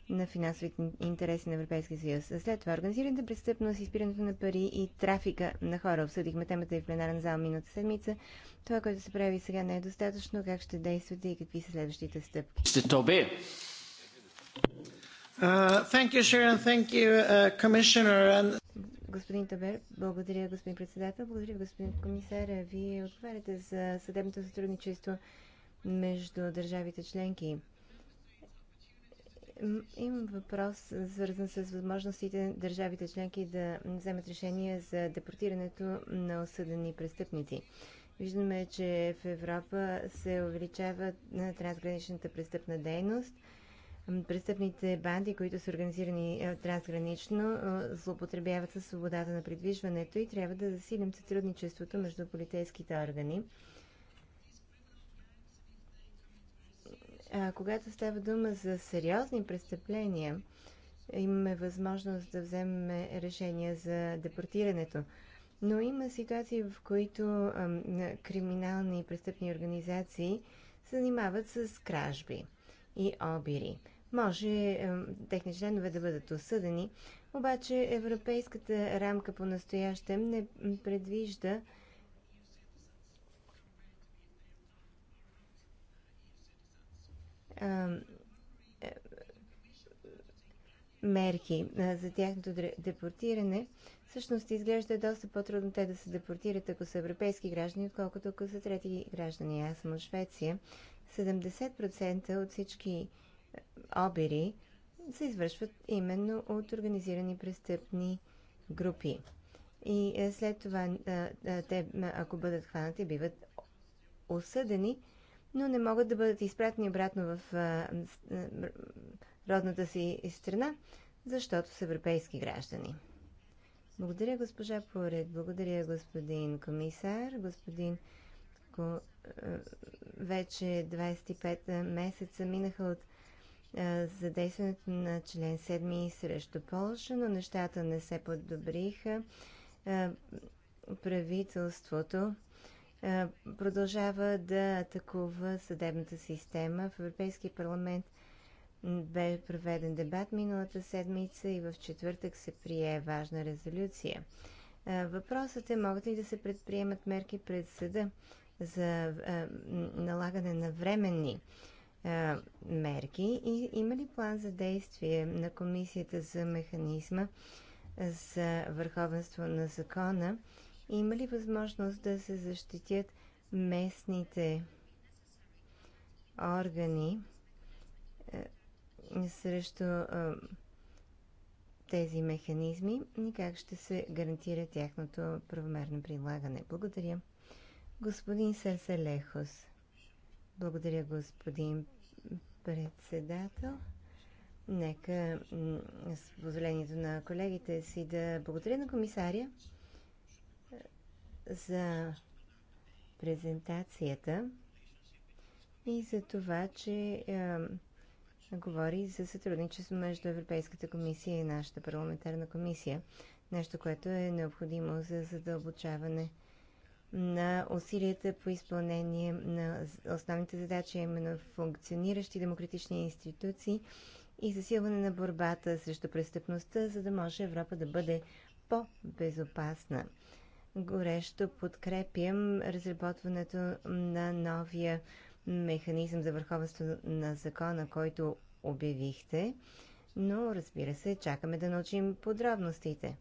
[SPEAKER 2] на финансовите интереси на Европейския съюз. След това организираната престъпност, изпирането на пари и трафика на хора. Обсъдихме темата и в пленарен зал миналата седмица. Това, което се прави сега не е достатъчно. Как ще действате и какви са следващите стъпки? Ще то бе. Uh, thank you, Sharon. Thank you, uh, Commissioner. And Господин Табер, благодаря, господин председател. Благодаря, господин комисар, Вие отговаряте за съдебното сътрудничество между държавите членки. Имам въпрос, свързан с възможностите държавите членки да вземат решение за депортирането на осъдени престъпници. Виждаме, че в Европа се увеличава трансграничната престъпна дейност – престъпните банди, които са организирани е, трансгранично, е, злоупотребяват със свободата на придвижването и трябва да засилим сътрудничеството между полицейските органи. А, когато става дума за сериозни престъпления, имаме възможност да вземем решение за депортирането. Но има ситуации, в които а, криминални и престъпни организации се занимават с кражби и обири. Може техни членове да бъдат осъдени, обаче европейската рамка по настоящем не предвижда е, мерки за тяхното депортиране. Всъщност изглежда е доста по-трудно те да се депортират, ако са европейски граждани, отколкото ако са трети граждани. Аз съм от Швеция 70% от всички е, обири се извършват именно от организирани престъпни групи. И е, след това е, те, ако бъдат хванати, биват осъдени, но не могат да бъдат изпратени обратно в родната си страна, защото са европейски граждани. Благодаря, госпожа Поред. Благодаря, господин комисар, господин е, вече 25 месеца минаха от е, задействането на член 7 срещу Польша, но нещата не се подобриха. Е, правителството продължава да атакува съдебната система. В Европейския парламент бе проведен дебат миналата седмица и в четвъртък се прие важна резолюция. Въпросът е, могат ли да се предприемат мерки пред съда? за налагане на временни мерки и има ли план за действие на Комисията за механизма за върховенство на закона? Има ли възможност да се защитят местните органи срещу тези механизми и как ще се гарантира тяхното правомерно прилагане? Благодаря. Господин Сарселехос. Благодаря, господин председател. Нека с позволението на колегите си да благодаря на комисаря за презентацията и за това, че е, говори за сътрудничество между Европейската комисия и нашата парламентарна комисия. Нещо, което е необходимо за задълбочаване на усилията по изпълнение на основните задачи, именно функциониращи демократични институции и засилване на борбата срещу престъпността, за да може Европа да бъде по-безопасна. Горещо подкрепям разработването на новия механизъм за върховенство на закона, който обявихте, но разбира се, чакаме да научим подробностите.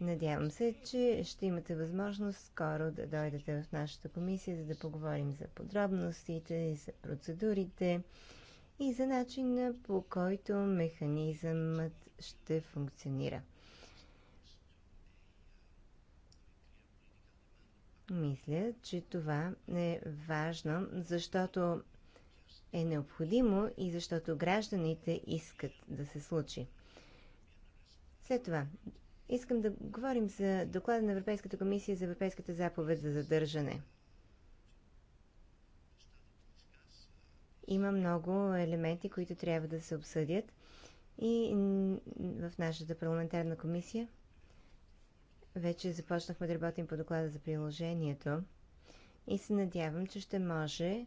[SPEAKER 2] Надявам се, че ще имате възможност скоро да дойдете в нашата комисия, за да поговорим за подробностите, за процедурите и за начина по който механизъмът ще функционира. Мисля, че това е важно, защото е необходимо и защото гражданите искат да се случи. След това, Искам да говорим за доклада на Европейската комисия за Европейската заповед за задържане. Има много елементи, които трябва да се обсъдят и в нашата парламентарна комисия вече започнахме да работим по доклада за приложението и се надявам, че ще може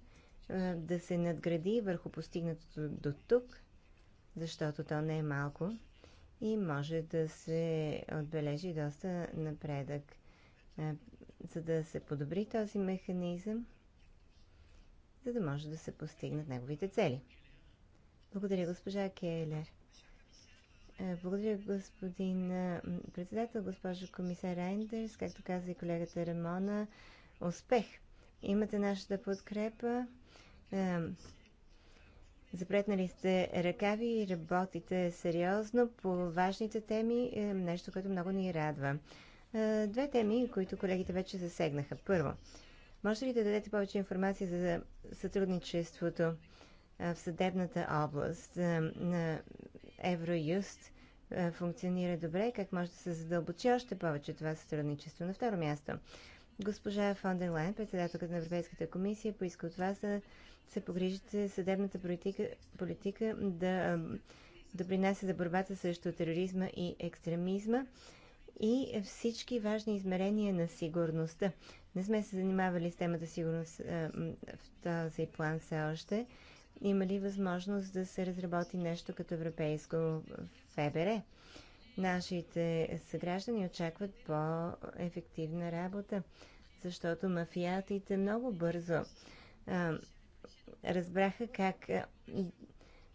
[SPEAKER 2] да се надгради върху постигнатото до тук, защото то не е малко и може да се отбележи доста напредък. За да се подобри този механизъм, за да може да се постигнат неговите цели. Благодаря, госпожа Келер. Благодаря, господин председател, госпожо комисар Райндерс, както каза и колегата Рамона. Успех! Имате нашата подкрепа. Запретнали сте ръкави и работите сериозно по важните теми, е, нещо, което много ни радва. Е, две теми, които колегите вече засегнаха. Първо, може ли да дадете повече информация за сътрудничеството е, в съдебната област на Евроюст? Функционира добре, как може да се задълбочи още повече това сътрудничество? На второ място, госпожа Фондерлайн, председателката на Европейската комисия, поиска от вас да се погрижите съдебната политика, политика да допринася за борбата срещу тероризма и екстремизма и всички важни измерения на сигурността. Не сме се занимавали с темата сигурност а, в този план все още. Има ли възможност да се разработи нещо като европейско ФБР? Нашите съграждани очакват по-ефективна работа, защото мафиатите много бързо а, разбраха как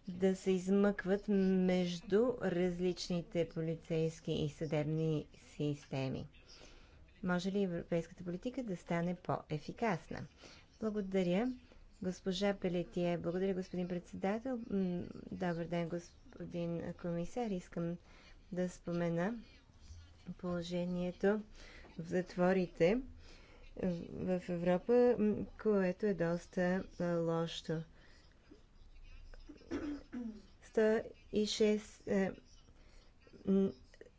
[SPEAKER 2] да се измъкват между различните полицейски и съдебни системи. Може ли европейската политика да стане по-ефикасна? Благодаря, госпожа Пелетие. Благодаря, господин председател. Добър ден, господин комисар. Искам да спомена положението в затворите в Европа, което е доста лошо. 106 е,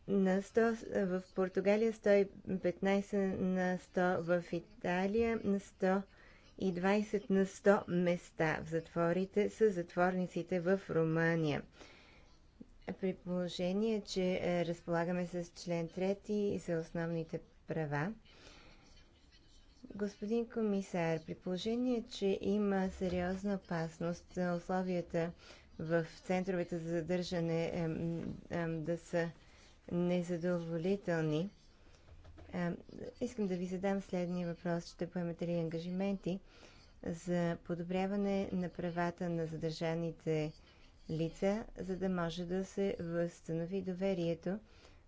[SPEAKER 2] на 100 в Португалия, 115 на 100 в Италия, на 120 на 100 места в затворите са затворниците в Румъния. При положение, че е, разполагаме с член 3 за основните права, Господин комисар, при положение, че има сериозна опасност условията в центровете за задържане да са незадоволителни, искам да ви задам следния въпрос. Ще поемете ли ангажименти за подобряване на правата на задържаните лица, за да може да се възстанови доверието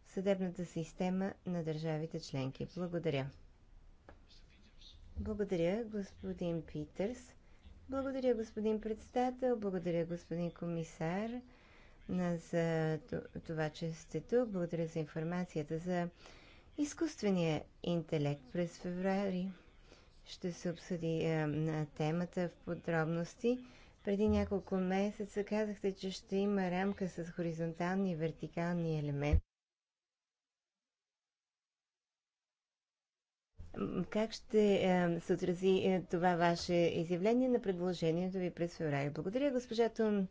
[SPEAKER 2] в съдебната система на държавите членки? Благодаря. Благодаря, господин Питърс. Благодаря, господин председател. Благодаря, господин комисар, за това, че сте тук. Благодаря за информацията за изкуствения интелект през феврари. Ще се обсъди е, на темата в подробности. Преди няколко месеца казахте, че ще има рамка с хоризонтални и вертикални елементи Как ще е, се отрази е, това ваше изявление на предложението ви през феврари? Благодаря, госпожа Тун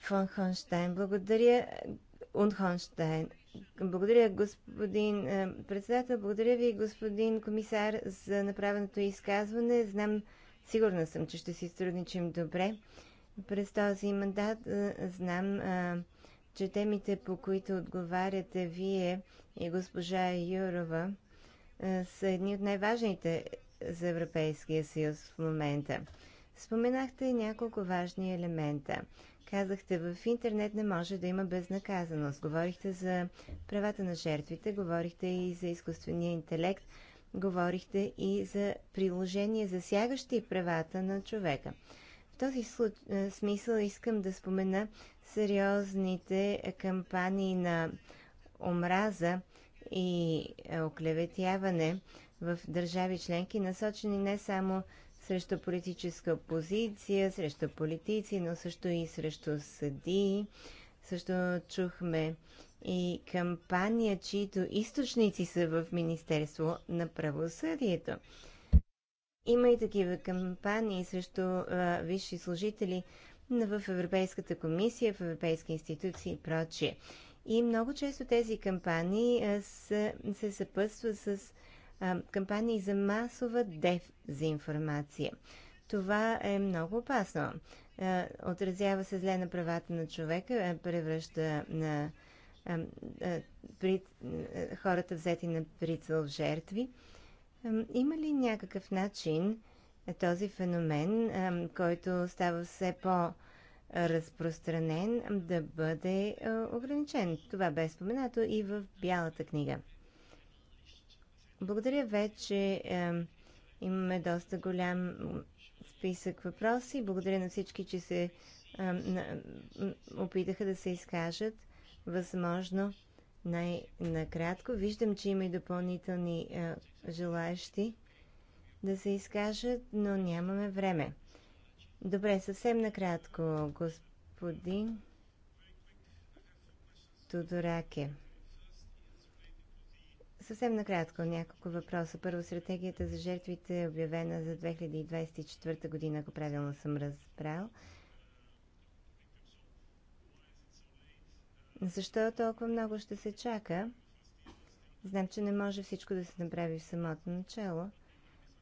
[SPEAKER 2] фон Хонштайн. Благодаря, Ун Хонштайн. Благодаря, господин е, председател. Благодаря ви, господин комисар, за направеното изказване. Знам, сигурна съм, че ще си сътрудничим добре. През този мандат знам, че темите, по които отговаряте вие и госпожа Юрова, е, са едни от най-важните за Европейския съюз в момента. Споменахте и няколко важни елемента. Казахте, в интернет не може да има безнаказаност. Говорихте за правата на жертвите, говорихте и за изкуствения интелект, говорихте и за приложения, засягащи правата на човека. В този е, смисъл искам да спомена сериозните кампании на омраза и е, оклеветяване в държави членки, насочени не само срещу политическа опозиция, срещу политици, но също и срещу съдии. Също чухме и кампания, чието източници са в Министерство на правосъдието. Има и такива кампании срещу а, е, висши служители в Европейската комисия, в Европейски институции и прочие. И много често тези кампании се, се съпътстват с а, кампании за масова дезинформация. Това е много опасно. А, отразява се зле на правата на човека, превръща на а, при, хората взети на прицел в жертви. Има ли някакъв начин този феномен, който става все по- разпространен, да бъде ограничен. Това бе споменато и в Бялата книга. Благодаря вече. Имаме доста голям списък въпроси. Благодаря на всички, че се опитаха да се изкажат възможно най-накратко. Виждам, че има и допълнителни желаящи да се изкажат, но нямаме време. Добре, съвсем накратко, господин Тодораке. Съвсем накратко няколко въпроса. Първо, стратегията за жертвите е обявена за 2024 година, ако правилно съм разбрал. Защо толкова много ще се чака? Знам, че не може всичко да се направи в самото начало,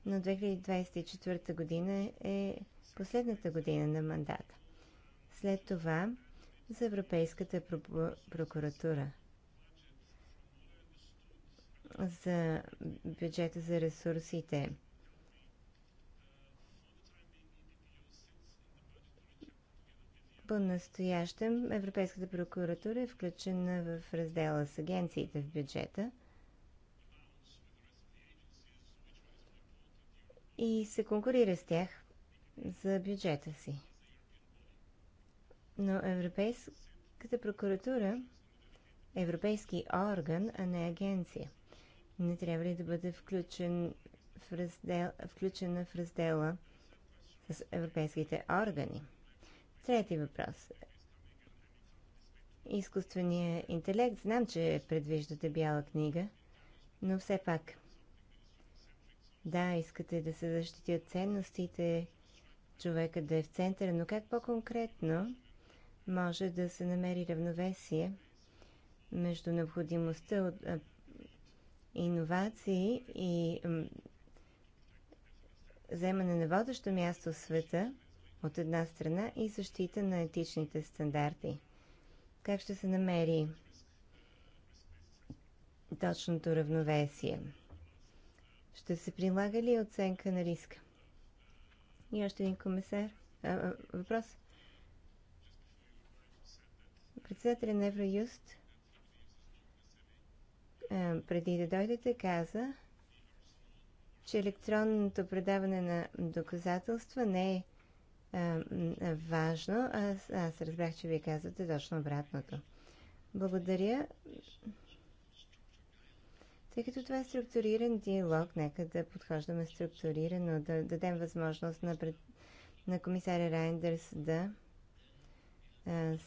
[SPEAKER 2] но 2024 година е последната година на мандата. След това за Европейската прокуратура. За бюджета за ресурсите. По-настоящем Европейската прокуратура е включена в раздела с агенциите в бюджета и се конкурира с тях за бюджета си. Но Европейската прокуратура е европейски орган, а не агенция. Не трябва ли да бъде включен в раздел, включена в раздела с европейските органи? Трети въпрос. Изкуственият интелект. Знам, че предвиждате бяла книга, но все пак. Да, искате да се защитят ценностите, човека да е в центъра, но как по-конкретно може да се намери равновесие между необходимостта от иновации и вземане на водещо място в света от една страна и защита на етичните стандарти. Как ще се намери точното равновесие? Ще се прилага ли оценка на риска? И още един комисар. А, въпрос. Председателя на Евроюст преди да дойдете каза, че електронното предаване на доказателства не е а, важно. Аз, аз разбрах, че вие казвате точно обратното. Благодаря. Тъй като това е структуриран диалог, нека да подхождаме структурирано, да дадем възможност на, пред... на комисаря Райндърс да а, с...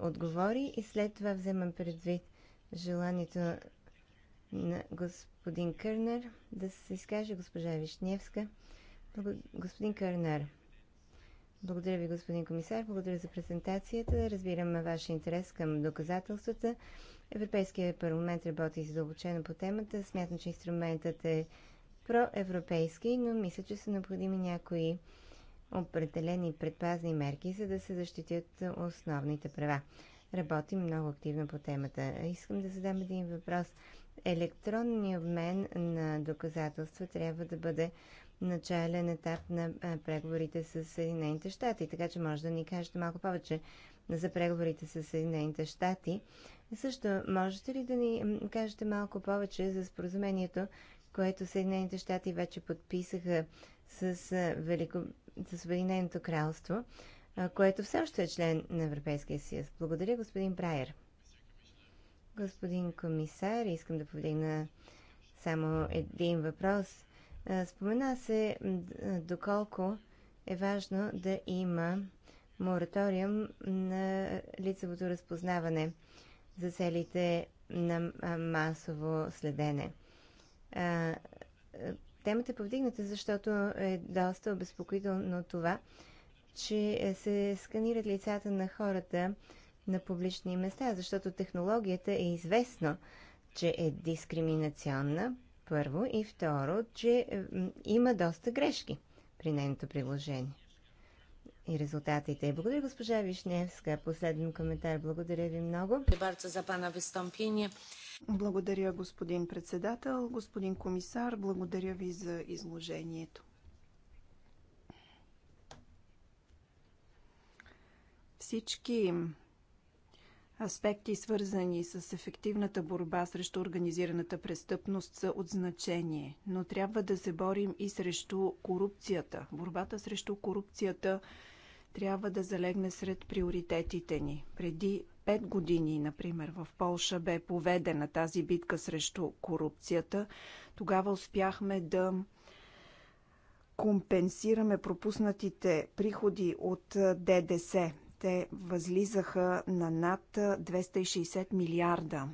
[SPEAKER 2] отговори и след това вземам предвид желанието на господин Кърнер да се изкаже госпожа Вишневска. Благ... Господин Кърнер, благодаря ви, господин комисар. Благодаря за презентацията. Разбираме вашия интерес към доказателствата. Европейския парламент работи задълбочено по темата. Смятам, че инструментът е проевропейски, но мисля, че са необходими някои определени предпазни мерки, за да се защитят основните права. Работим много активно по темата. Искам да задам един въпрос. Електронният обмен на доказателства трябва да бъде начален етап на преговорите с Съединените щати, така че може да ни кажете малко повече за преговорите с Съединените щати. Също можете ли да ни кажете малко повече за споразумението, което Съединените щати вече подписаха с, Велико... с Обединеното кралство, което все още е член на Европейския съюз? Благодаря, господин Прайер. Господин комисар, искам да повдигна само един въпрос. Спомена се доколко е важно да има мораториум на лицевото разпознаване за целите на масово следене. Темата е повдигната, защото е доста обезпокоително това, че се сканират лицата на хората на публични места, защото технологията е известно, че е дискриминационна, първо, и второ, че има доста грешки при нейното приложение и резултатите. Благодаря, госпожа Вишневска. Последен коментар. Благодаря ви много.
[SPEAKER 1] Благодаря, господин председател. Господин комисар, благодаря ви за изложението. Всички аспекти, свързани с ефективната борба срещу организираната престъпност, са от значение, но трябва да се борим и срещу корупцията. Борбата срещу корупцията – трябва да залегне сред приоритетите ни. Преди пет години, например, в Полша бе поведена тази битка срещу корупцията. Тогава успяхме да компенсираме пропуснатите приходи от ДДС. Те възлизаха на над 260 милиарда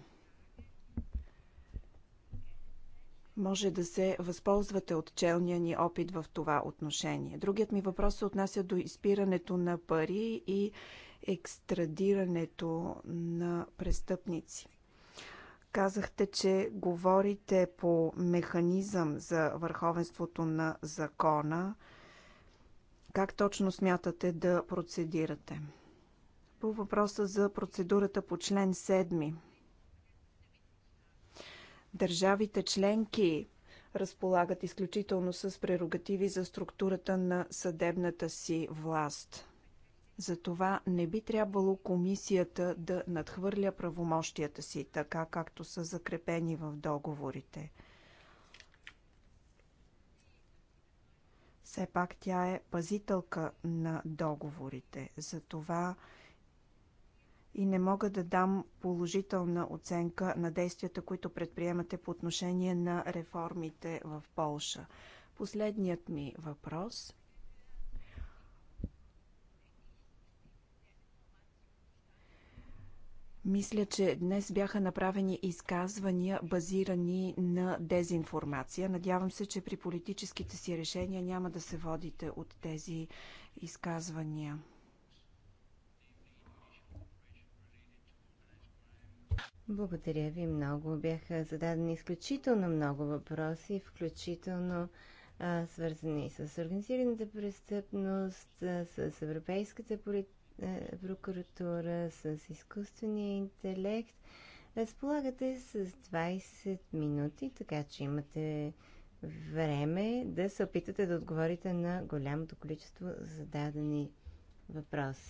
[SPEAKER 1] може да се възползвате от челния ни опит в това отношение. Другият ми въпрос се отнася до изпирането на пари и екстрадирането на престъпници. Казахте, че говорите по механизъм за върховенството на закона. Как точно смятате да процедирате? По въпроса за процедурата по член Държавите членки разполагат изключително с прерогативи за структурата на съдебната си власт. Затова не би трябвало комисията да надхвърля правомощията си, така както са закрепени в договорите. Все пак тя е пазителка на договорите. Затова това и не мога да дам положителна оценка на действията, които предприемате по отношение на реформите в Полша. Последният ми въпрос. Мисля, че днес бяха направени изказвания, базирани на дезинформация. Надявам се, че при политическите си решения няма да се водите от тези изказвания.
[SPEAKER 2] Благодаря ви много. Бяха зададени изключително много въпроси, включително а, свързани с организираната престъпност, а, с Европейската поли... а, прокуратура, с изкуствения интелект. Разполагате с 20 минути, така че имате време да се опитате да отговорите на голямото количество зададени въпроси.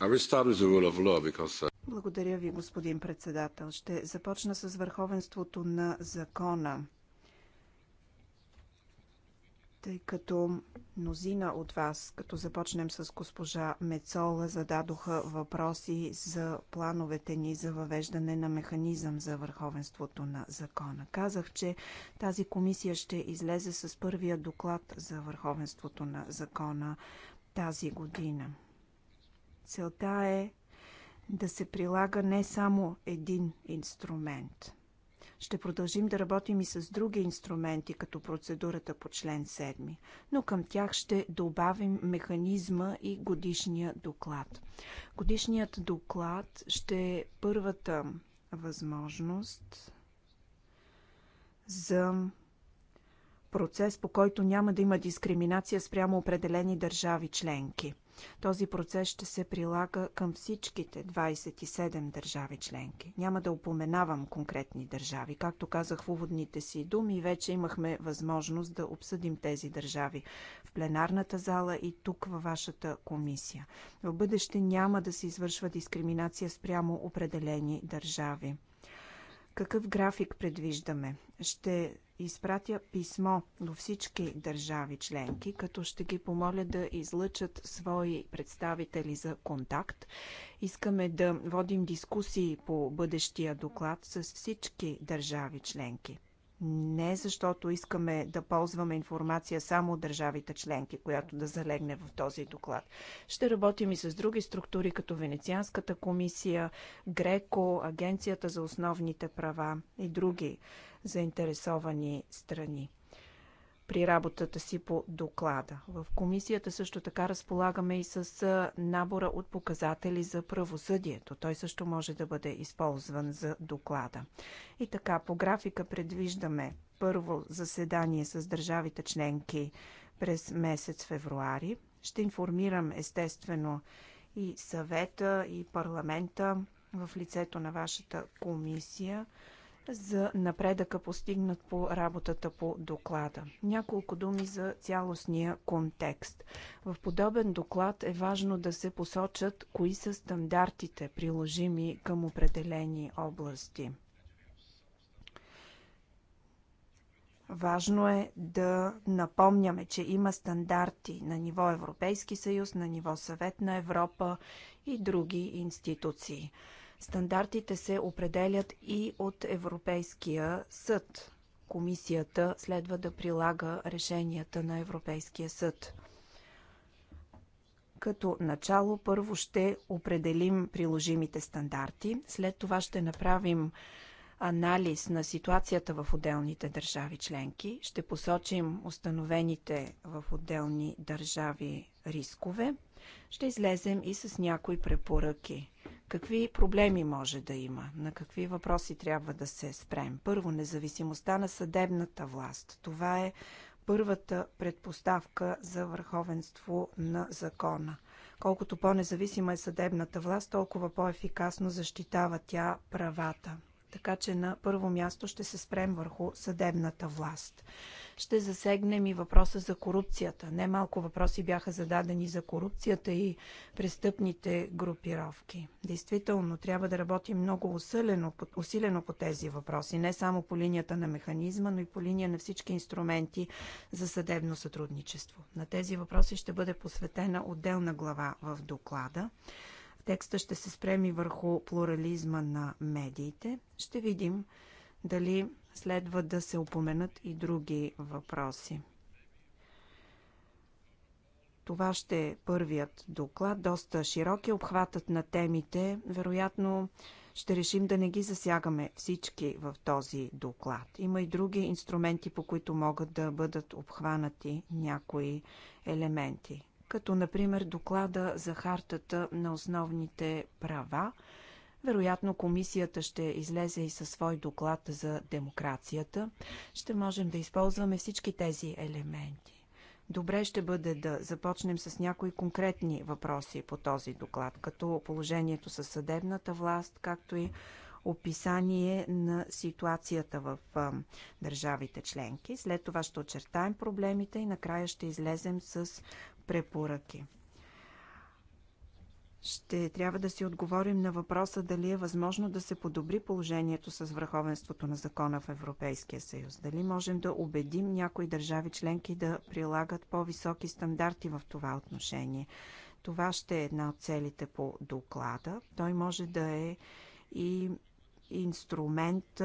[SPEAKER 1] Благодаря ви, господин председател. Ще започна с върховенството на закона. Тъй като мнозина от вас, като започнем с госпожа Мецола, зададоха въпроси за плановете ни за въвеждане на механизъм за върховенството на закона. Казах, че тази комисия ще излезе с първия доклад за върховенството на закона тази година. Целта е да се прилага не само един инструмент. Ще продължим да работим и с други инструменти, като процедурата по член 7, но към тях ще добавим механизма и годишния доклад. Годишният доклад ще е първата възможност за процес, по който няма да има дискриминация спрямо определени държави членки – този процес ще се прилага към всичките 27 държави членки. Няма да упоменавам конкретни държави. Както казах в уводните си думи, вече имахме възможност да обсъдим тези държави в пленарната зала и тук във вашата комисия. В бъдеще няма да се извършва дискриминация спрямо определени държави. Какъв график предвиждаме? Ще изпратя писмо до всички държави членки, като ще ги помоля да излъчат свои представители за контакт. Искаме да водим дискусии по бъдещия доклад с всички държави членки не защото искаме да ползваме информация само от държавите членки, която да залегне в този доклад. Ще работим и с други структури, като Венецианската комисия, Греко, Агенцията за основните права и други заинтересовани страни при работата си по доклада. В комисията също така разполагаме и с набора от показатели за правосъдието. Той също може да бъде използван за доклада. И така, по графика предвиждаме първо заседание с държавите членки през месец февруари. Ще информирам естествено и съвета, и парламента в лицето на вашата комисия – за напредъка постигнат по работата по доклада. Няколко думи за цялостния контекст. В подобен доклад е важно да се посочат кои са стандартите, приложими към определени области. Важно е да напомняме, че има стандарти на ниво Европейски съюз, на ниво Съвет на Европа и други институции. Стандартите се определят и от Европейския съд. Комисията следва да прилага решенията на Европейския съд. Като начало първо ще определим приложимите стандарти, след това ще направим анализ на ситуацията в отделните държави членки, ще посочим установените в отделни държави рискове, ще излезем и с някои препоръки. Какви проблеми може да има? На какви въпроси трябва да се спрем? Първо, независимостта на съдебната власт. Това е първата предпоставка за върховенство на закона. Колкото по-независима е съдебната власт, толкова по-ефикасно защитава тя правата така че на първо място ще се спрем върху съдебната власт. Ще засегнем и въпроса за корупцията. Немалко въпроси бяха зададени за корупцията и престъпните групировки. Действително, трябва да работим много усилено, усилено по тези въпроси, не само по линията на механизма, но и по линия на всички инструменти за съдебно сътрудничество. На тези въпроси ще бъде посветена отделна глава в доклада. Текста ще се спреми върху плурализма на медиите. Ще видим дали следва да се упоменат и други въпроси. Това ще е първият доклад. Доста широк е обхватът на темите. Вероятно ще решим да не ги засягаме всички в този доклад. Има и други инструменти, по които могат да бъдат обхванати някои елементи като например доклада за хартата на основните права. Вероятно комисията ще излезе и със свой доклад за демокрацията. Ще можем да използваме всички тези елементи. Добре ще бъде да започнем с някои конкретни въпроси по този доклад, като положението със съдебната власт, както и описание на ситуацията в държавите членки. След това ще очертаем проблемите и накрая ще излезем с препоръки. Ще трябва да си отговорим на въпроса дали е възможно да се подобри положението с върховенството на закона в Европейския съюз. Дали можем да убедим някои държави членки да прилагат по-високи стандарти в това отношение. Това ще е една от целите по доклада. Той може да е и инструмент,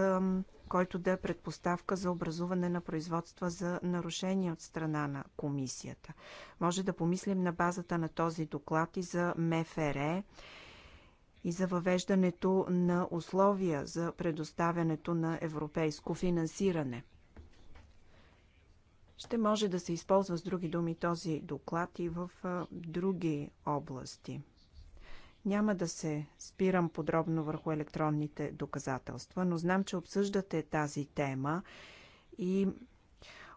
[SPEAKER 1] който да е предпоставка за образуване на производства за нарушения от страна на комисията. Може да помислим на базата на този доклад и за МФР и за въвеждането на условия за предоставянето на европейско финансиране. Ще може да се използва с други думи този доклад и в други области – няма да се спирам подробно върху електронните доказателства, но знам, че обсъждате тази тема и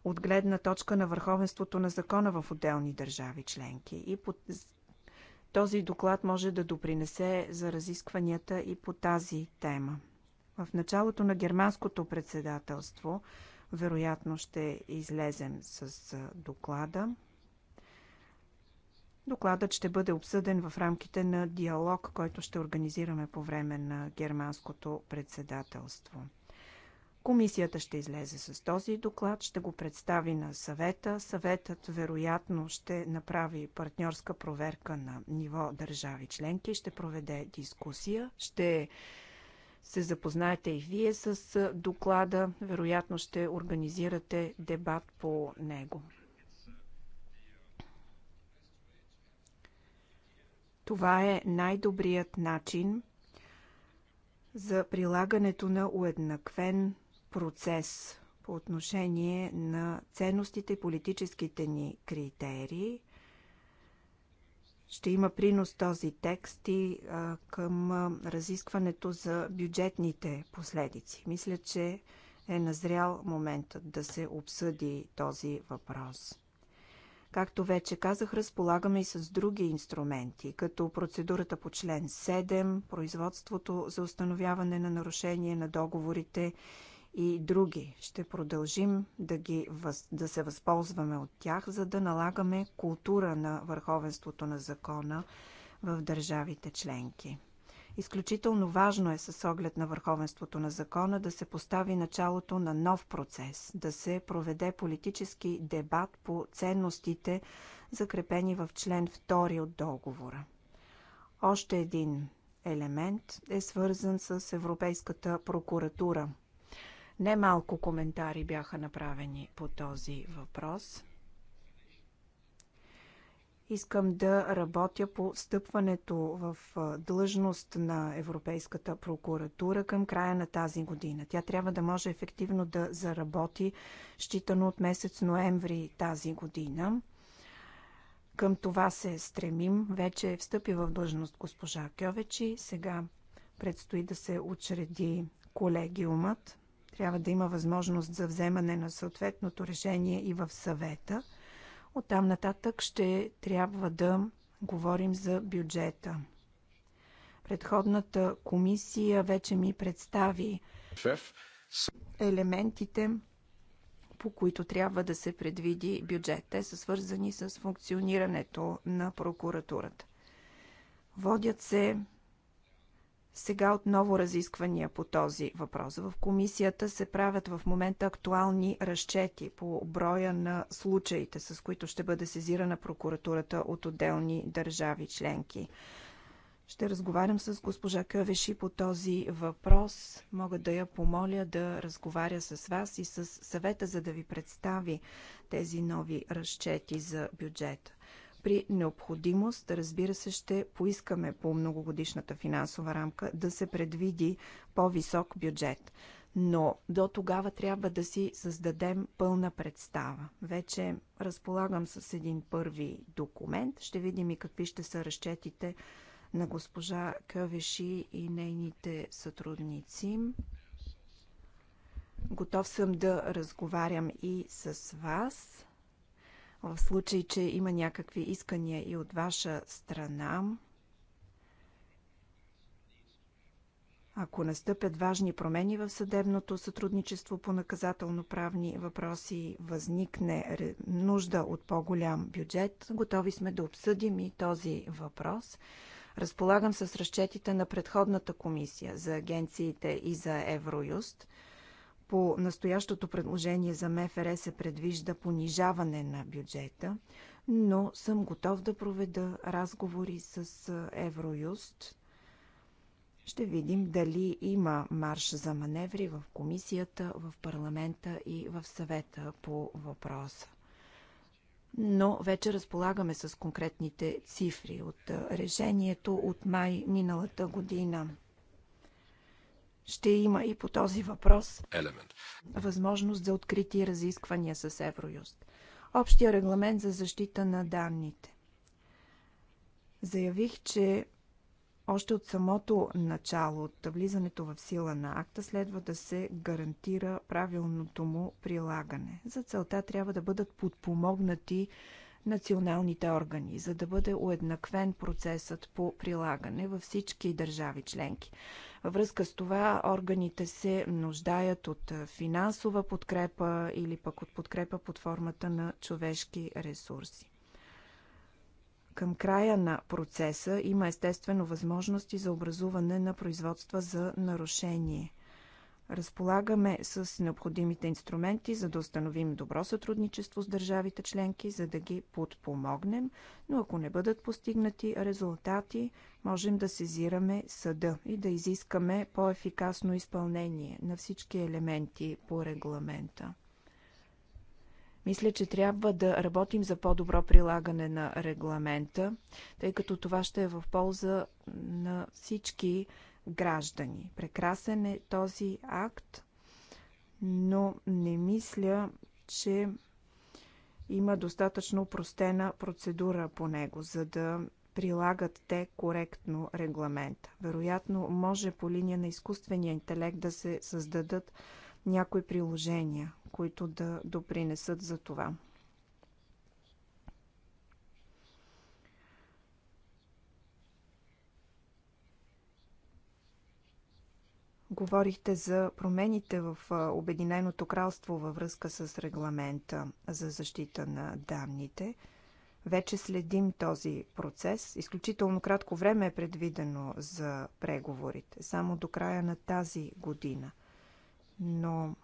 [SPEAKER 1] от гледна точка на върховенството на закона в отделни държави членки. И по... този доклад може да допринесе за разискванията и по тази тема. В началото на германското председателство вероятно ще излезем с доклада. Докладът ще бъде обсъден в рамките на диалог, който ще организираме по време на германското председателство. Комисията ще излезе с този доклад, ще го представи на съвета. Съветът вероятно ще направи партньорска проверка на ниво държави членки, ще проведе дискусия, ще се запознаете и вие с доклада, вероятно ще организирате дебат по него. Това е най-добрият начин за прилагането на уеднаквен процес по отношение на ценностите и политическите ни критерии. Ще има принос този текст и а, към а, разискването за бюджетните последици. Мисля, че е назрял моментът да се обсъди този въпрос. Както вече казах, разполагаме и с други инструменти, като процедурата по член 7, производството за установяване на нарушение на договорите и други. Ще продължим да, ги, да се възползваме от тях, за да налагаме култура на върховенството на закона в държавите членки. Изключително важно е с оглед на върховенството на закона да се постави началото на нов процес, да се проведе политически дебат по ценностите, закрепени в член 2 от договора. Още един елемент е свързан с Европейската прокуратура. Немалко коментари бяха направени по този въпрос – Искам да работя по стъпването в длъжност на Европейската прокуратура към края на тази година. Тя трябва да може ефективно да заработи, считано от месец ноември тази година. Към това се стремим. Вече е встъпи в длъжност госпожа Кьовечи. Сега предстои да се учреди колегиумът. Трябва да има възможност за вземане на съответното решение и в съвета – Оттам нататък ще трябва да говорим за бюджета. Предходната комисия вече ми представи елементите, по които трябва да се предвиди бюджет. Те са свързани с функционирането на прокуратурата. Водят се сега отново разисквания по този въпрос. В комисията се правят в момента актуални разчети по броя на случаите, с които ще бъде сезирана прокуратурата от отделни държави членки. Ще разговарям с госпожа Кавеши по този въпрос. Мога да я помоля да разговаря с вас и с съвета, за да ви представи тези нови разчети за бюджет. При необходимост, разбира се, ще поискаме по многогодишната финансова рамка да се предвиди по-висок бюджет. Но до тогава трябва да си създадем пълна представа. Вече разполагам с един първи документ. Ще видим и какви ще са разчетите на госпожа Кавеши и нейните сътрудници. Готов съм да разговарям и с вас. В случай, че има някакви искания и от ваша страна, ако настъпят важни промени в съдебното сътрудничество по наказателно-правни въпроси, възникне нужда от по-голям бюджет, готови сме да обсъдим и този въпрос. Разполагам с разчетите на предходната комисия за агенциите и за Евроюст. По настоящото предложение за МФР се предвижда понижаване на бюджета, но съм готов да проведа разговори с Евроюст. Ще видим дали има марш за маневри в комисията, в парламента и в съвета по въпроса. Но вече разполагаме с конкретните цифри от решението от май миналата година ще има и по този въпрос Element. възможност за открити разисквания с Евроюст. Общия регламент за защита на данните. Заявих, че още от самото начало, от влизането в сила на акта, следва да се гарантира правилното му прилагане. За целта трябва да бъдат подпомогнати националните органи, за да бъде уеднаквен процесът по прилагане във всички държави членки. Във връзка с това органите се нуждаят от финансова подкрепа или пък от подкрепа под формата на човешки ресурси. Към края на процеса има естествено възможности за образуване на производства за нарушение. Разполагаме с необходимите инструменти, за да установим добро сътрудничество с държавите членки, за да ги подпомогнем, но ако не бъдат постигнати резултати, можем да сезираме съда и да изискаме по-ефикасно изпълнение на всички елементи по регламента. Мисля, че трябва да работим за по-добро прилагане на регламента, тъй като това ще е в полза на всички граждани. Прекрасен е този акт, но не мисля, че има достатъчно упростена процедура по него, за да прилагат те коректно регламента. Вероятно, може по линия на изкуствения интелект да се създадат някои приложения, които да допринесат за това. Говорихте за промените в Обединеното кралство във връзка с регламента за защита на данните. Вече следим този процес. Изключително кратко време е предвидено за преговорите, само до края на тази година. Но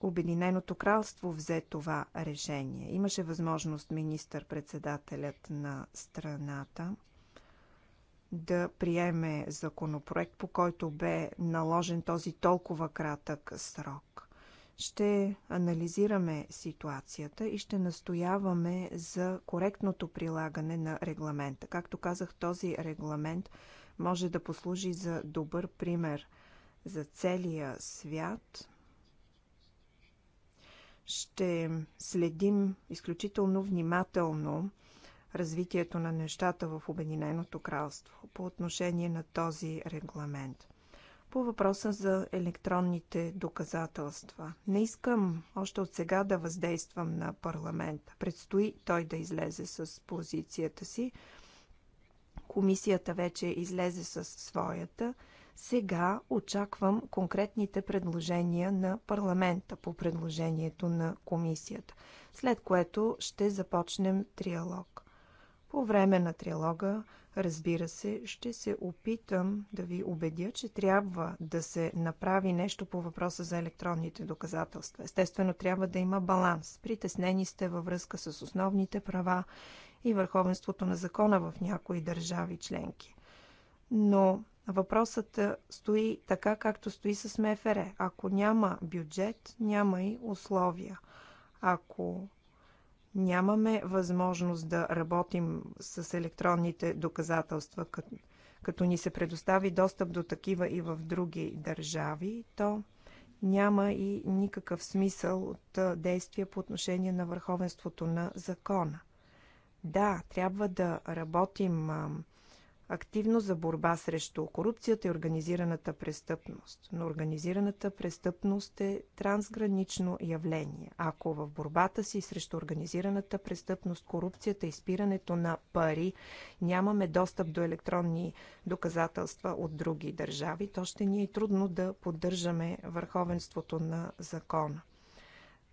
[SPEAKER 1] Обединеното кралство взе това решение. Имаше възможност министър-председателят на страната да приеме законопроект, по който бе наложен този толкова кратък срок. Ще анализираме ситуацията и ще настояваме за коректното прилагане на регламента. Както казах, този регламент може да послужи за добър пример за целия свят. Ще следим изключително внимателно развитието на нещата в Обединеното кралство по отношение на този регламент. По въпроса за електронните доказателства. Не искам още от сега да въздействам на парламента. Предстои той да излезе с позицията си. Комисията вече излезе с своята. Сега очаквам конкретните предложения на парламента по предложението на комисията, след което ще започнем триалог. По време на трилога, разбира се, ще се опитам да ви убедя, че трябва да се направи нещо по въпроса за електронните доказателства. Естествено, трябва да има баланс. Притеснени сте във връзка с основните права и върховенството на закона в някои държави членки. Но въпросът стои така, както стои с МФР. Ако няма бюджет, няма и условия. Ако нямаме възможност да работим с електронните доказателства, като, като ни се предостави достъп до такива и в други държави, то няма и никакъв смисъл от действия по отношение на върховенството на закона. Да, трябва да работим активно за борба срещу корупцията и организираната престъпност. Но организираната престъпност е трансгранично явление. Ако в борбата си срещу организираната престъпност, корупцията и спирането на пари нямаме достъп до електронни доказателства от други държави, то ще ни е трудно да поддържаме върховенството на закона.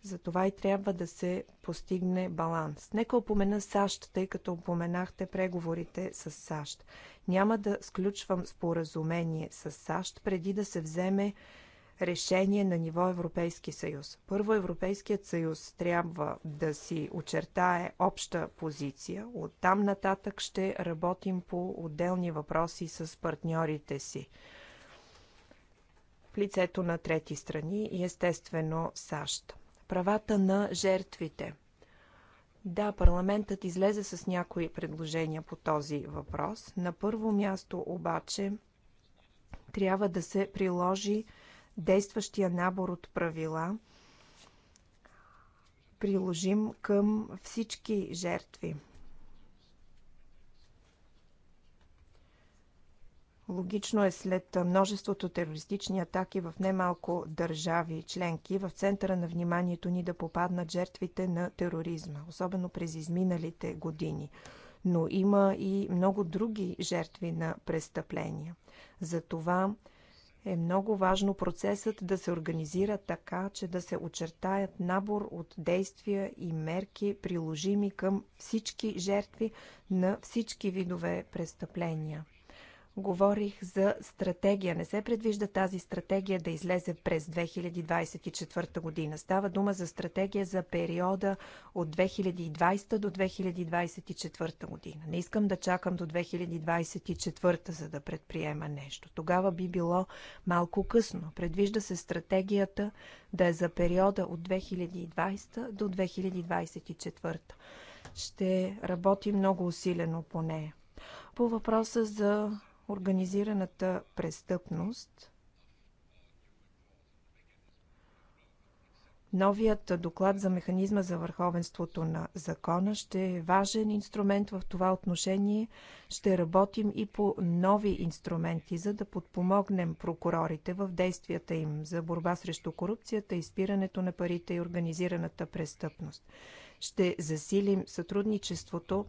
[SPEAKER 1] Затова и трябва да се постигне баланс. Нека опомена САЩ, тъй като опоменахте преговорите с САЩ. Няма да сключвам споразумение с САЩ преди да се вземе решение на ниво Европейски съюз. Първо Европейският съюз трябва да си очертае обща позиция. Оттам нататък ще работим по отделни въпроси с партньорите си в лицето на трети страни и естествено САЩ правата на жертвите. Да, парламентът излезе с някои предложения по този въпрос. На първо място обаче трябва да се приложи действащия набор от правила, приложим към всички жертви. Логично е след множеството терористични атаки в немалко държави и членки в центъра на вниманието ни да попаднат жертвите на тероризма, особено през изминалите години. Но има и много други жертви на престъпления. Затова е много важно процесът да се организира така, че да се очертаят набор от действия и мерки, приложими към всички жертви на всички видове престъпления – говорих за стратегия. Не се предвижда тази стратегия да излезе през 2024 година. Става дума за стратегия за периода от 2020 до 2024 година. Не искам да чакам до 2024, за да предприема нещо. Тогава би било малко късно. Предвижда се стратегията да е за периода от 2020 до 2024. Ще работи много усилено по нея. По въпроса за организираната престъпност. Новият доклад за механизма за върховенството на закона ще е важен инструмент в това отношение. Ще работим и по нови инструменти, за да подпомогнем прокурорите в действията им за борба срещу корупцията, изпирането на парите и организираната престъпност. Ще засилим сътрудничеството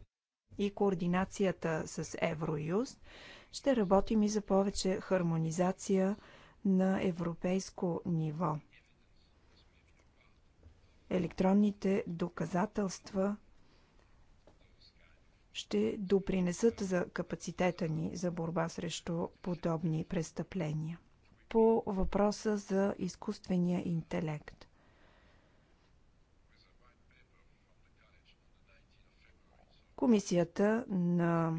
[SPEAKER 1] и координацията с Евроюст. Ще работим и за повече хармонизация на европейско ниво. Електронните доказателства ще допринесат за капацитета ни за борба срещу подобни престъпления. По въпроса за изкуствения интелект. Комисията на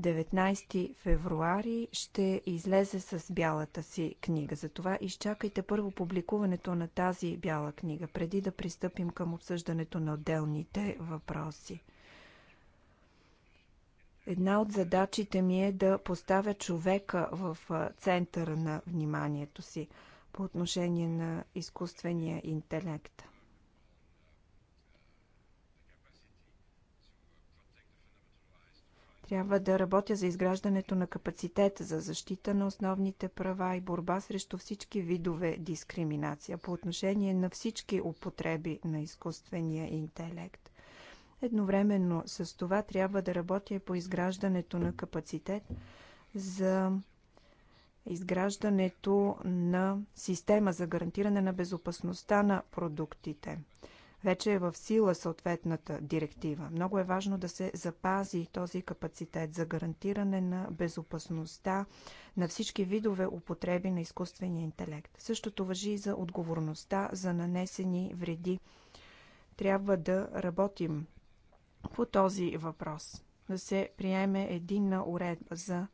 [SPEAKER 1] 19 февруари ще излезе с бялата си книга. Затова изчакайте първо публикуването на тази бяла книга, преди да пристъпим към обсъждането на отделните въпроси. Една от задачите ми е да поставя човека в центъра на вниманието си по отношение на изкуствения интелект. Трябва да работя за изграждането на капацитет за защита на основните права и борба срещу всички видове дискриминация по отношение на всички употреби на изкуствения интелект. Едновременно с това трябва да работя и по изграждането на капацитет за изграждането на система за гарантиране на безопасността на продуктите. Вече е в сила съответната директива. Много е важно да се запази този капацитет за гарантиране на безопасността на всички видове употреби на изкуствения интелект. Същото въжи и за отговорността за нанесени вреди. Трябва да работим по този въпрос. Да се приеме единна уредба за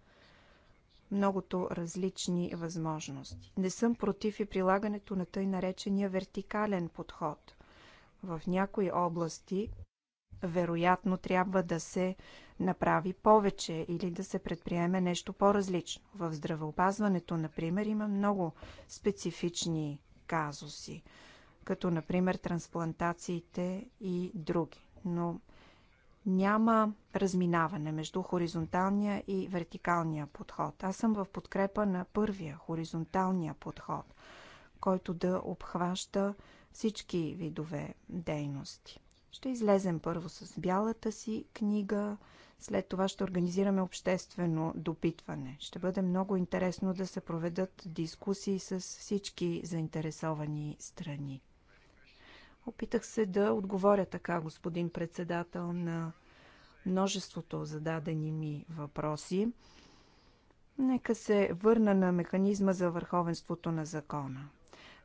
[SPEAKER 1] многото различни възможности. Не съм против и прилагането на тъй наречения вертикален подход. В някои области вероятно трябва да се направи повече или да се предприеме нещо по-различно. В здравеопазването, например, има много специфични казуси, като например трансплантациите и други. Но няма разминаване между хоризонталния и вертикалния подход. Аз съм в подкрепа на първия, хоризонталния подход, който да обхваща всички видове дейности. Ще излезем първо с бялата си книга, след това ще организираме обществено допитване. Ще бъде много интересно да се проведат дискусии с всички заинтересовани страни. Опитах се да отговоря така, господин председател, на множеството зададени ми въпроси. Нека се върна на механизма за върховенството на закона.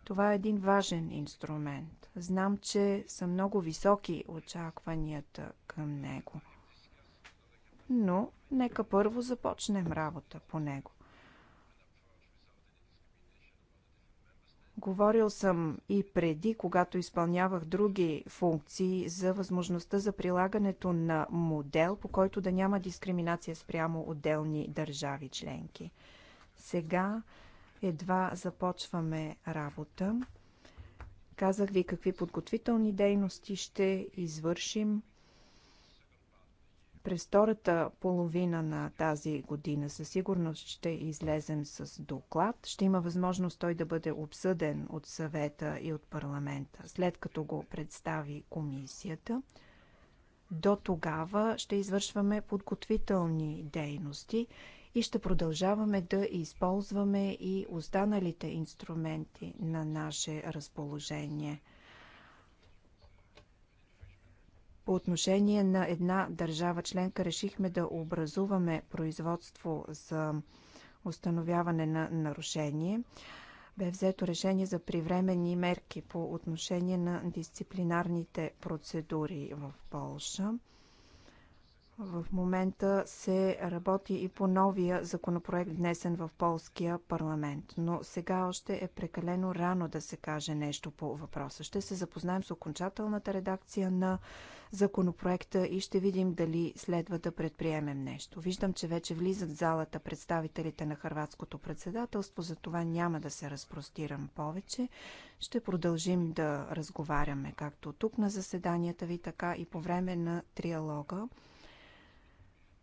[SPEAKER 1] Това е един важен инструмент. Знам, че са много високи очакванията към него. Но нека първо започнем работа по него. Говорил съм и преди, когато изпълнявах други функции за възможността за прилагането на модел, по който да няма дискриминация спрямо отделни държави членки. Сега едва започваме работа. Казах ви какви подготвителни дейности ще извършим през втората половина на тази година със сигурност ще излезем с доклад. Ще има възможност той да бъде обсъден от съвета и от парламента, след като го представи комисията. До тогава ще извършваме подготвителни дейности и ще продължаваме да използваме и останалите инструменти на наше разположение. По отношение на една държава членка решихме да образуваме производство за установяване на нарушение. Бе взето решение за привремени мерки по отношение на дисциплинарните процедури в Полша. В момента се работи и по новия законопроект, внесен в полския парламент. Но сега още е прекалено рано да се каже нещо по въпроса. Ще се запознаем с окончателната редакция на законопроекта и ще видим дали следва да предприемем нещо. Виждам, че вече влизат в залата представителите на Хрватското председателство, за това няма да се разпростирам повече. Ще продължим да разговаряме както тук на заседанията ви, така и по време на триалога.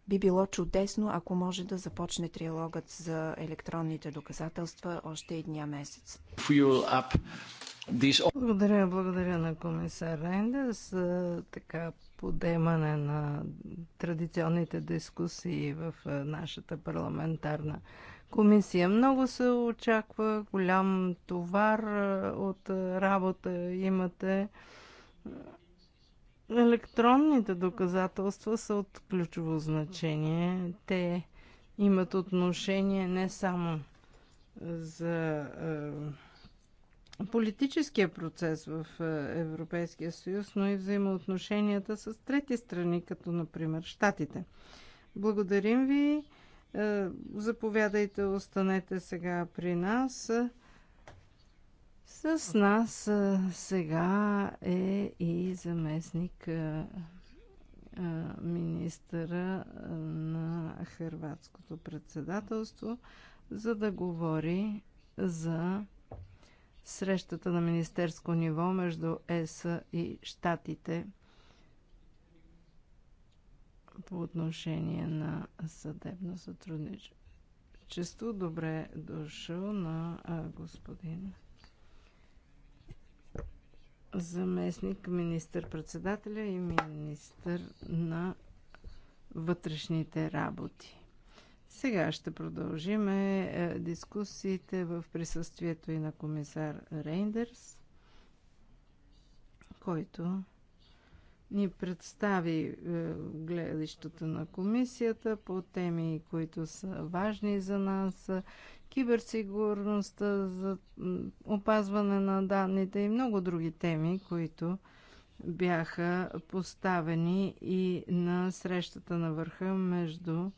[SPEAKER 1] Би било чудесно, ако може да започне триалогът за електронните доказателства още едния месец.
[SPEAKER 3] Благодаря, благодаря на комисар Ренде за така подемане на традиционните дискусии в нашата парламентарна комисия. Много се очаква, голям товар от работа имате електронните доказателства са от ключово значение. Те имат отношение не само за политическия процес в Европейския съюз, но и взаимоотношенията с трети страни, като например Штатите. Благодарим ви. Заповядайте, останете сега при нас. С нас сега е и заместник министъра на Хрватското председателство, за да говори за срещата на министерско ниво между ЕС и Штатите по отношение на съдебно сътрудничество. Добре е дошъл на господин заместник министър-председателя и министър на вътрешните работи. Сега ще продължим е, дискусиите в присъствието и на комисар Рейндерс, който ни представи е, гледащата на комисията по теми, които са важни за нас киберсигурността, за опазване на данните и много други теми, които бяха поставени и на срещата на върха между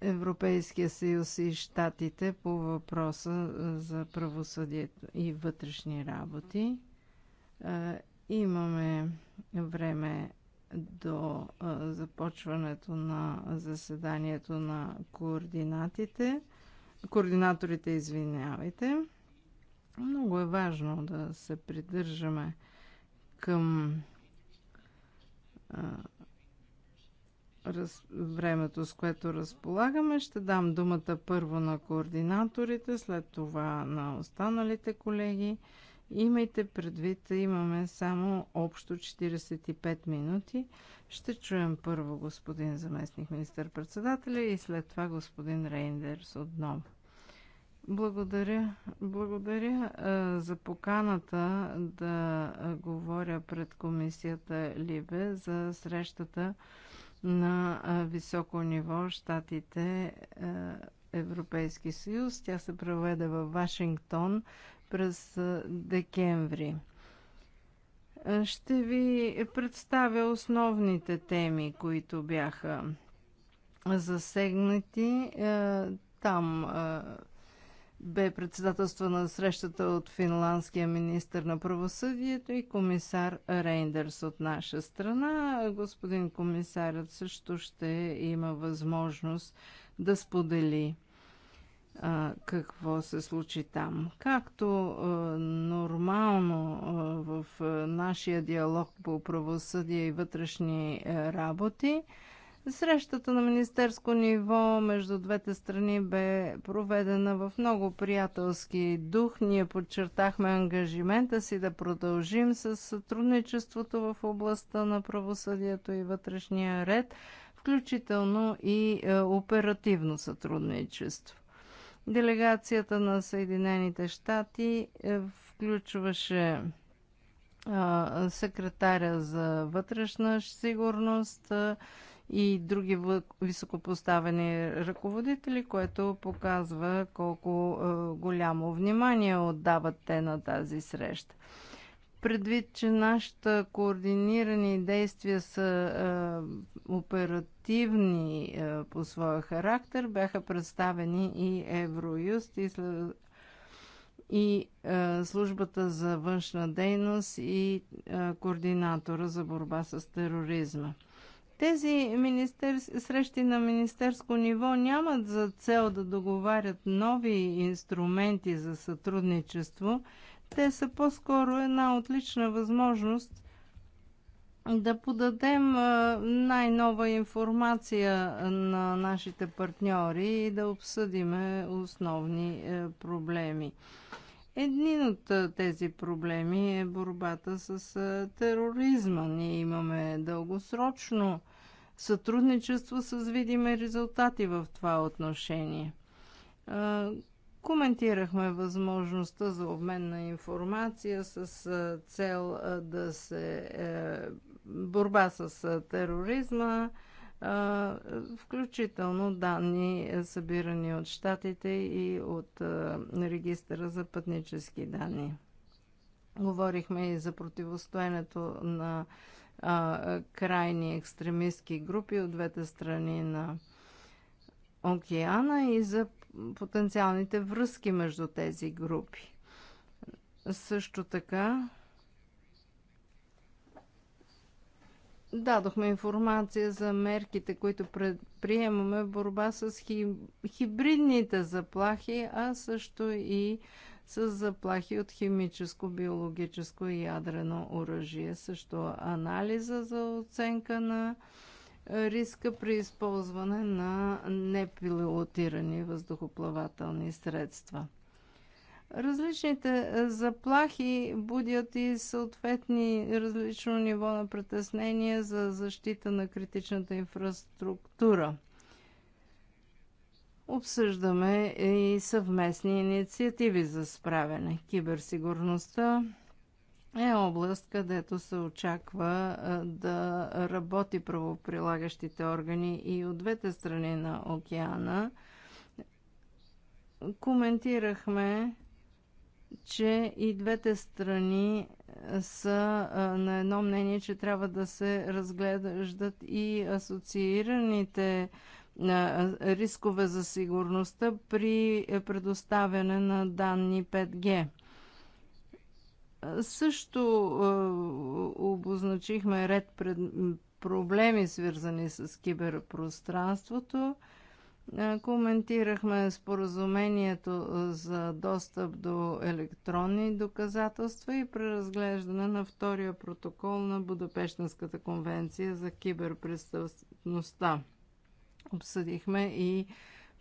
[SPEAKER 3] Европейския съюз и Штатите по въпроса за правосъдието и вътрешни работи. Имаме време до започването на заседанието на координатите, координаторите, извинявайте. Много е важно да се придържаме към раз, времето, с което разполагаме. Ще дам думата първо на координаторите, след това на останалите колеги. Имайте предвид, имаме само общо 45 минути. Ще чуем първо господин заместник министър-председателя и след това господин Рейндерс отново. Благодаря. Благодаря а, за поканата да говоря пред комисията Либе за срещата на а, високо ниво Штатите а, Европейски съюз. Тя се проведе във Вашингтон през декември. Ще ви представя основните теми, които бяха засегнати. Там бе председателство на срещата от финландския министр на правосъдието и комисар Рейндърс от наша страна. Господин комисарът също ще има възможност да сподели какво се случи там. Както нормално в нашия диалог по правосъдие и вътрешни работи, Срещата на министерско ниво между двете страни бе проведена в много приятелски дух. Ние подчертахме ангажимента си да продължим с сътрудничеството в областта на правосъдието и вътрешния ред, включително и оперативно сътрудничество. Делегацията на Съединените щати е, включваше секретаря за вътрешна сигурност и други високопоставени ръководители, което показва колко голямо внимание отдават те на тази среща. Предвид, че нашите координирани действия са а, оперативни а, по своя характер, бяха представени и Евроюст и, след, и а, службата за външна дейност и а, координатора за борба с тероризма. Тези министер... срещи на министерско ниво нямат за цел да договарят нови инструменти за сътрудничество – те са по-скоро една отлична възможност да подадем най-нова информация на нашите партньори и да обсъдиме основни е, проблеми. Един от тези проблеми е борбата с тероризма. Ние имаме дългосрочно сътрудничество с видими резултати в това отношение. Коментирахме възможността за обмен на информация с цел да се е, борба с тероризма, включително данни е, събирани от щатите и от регистъра за пътнически данни. Говорихме и за противостоянето на крайни екстремистски групи от двете страни на океана и за потенциалните връзки между тези групи. Също така дадохме информация за мерките, които предприемаме в борба с хибридните заплахи, а също и с заплахи от химическо, биологическо и ядрено оръжие. Също анализа за оценка на риска при използване на непилотирани въздухоплавателни средства. Различните е, заплахи будят и съответни различно ниво на притеснение за защита на критичната инфраструктура. Обсъждаме и съвместни инициативи за справяне. Киберсигурността е област, където се очаква да работи правоприлагащите органи и от двете страни на океана. Коментирахме, че и двете страни са на едно мнение, че трябва да се разглеждат и асоциираните рискове за сигурността при предоставяне на данни 5G. Също е, обозначихме ред пред проблеми, свързани с киберпространството. Е, коментирахме споразумението е, за достъп до електронни доказателства и преразглеждане на втория протокол на Будапештинската конвенция за киберпрестъпността. Обсъдихме и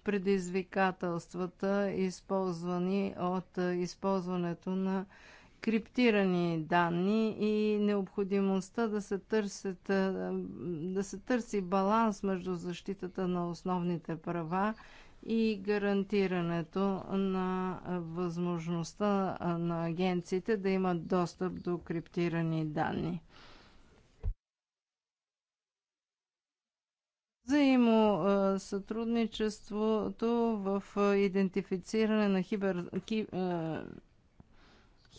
[SPEAKER 3] предизвикателствата, използвани от използването на криптирани данни и необходимостта да се, търсят, да се търси баланс между защитата на основните права и гарантирането на възможността на агенциите да имат достъп до криптирани данни. взаимо сътрудничеството в идентифициране на хибер,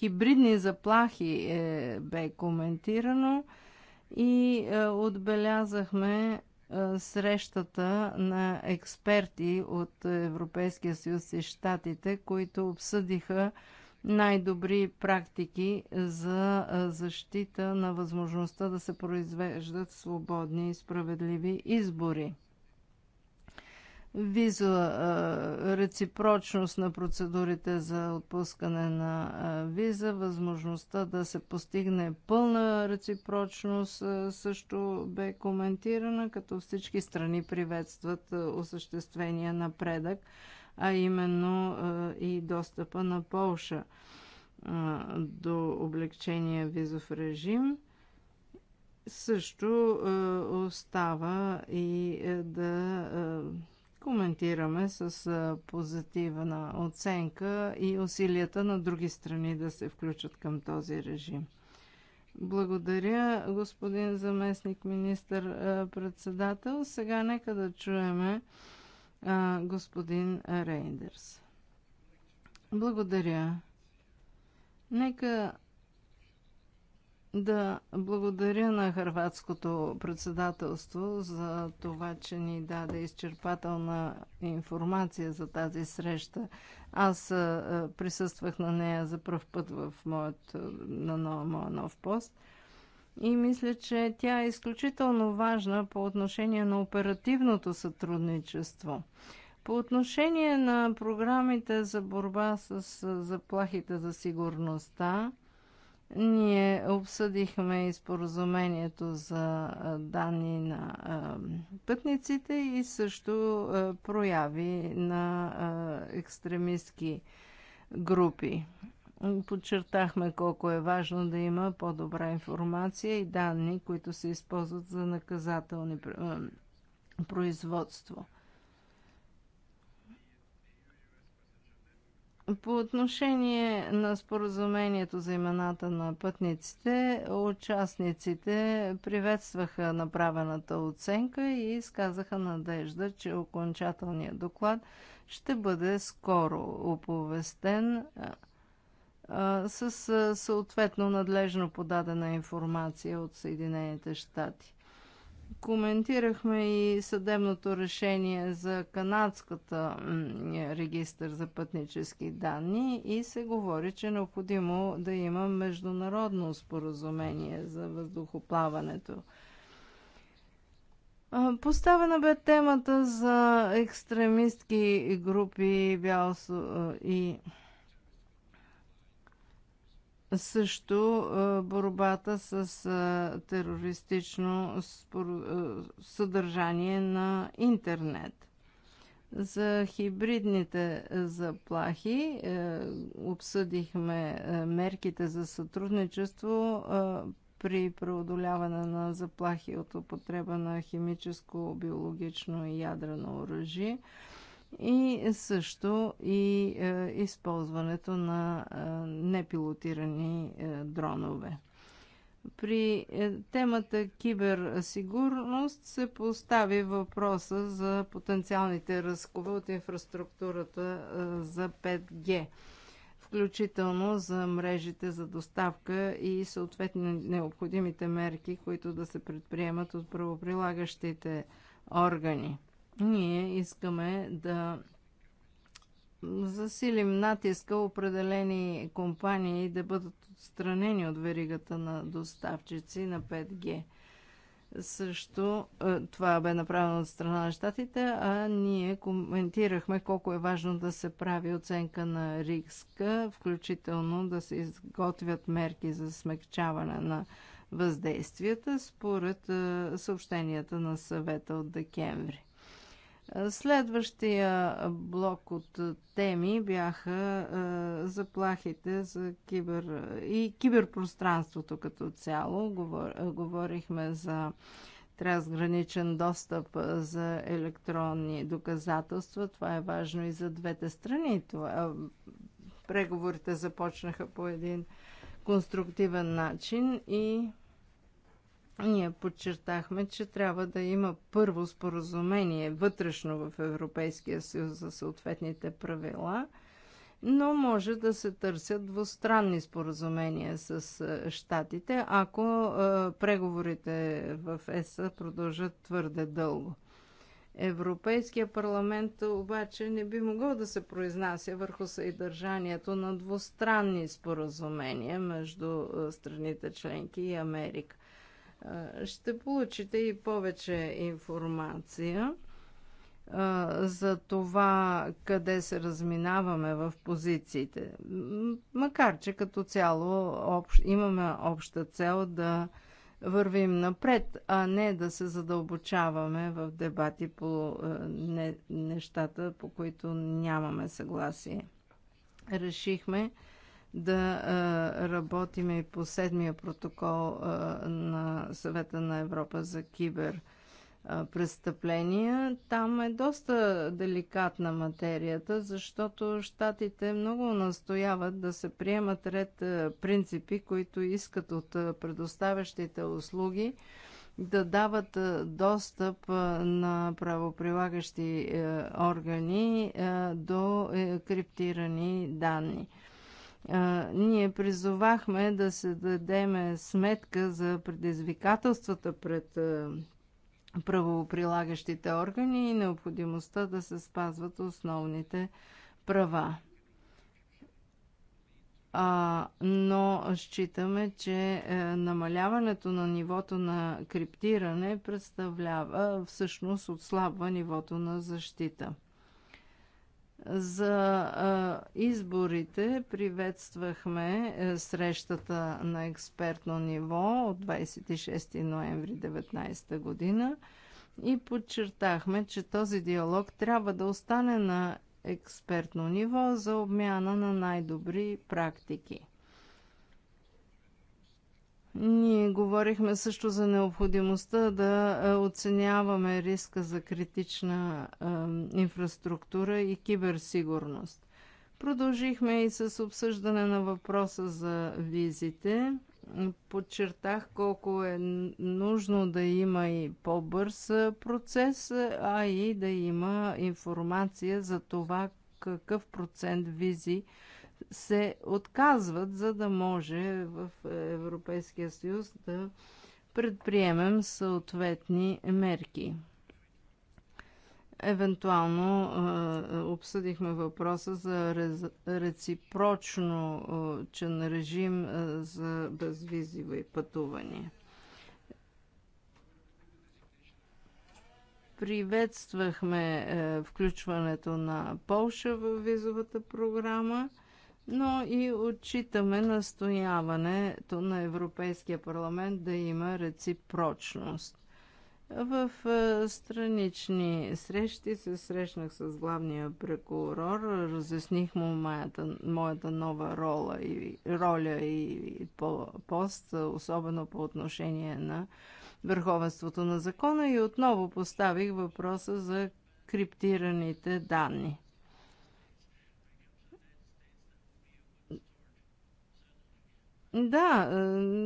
[SPEAKER 3] хибридни заплахи е, бе коментирано и е, отбелязахме е, срещата на експерти от Европейския съюз и Штатите, които обсъдиха най-добри практики за е, защита на възможността да се произвеждат свободни и справедливи избори виза, реципрочност на процедурите за отпускане на виза, възможността да се постигне пълна реципрочност също бе коментирана, като всички страни приветстват осъществения напредък, а именно и достъпа на Полша до облегчения визов режим също остава и е, да коментираме с позитивна оценка и усилията на други страни да се включат към този режим. Благодаря, господин заместник министър председател. Сега нека да чуеме господин Рейндерс. Благодаря. Нека да благодаря на Харватското председателство за това, че ни даде изчерпателна информация за тази среща. Аз присъствах на нея за пръв път в моят, на нов, моя нов пост и мисля, че тя е изключително важна по отношение на оперативното сътрудничество. По отношение на програмите за борба с заплахите за сигурността, ние обсъдихме и споразумението за данни на пътниците и също прояви на екстремистски групи. Подчертахме колко е важно да има по-добра информация и данни, които се използват за наказателни производства. По отношение на споразумението за имената на пътниците, участниците приветстваха направената оценка и изказаха надежда, че окончателният доклад ще бъде скоро оповестен с съответно надлежно подадена информация от Съединените щати. Коментирахме и съдебното решение за канадската регистър за пътнически данни и се говори, че е необходимо да има международно споразумение за въздухоплаването. Поставена бе темата за екстремистки групи и също борбата с терористично съдържание на интернет. За хибридните заплахи обсъдихме мерките за сътрудничество при преодоляване на заплахи от употреба на химическо, биологично и ядрено оръжие – и също и е, използването на е, непилотирани е, дронове. При е, темата киберсигурност се постави въпроса за потенциалните ръскове от инфраструктурата е, за 5G, включително за мрежите за доставка и съответно необходимите мерки, които да се предприемат от правоприлагащите органи ние искаме да засилим натиска определени компании да бъдат отстранени от веригата на доставчици на 5G. Също е, това бе направено от страна на щатите, а ние коментирахме колко е важно да се прави оценка на риска, включително да се изготвят мерки за смягчаване на въздействията според е, съобщенията на съвета от декември. Следващия блок от теми бяха заплахите за кибер и киберпространството като цяло. Говорихме за трансграничен достъп за електронни доказателства. Това е важно и за двете страни. Това, преговорите започнаха по един конструктивен начин и ние подчертахме, че трябва да има първо споразумение вътрешно в Европейския съюз за съответните правила, но може да се търсят двустранни споразумения с щатите, ако преговорите в ЕСА продължат твърде дълго. Европейския парламент обаче не би могъл да се произнася върху съдържанието на двустранни споразумения между страните членки и Америка ще получите и повече информация за това къде се разминаваме в позициите. Макар, че като цяло общ, имаме обща цел да вървим напред, а не да се задълбочаваме в дебати по не, нещата, по които нямаме съгласие. Решихме да работим и по седмия протокол на съвета на Европа за кибер престъпления. Там е доста деликатна материята, защото щатите много настояват да се приемат ред принципи, които искат от предоставящите услуги да дават достъп на правоприлагащи е, органи е, до е, криптирани данни ние призовахме да се дадеме сметка за предизвикателствата пред правоприлагащите органи и необходимостта да се спазват основните права. А, но считаме, че е, намаляването на нивото на криптиране представлява всъщност отслабва нивото на защита. За изборите приветствахме е, срещата на експертно ниво от 26 ноември 2019 година и подчертахме, че този диалог трябва да остане на експертно ниво за обмяна на най-добри практики. Ние говорихме също за необходимостта да е, оценяваме риска за критична е, инфраструктура и киберсигурност. Продължихме и с обсъждане на въпроса за визите. Подчертах колко е нужно да има и по-бърз е, процес, а и да има информация за това какъв процент визи се отказват, за да може в Европейския съюз да предприемем съответни мерки. Евентуално обсъдихме въпроса за реципрочно чен режим за безвизиво и пътувания. Приветствахме включването на Полша в визовата програма – но и отчитаме настояването на Европейския парламент да има реципрочност. В е, странични срещи се срещнах с главния прокурор, разясних му моята, моята нова роля и, роля и пост, особено по отношение на върховенството на закона и отново поставих въпроса за криптираните данни. Да, е,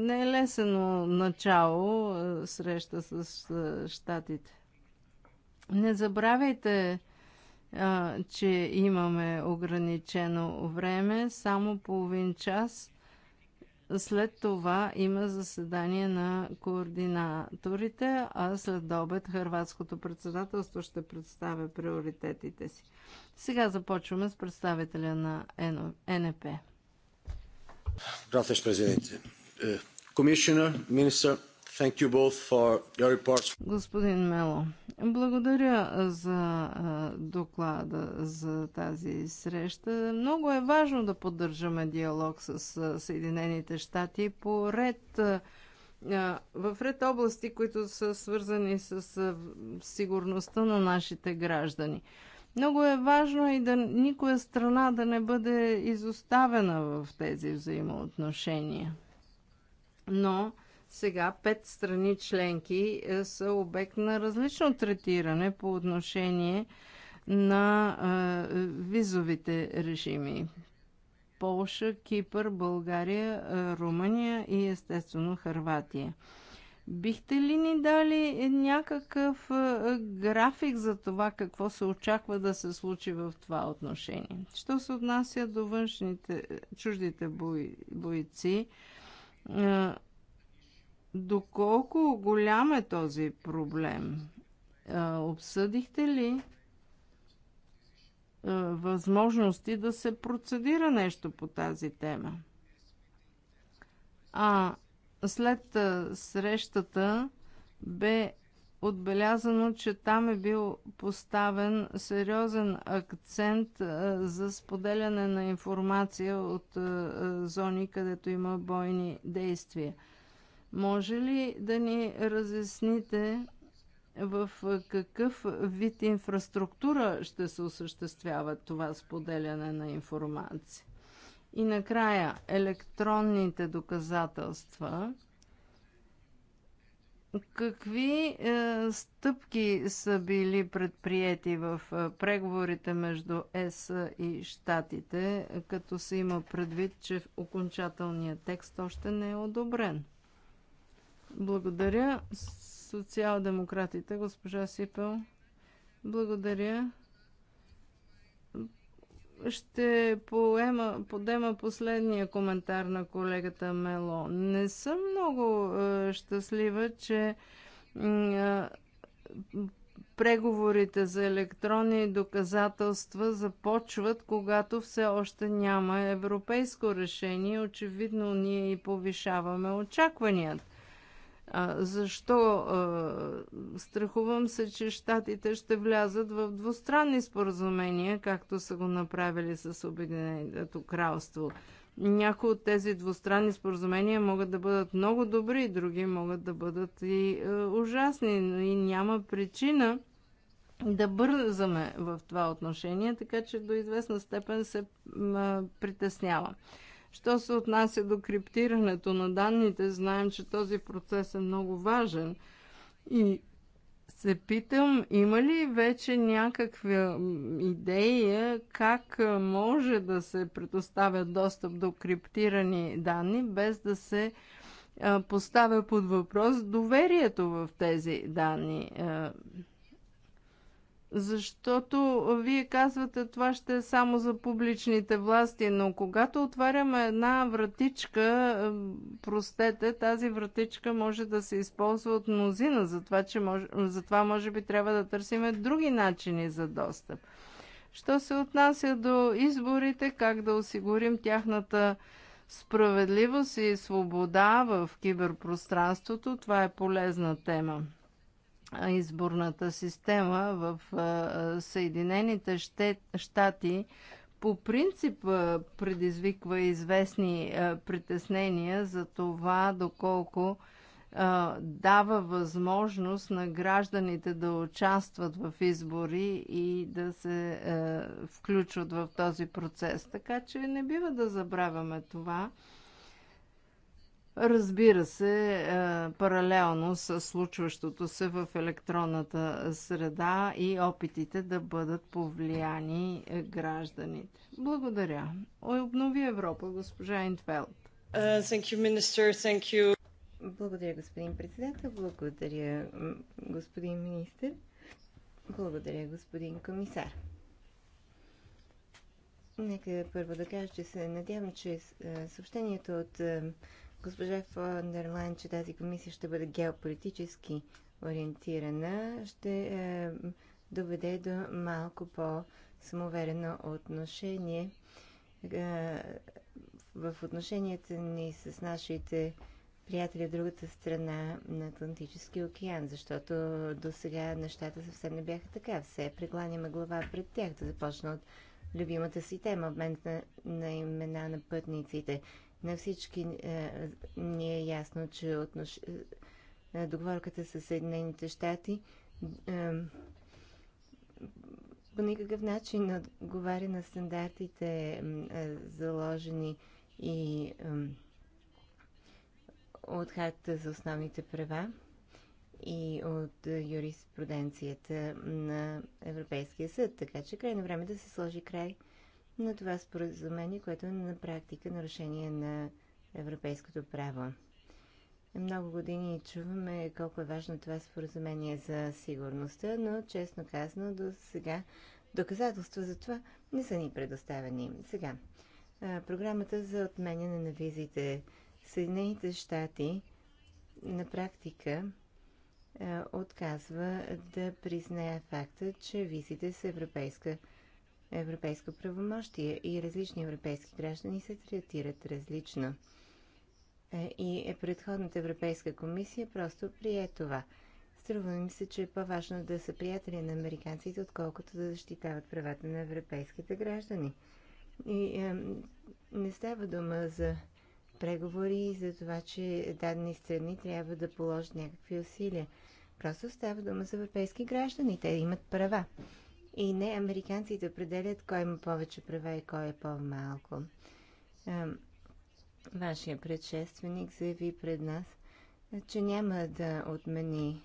[SPEAKER 3] не е лесено начало е, среща с е, щатите. Не забравяйте, че имаме ограничено време, само половин час. След това има заседание на координаторите, а след обед Хрватското председателство ще представя приоритетите си. Сега започваме с представителя на НП.
[SPEAKER 2] Gracias, президенте. Eh, commissioner министър,
[SPEAKER 3] Thank you both for your reports. Господин Мело, благодаря за доклада за тази среща. Много е важно да поддържаме диалог с Съединените щати по ред в ред области, които са свързани с сигурността на нашите граждани. Много е важно и да никоя страна да не бъде изоставена в тези взаимоотношения. Но сега пет страни членки е, са обект на различно третиране по отношение на е, визовите режими. Полша, Кипър, България, е, Румъния и естествено Харватия. Бихте ли ни дали някакъв график за това какво се очаква да се случи в това отношение? Що се отнася до външните, чуждите бойци, доколко голям е този проблем? Обсъдихте ли възможности да се процедира нещо по тази тема? А след срещата бе отбелязано, че там е бил поставен сериозен акцент за споделяне на информация от зони, където има бойни действия. Може ли да ни разясните в какъв вид инфраструктура ще се осъществява това споделяне на информация? И накрая електронните доказателства. Какви е, стъпки са били предприяти в е, преговорите между ЕС и Штатите, като се има предвид, че окончателният текст още не е одобрен? Благодаря. Социал-демократите, госпожа Сипел. Благодаря ще поема, подема последния коментар на колегата Мело. Не съм много е, щастлива, че е, преговорите за електронни доказателства започват, когато все още няма европейско решение. Очевидно, ние и повишаваме очакванията. Защо? Страхувам се, че щатите ще влязат в двустранни споразумения, както са го направили с Обединеното кралство. Някои от тези двустранни споразумения могат да бъдат много добри, други могат да бъдат и е, ужасни, но и няма причина да бързаме в това отношение, така че до известна степен се притеснявам. Що се отнася до криптирането на данните, знаем, че този процес е много важен. И се питам, има ли вече някаква идея как може да се предоставя достъп до криптирани данни, без да се поставя под въпрос доверието в тези данни. Защото вие казвате, това ще е само за публичните власти, но когато отваряме една вратичка, простете, тази вратичка може да се използва от мнозина, затова, че може, затова може би трябва да търсиме други начини за достъп. Що се отнася до изборите, как да осигурим тяхната справедливост и свобода в киберпространството, това е полезна тема изборната система в Съединените щати по принцип предизвиква известни притеснения за това доколко дава възможност на гражданите да участват в избори и да се включват в този процес. Така че не бива да забравяме това. Разбира се, е, паралелно с случващото се в електронната среда и опитите да бъдат повлияни е, гражданите. Благодаря. Обнови
[SPEAKER 2] Европа, госпожа Интвелт. Е, Благодаря, господин председател. Благодаря, господин министр. Благодаря, господин комисар. Нека първо да кажа, че се надявам, че съобщението от госпожа Фондерлайн, че тази комисия ще бъде геополитически ориентирана, ще е, доведе до малко по-самоверено отношение е, в отношенията ни с нашите приятели от другата страна на Атлантическия океан, защото до сега нещата съвсем не бяха така. Все прекланяме глава пред тях, да започна от любимата си тема, обмен на, на име на пътниците. На всички е, ни е ясно, че отнош... Е, е, договорката с Съединените щати е, по никакъв начин не отговаря на стандартите, е, заложени и от Хартата за основните права и от юриспруденцията на Европейския съд. Така че крайно време да се сложи край на това е споразумение, което е на практика нарушение на европейското право. Много години чуваме колко е важно това споразумение за сигурността, но честно казано до сега доказателства за това не са ни предоставени. Сега, програмата за отменяне на визите Съединените щати на практика отказва да признае факта, че визите с Европейска европейско правомощие и различни европейски граждани се третират различно. Е, и е, предходната Европейска комисия просто прие това. Струва ми се, че е по-важно да са приятели на американците, отколкото да защитават правата на европейските граждани. И е, не става дума за преговори и за това, че дадени страни трябва да положат някакви усилия. Просто става дума за европейски граждани. Те имат права. И не американците определят кой има повече права и кой е по-малко. Вашия предшественик заяви пред нас, че няма да отмени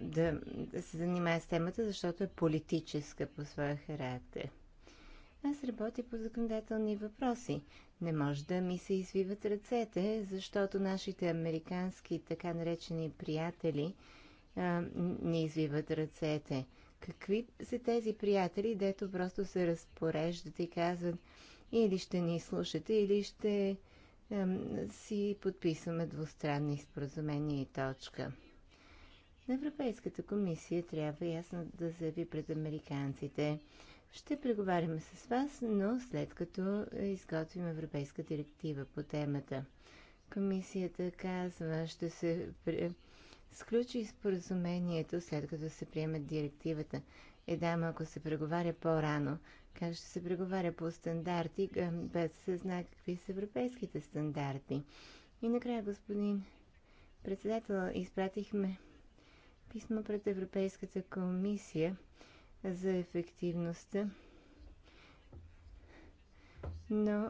[SPEAKER 2] да, да се занимава с темата, защото е политическа по своя характер. Аз работя по законодателни въпроси. Не може да ми се извиват ръцете, защото нашите американски така наречени приятели – а, не извиват ръцете. Какви са тези приятели, дето просто се разпореждат и казват или ще ни слушате, или ще а, си подписваме двустранни споразумения и точка. На Европейската комисия трябва ясно да заяви пред американците. Ще преговаряме с вас, но след като изготвим Европейска директива по темата. Комисията казва, ще се сключи споразумението, след като се приеме директивата? Е, да, ако се преговаря по-рано, как ще се преговаря по стандарти, без да се знае какви са европейските стандарти? И накрая, господин председател, изпратихме писмо пред Европейската комисия за ефективността, но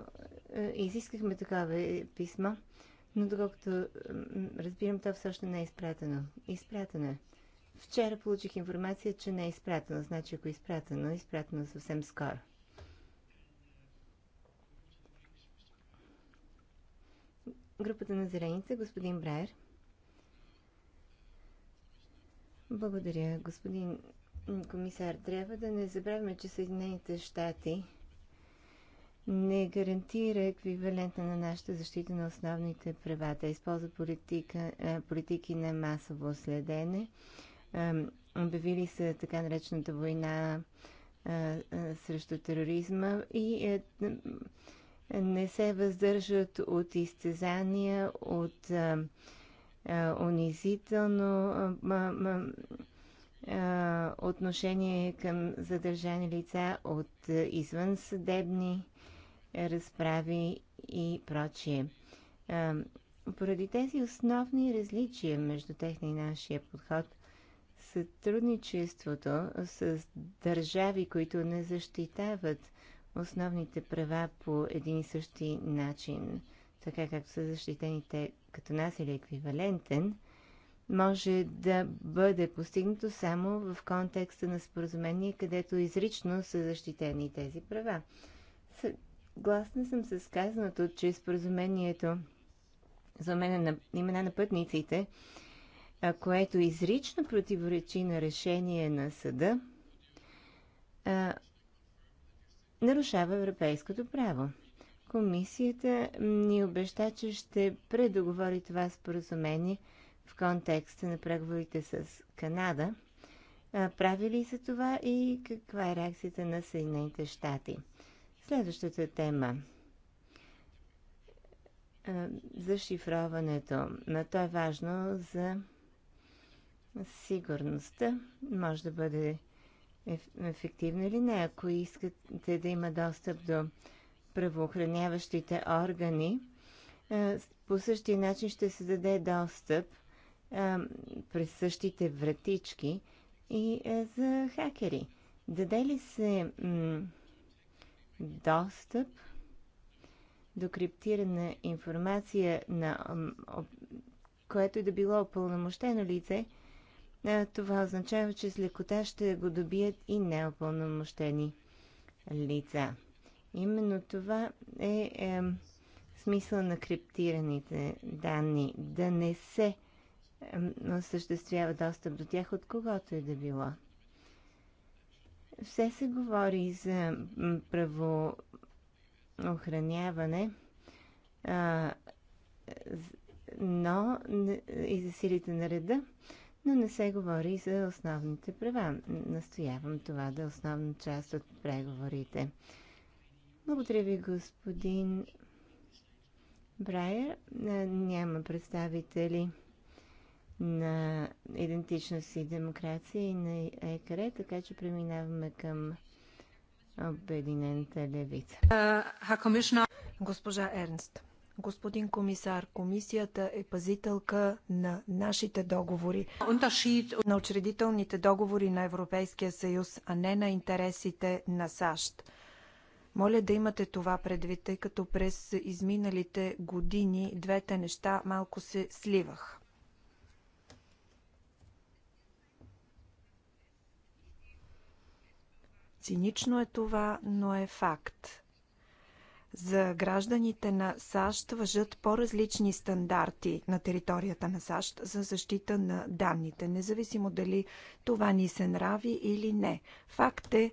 [SPEAKER 2] изискахме такава писмо но доколкото разбирам, то все още не е изпратено. Изпратено е. Вчера получих информация, че не е изпратено. Значи, ако е изпратено, е изпратено съвсем скоро. Групата на зелените, господин Брайер. Благодаря, господин комисар. Трябва да не забравяме, че Съединените щати не гарантира еквивалента на нашата защита на основните права. Те използват политика, е, политики на масово следене. Обявили са така наречената война срещу тероризма и е, не се въздържат от изтезания, от унизително отношение към задържани лица, от извънсъдебни разправи и прочие. Поради тези основни различия между техния и нашия подход, сътрудничеството с държави, които не защитават основните права по един и същи начин, така както са защитените като нас или еквивалентен, може да бъде постигнато само в контекста на споразумение, където изрично са защитени тези права. Съгласна съм с казаното, че споразумението за мен е на имена на пътниците, което изрично противоречи на решение на съда, нарушава европейското право. Комисията ни обеща, че ще предоговори това споразумение в контекста на преговорите с Канада. Прави ли се това и каква е реакцията на Съединените щати? Следващата тема за шифроването. Но то е важно за сигурността. Може да бъде ефективно или не. Ако искате да има достъп до правоохраняващите органи, по същия начин ще се даде достъп през същите вратички и за хакери. Даде ли се достъп до криптирана информация на което и да било опълномощено лице, това означава, че с лекота ще го добият и неопълномощени лица. Именно това е, е смисъл на криптираните данни. Да не се е, осъществява достъп до тях от когото и е да било. Все се говори за правоохраняване, но и за силите на реда, но не се говори за основните права. Настоявам това да е основна част от преговорите. Благодаря ви, господин Брайер. Е, няма представители на идентичност и демокрация и на ЕКР, така че преминаваме към Обединената левица.
[SPEAKER 1] Е, Госпожа Ернст. Господин комисар, комисията е пазителка на нашите договори, на учредителните договори на Европейския съюз, а не на интересите на САЩ. Моля да имате това предвид, тъй като през изминалите години двете неща малко се сливах. Цинично е това, но е факт. За гражданите на САЩ въжат по-различни стандарти на територията на САЩ за защита на данните, независимо дали това ни се нрави или не. Факт е,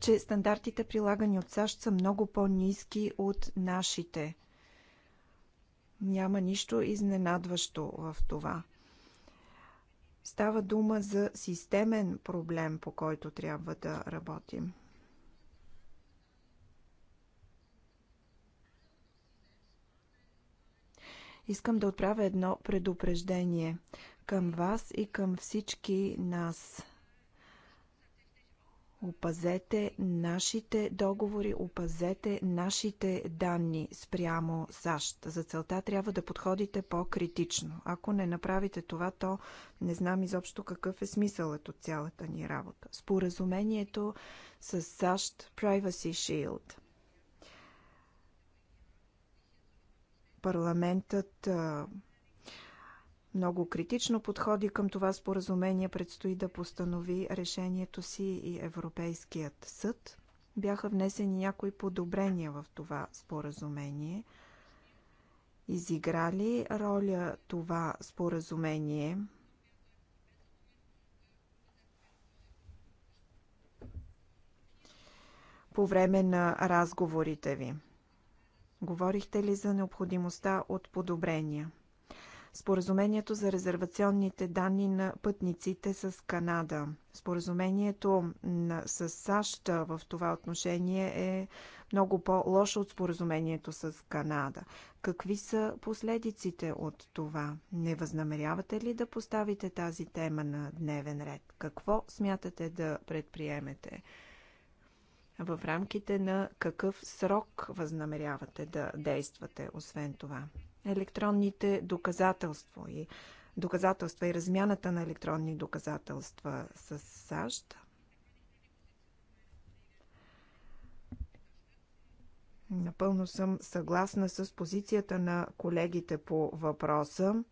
[SPEAKER 1] че стандартите прилагани от САЩ са много по-низки от нашите. Няма нищо изненадващо в това. Става дума за системен проблем, по който трябва да работим. Искам да отправя едно предупреждение към вас и към всички нас – Опазете нашите договори, опазете нашите данни спрямо САЩ. За целта трябва да подходите по-критично. Ако не направите това, то не знам изобщо какъв е смисълът от цялата ни работа. Споразумението с САЩ Privacy Shield. Парламентът много критично подходи към това споразумение. Предстои да постанови решението си и Европейският съд. Бяха внесени някои подобрения в това споразумение. Изиграли роля това споразумение по време на разговорите ви? Говорихте ли за необходимостта от подобрения? Споразумението за резервационните данни на пътниците с Канада. Споразумението с САЩ в това отношение е много по-лошо от споразумението с Канада. Какви са последиците от това? Не възнамерявате ли да поставите тази тема на дневен ред? Какво смятате да предприемете? В рамките на какъв срок възнамерявате да действате, освен това? електронните доказателства и доказателства и размяната на електронни доказателства с САЩ. Напълно съм съгласна с позицията на колегите по въпроса.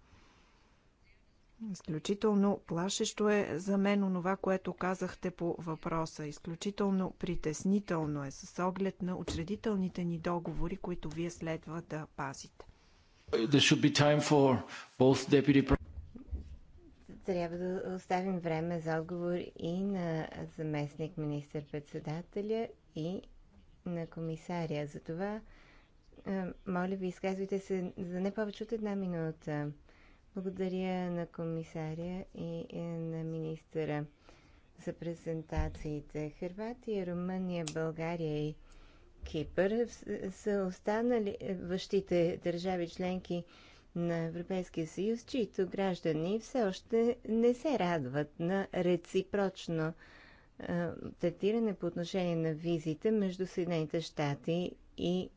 [SPEAKER 1] Изключително плашещо е за мен онова, което казахте по въпроса. Изключително притеснително е с оглед на учредителните
[SPEAKER 2] ни договори, които вие следва да пазите. Трябва да оставим време за отговор и на заместник министър-председателя и на комисария. За това, е, моля ви, изказвайте се за не повече от една минута. Благодаря на комисария и е, на министъра за презентациите. Хрватия, Румъния, България и Кипър е са останали е, въщите държави членки на Европейския съюз, чието граждани все още не се радват на реципрочно третиране по отношение на визите между Съединените щати и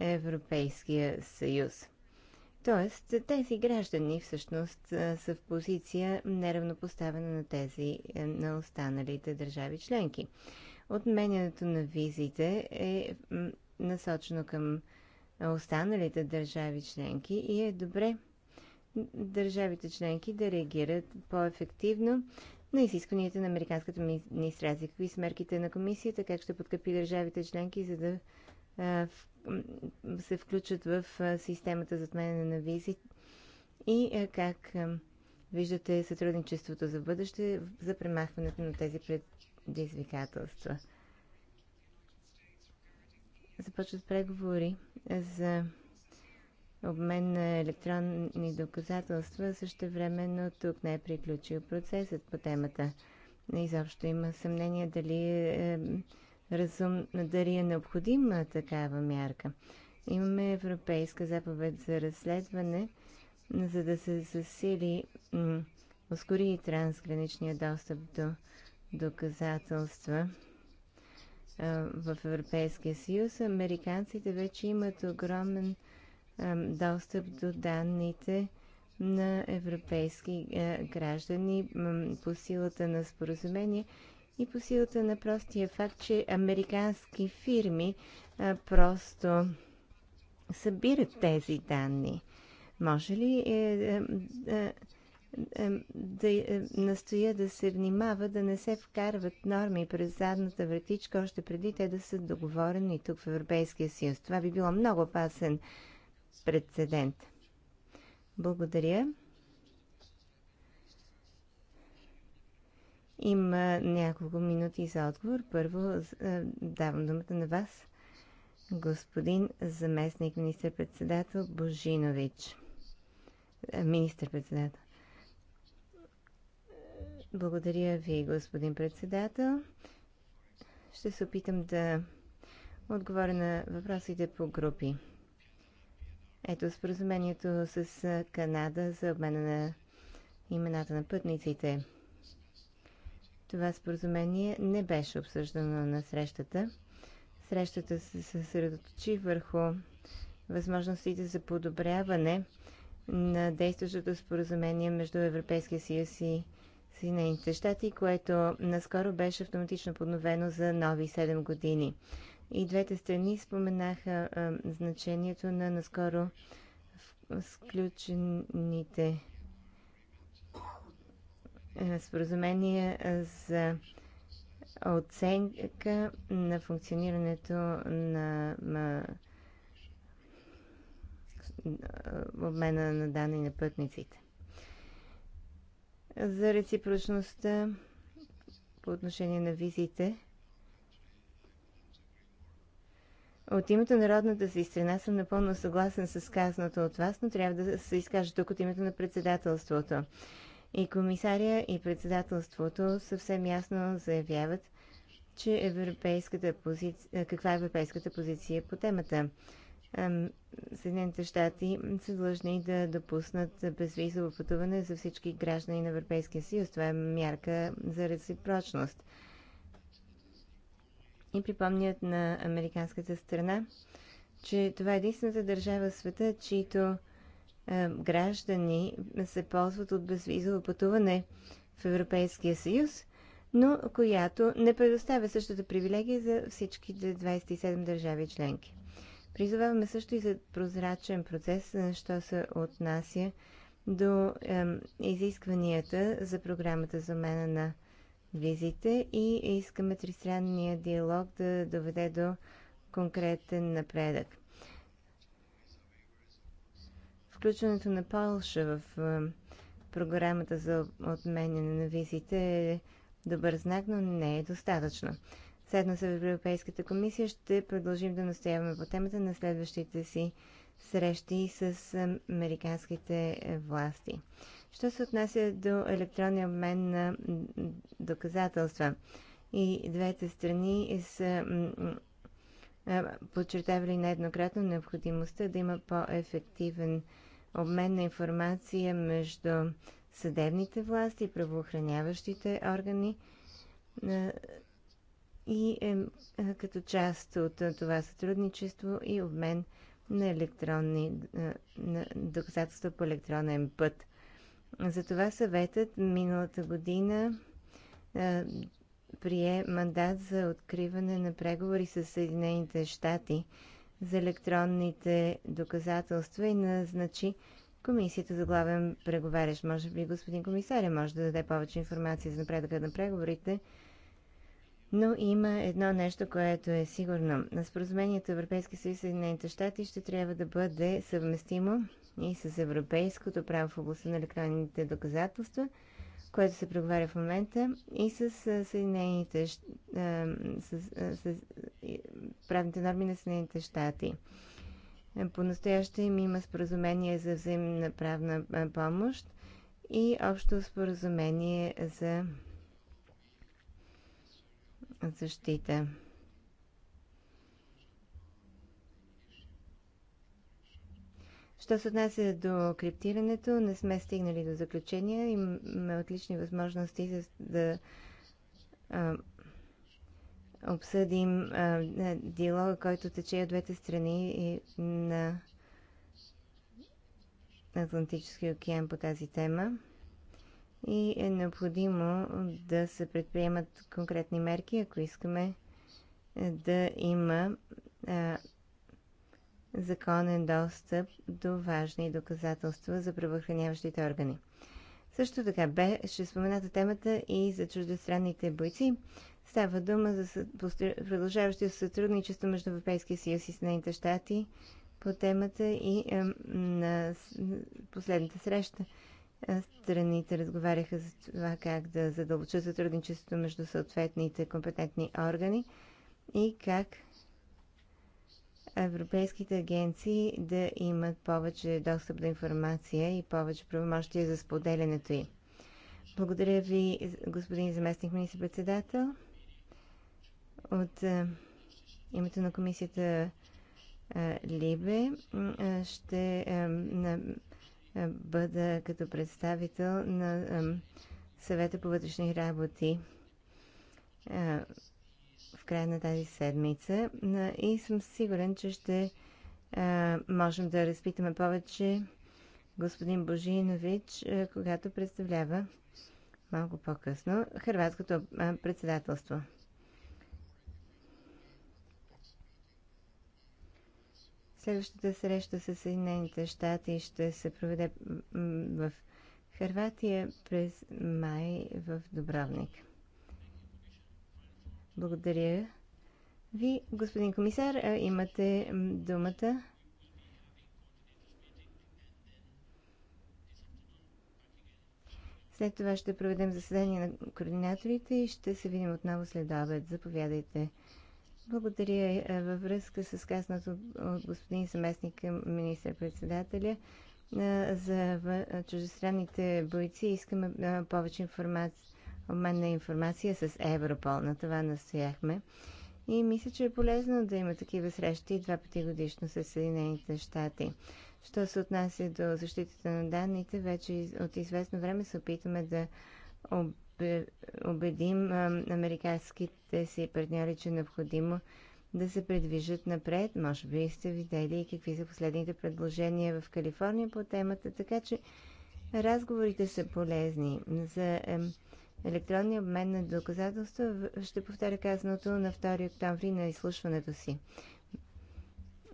[SPEAKER 2] Европейския съюз. Тоест, тези граждани всъщност са в позиция неравнопоставена на тези е, на останалите държави членки. Отменянето на визите е насочено към останалите държави членки и е добре държавите членки да реагират по-ефективно на изискванията на Американската администрация. Какви са мерките на комисията, как ще подкрепи държавите членки, за да се включат в системата за отменяне на визи и как виждате сътрудничеството за бъдеще за премахването на тези пред предизвикателства. Започват преговори за обмен на електронни доказателства. Също времено тук не е приключил процесът по темата. Изобщо има съмнение дали е, е разум, дали е необходима такава мярка. Имаме Европейска заповед за разследване, за да се засили, ускори трансграничния достъп до доказателства в Европейския съюз, американците вече имат огромен достъп до данните на европейски граждани по силата на споразумение и по силата на простия факт, че американски фирми просто събират тези данни. Може ли е, е, е, е, да е, настоя да се внимава да не се вкарват норми през задната вратичка още преди те да са договорени тук в Европейския съюз. Това би било много опасен прецедент. Благодаря. Има няколко минути за отговор. Първо е, давам думата на вас, господин заместник министър-председател Божинович. Министър-председател. Благодаря ви, господин председател. Ще се опитам да отговоря на въпросите по групи. Ето споразумението с Канада за обмена на имената на пътниците. Това споразумение не беше обсъждано на срещата. Срещата се съсредоточи върху възможностите за подобряване на действащото споразумение между Европейския съюз и Съединените щати, което наскоро беше автоматично подновено за нови 7 години. И двете страни споменаха а, значението на наскоро сключените споразумения за оценка на функционирането на, на обмена на данни на пътниците за реципрочността по отношение на визите. От името на родната си страна съм напълно съгласен с казаното от вас, но трябва да се изкажа тук от името на председателството. И комисария, и председателството съвсем ясно заявяват, че европейската позиция, каква е европейската позиция по темата. Съединените щати са длъжни да допуснат безвизово пътуване за всички граждани на Европейския съюз. Това е мярка за реципрочност. И припомнят на американската страна, че това е единствената държава в света, чието граждани се ползват от безвизово пътуване в Европейския съюз, но която не предоставя същата привилегия за всичките 27 държави членки. Призоваваме също и за прозрачен процес, е, що се отнася до е, изискванията за програмата за мена на визите и искаме тристранния диалог да доведе до конкретен напредък. Включването на Полша в е, програмата за отменяне на визите е добър знак, но не е достатъчно. Заедно с Европейската комисия ще продължим да настояваме по темата на следващите си срещи с американските е, власти. Що се отнася до електронния обмен на доказателства? И двете страни са подчертавали нееднократно необходимостта да има по-ефективен обмен на информация между съдебните власти и правоохраняващите органи и е, е, като част от е, това сътрудничество и обмен на електронни е, на доказателства по електронен път. Затова съветът миналата година прие мандат за откриване на преговори с Съединените щати за електронните доказателства и назначи Комисията за главен преговарящ. Може би господин комисаря може да даде повече информация за напредъка на преговорите но има едно нещо, което е сигурно. На споразумението Европейски съюз и Съединените щати ще трябва да бъде съвместимо и с европейското право в областта на електронните доказателства, което се преговаря в момента, и с Съединените с, с, правните норми на Съединените щати. По-настоящем има споразумение за взаимна правна помощ и общо споразумение за защита. Що се отнася до криптирането, не сме стигнали до заключения. Имаме отлични възможности за да а, обсъдим а, диалога, който тече от двете страни и на Атлантическия океан по тази тема и е необходимо да се предприемат конкретни мерки, ако искаме е, да има а, законен достъп до важни доказателства за правоохраняващите органи. Също така беше спомената темата и за чуждестранните бойци. Става дума за продължаващо сътрудничество между Европейския съюз и Съединените щати по темата и е, на последната среща е, страните разговаряха за това как да задълбочат сътрудничеството между съответните компетентни органи и как европейските агенции да имат повече достъп до информация и повече правомощия за споделянето й. Благодаря ви, господин заместник министър председател От е, името на комисията е, Либе е, ще е, бъда като представител на съвета по вътрешни работи в края на тази седмица и съм сигурен, че ще можем да разпитаме повече господин Божинович, когато представлява малко по-късно хрватското председателство. Следващата среща с Съединените щати ще се проведе в Харватия през май в Добравник. Благодаря ви, господин комисар. Имате думата. След това ще проведем заседание на координаторите и ще се видим отново след обед. Заповядайте. Благодаря е, във връзка с казаното от господин заместник министър-председателя е, за чужестранните бойци. Искаме е, повече информация, обмен на информация с Европол. На това настояхме. И мисля, че е полезно да има такива срещи два пъти годишно с Съединените щати. Що се отнася до защитата на данните, вече от известно време се опитаме да убедим американските си партньори, че е необходимо да се предвижат напред. Може би сте видели и какви са последните предложения в Калифорния по темата, така че разговорите са полезни. За електронния обмен на доказателства ще повторя казаното на 2 октомври на изслушването си.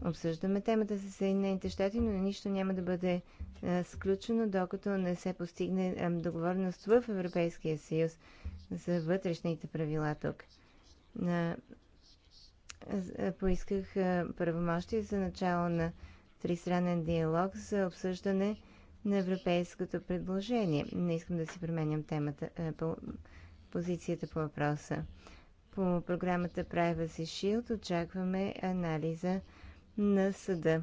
[SPEAKER 2] Обсъждаме темата за Съединените щати, но нищо няма да бъде а, сключено, докато не се постигне а, договорност в Европейския съюз за вътрешните правила тук. А, поисках правомощие за начало на тристранен диалог за обсъждане на европейското предложение. Не искам да си променям темата, по, позицията по въпроса. По програмата Privacy Shield очакваме анализа на съда.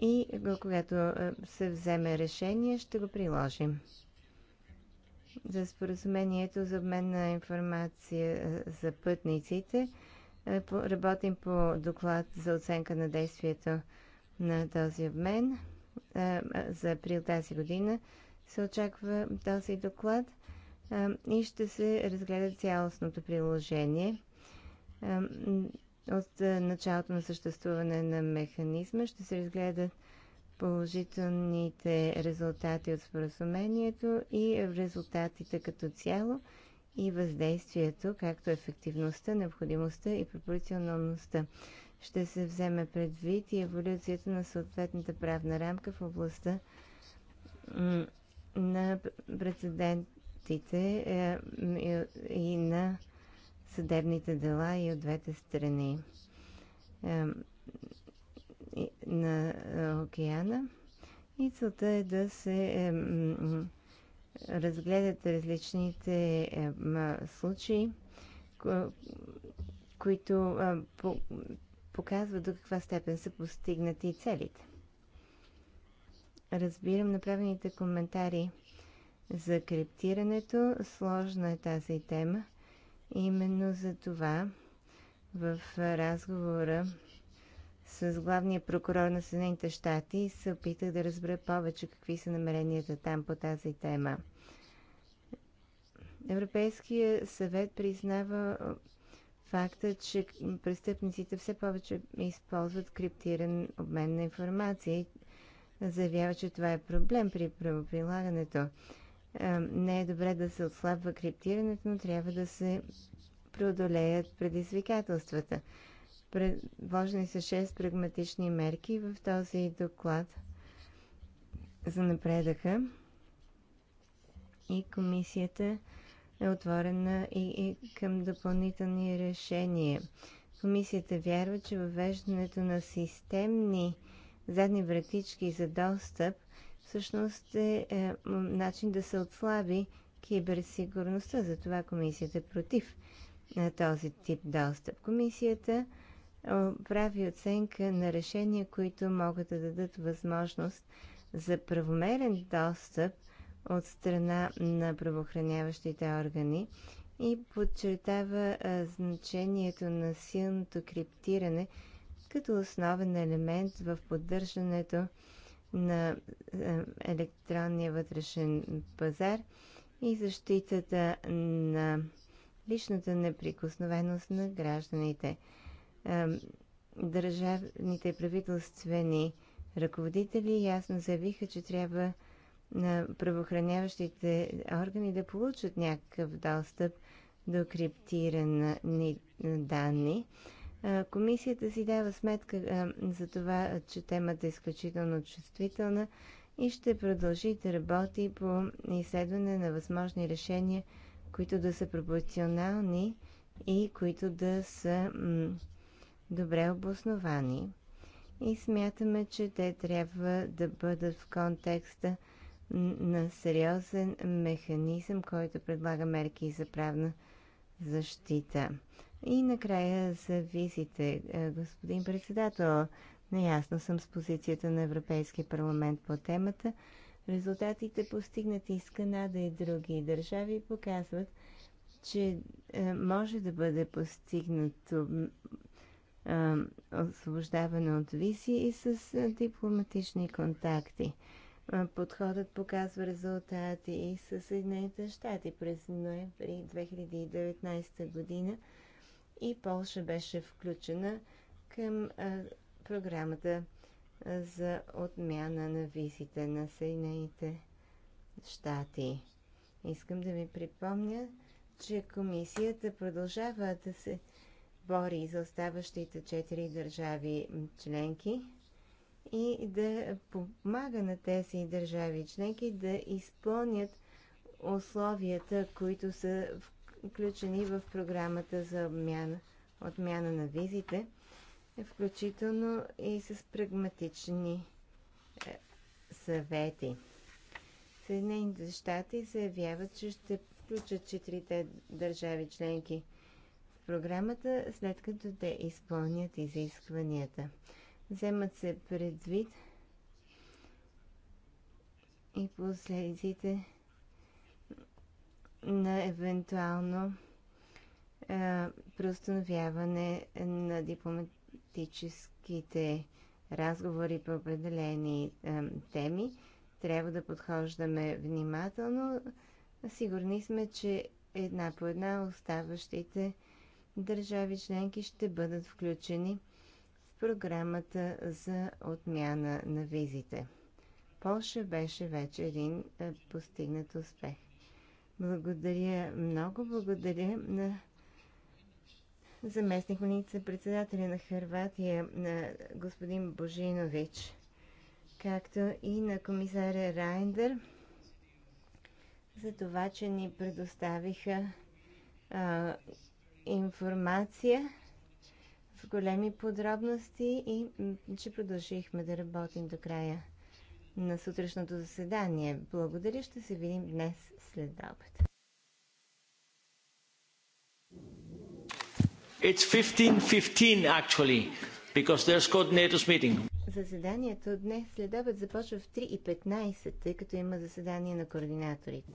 [SPEAKER 2] И когато се вземе решение, ще го приложим. За споразумението за обмен на информация за пътниците работим по доклад за оценка на действието на този обмен. За април тази година се очаква този доклад и ще се разгледа цялостното приложение от е, началото на съществуване на механизма. Ще се разгледат положителните резултати от споразумението и резултатите като цяло и въздействието, както ефективността, необходимостта и пропорционалността. Ще се вземе предвид и еволюцията на съответната правна рамка в областта на прецедентите е, и на съдебните дела и от двете страни на е, океана. И целта е да се разгледат различните случаи, които показват до каква степен са постигнати целите. Разбирам направените коментари за криптирането. Сложна е тази тема. Именно за това в разговора с главния прокурор на Съединените щати се опитах да разбера повече какви са намеренията там по тази тема. Европейския съвет признава факта, че престъпниците все повече използват криптиран обмен на информация и заявява, че това е проблем при правоприлагането. Е, не е добре да се отслабва криптирането, но трябва да се преодолеят предизвикателствата. Предложени са 6 прагматични мерки в този доклад за напредъка и комисията е отворена и, и към допълнителни решения. Комисията вярва, че въвеждането на системни задни вратички за достъп всъщност е, е начин да се отслаби киберсигурността. Затова комисията е против на е, този тип достъп. Комисията прави оценка на решения, които могат да дадат възможност за правомерен достъп от страна на правоохраняващите органи и подчертава е, значението на силното криптиране като основен елемент в поддържането на е, електронния вътрешен пазар и защитата на личната неприкосновеност на гражданите. Е, държавните правителствени ръководители ясно заявиха, че трябва на правоохраняващите органи да получат някакъв достъп до криптирани данни, Комисията си дава сметка за това, че темата е изключително чувствителна и ще продължи да работи по изследване на възможни решения, които да са пропорционални и които да са добре обосновани. И смятаме, че те трябва да бъдат в контекста на сериозен механизъм, който предлага мерки за правна защита. И накрая за визите, е, господин председател, наясно съм с позицията на Европейския парламент по темата. Резултатите, постигнати с Канада и други държави, показват, че е, може да бъде постигнато е, освобождаване от визи и с дипломатични контакти. Подходът показва резултати и с Съединените щати през ноември 2019 година и Полша беше включена към а, програмата за отмяна на визите на Съединените щати. Искам да ви припомня, че комисията продължава да се бори за оставащите четири държави членки и да помага на тези държави членки да изпълнят условията, които са включени в програмата за обмяна, отмяна на визите, включително и с прагматични е, съвети. Съединените щати заявяват, че ще включат четирите държави членки в програмата, след като те изпълнят изискванията. Вземат се предвид и последиците на евентуално преустановяване на дипломатическите разговори по определени а, теми. Трябва да подхождаме внимателно. Сигурни сме, че една по една оставащите държави членки ще бъдат включени в програмата за отмяна на визите. Полша беше вече един постигнат успех. Благодаря много. Благодаря на заместник министър председателя на Харватия, на господин Божинович, както и на комисаря Райндер за това, че ни предоставиха а, информация в големи подробности и че продължихме да работим до края на сутрешното заседание. Благодаря, ще се видим днес след обед. It's 15.15 actually, because there's coordinators meeting. Заседанието днес след обед започва в 3.15, тъй като има заседание на координаторите.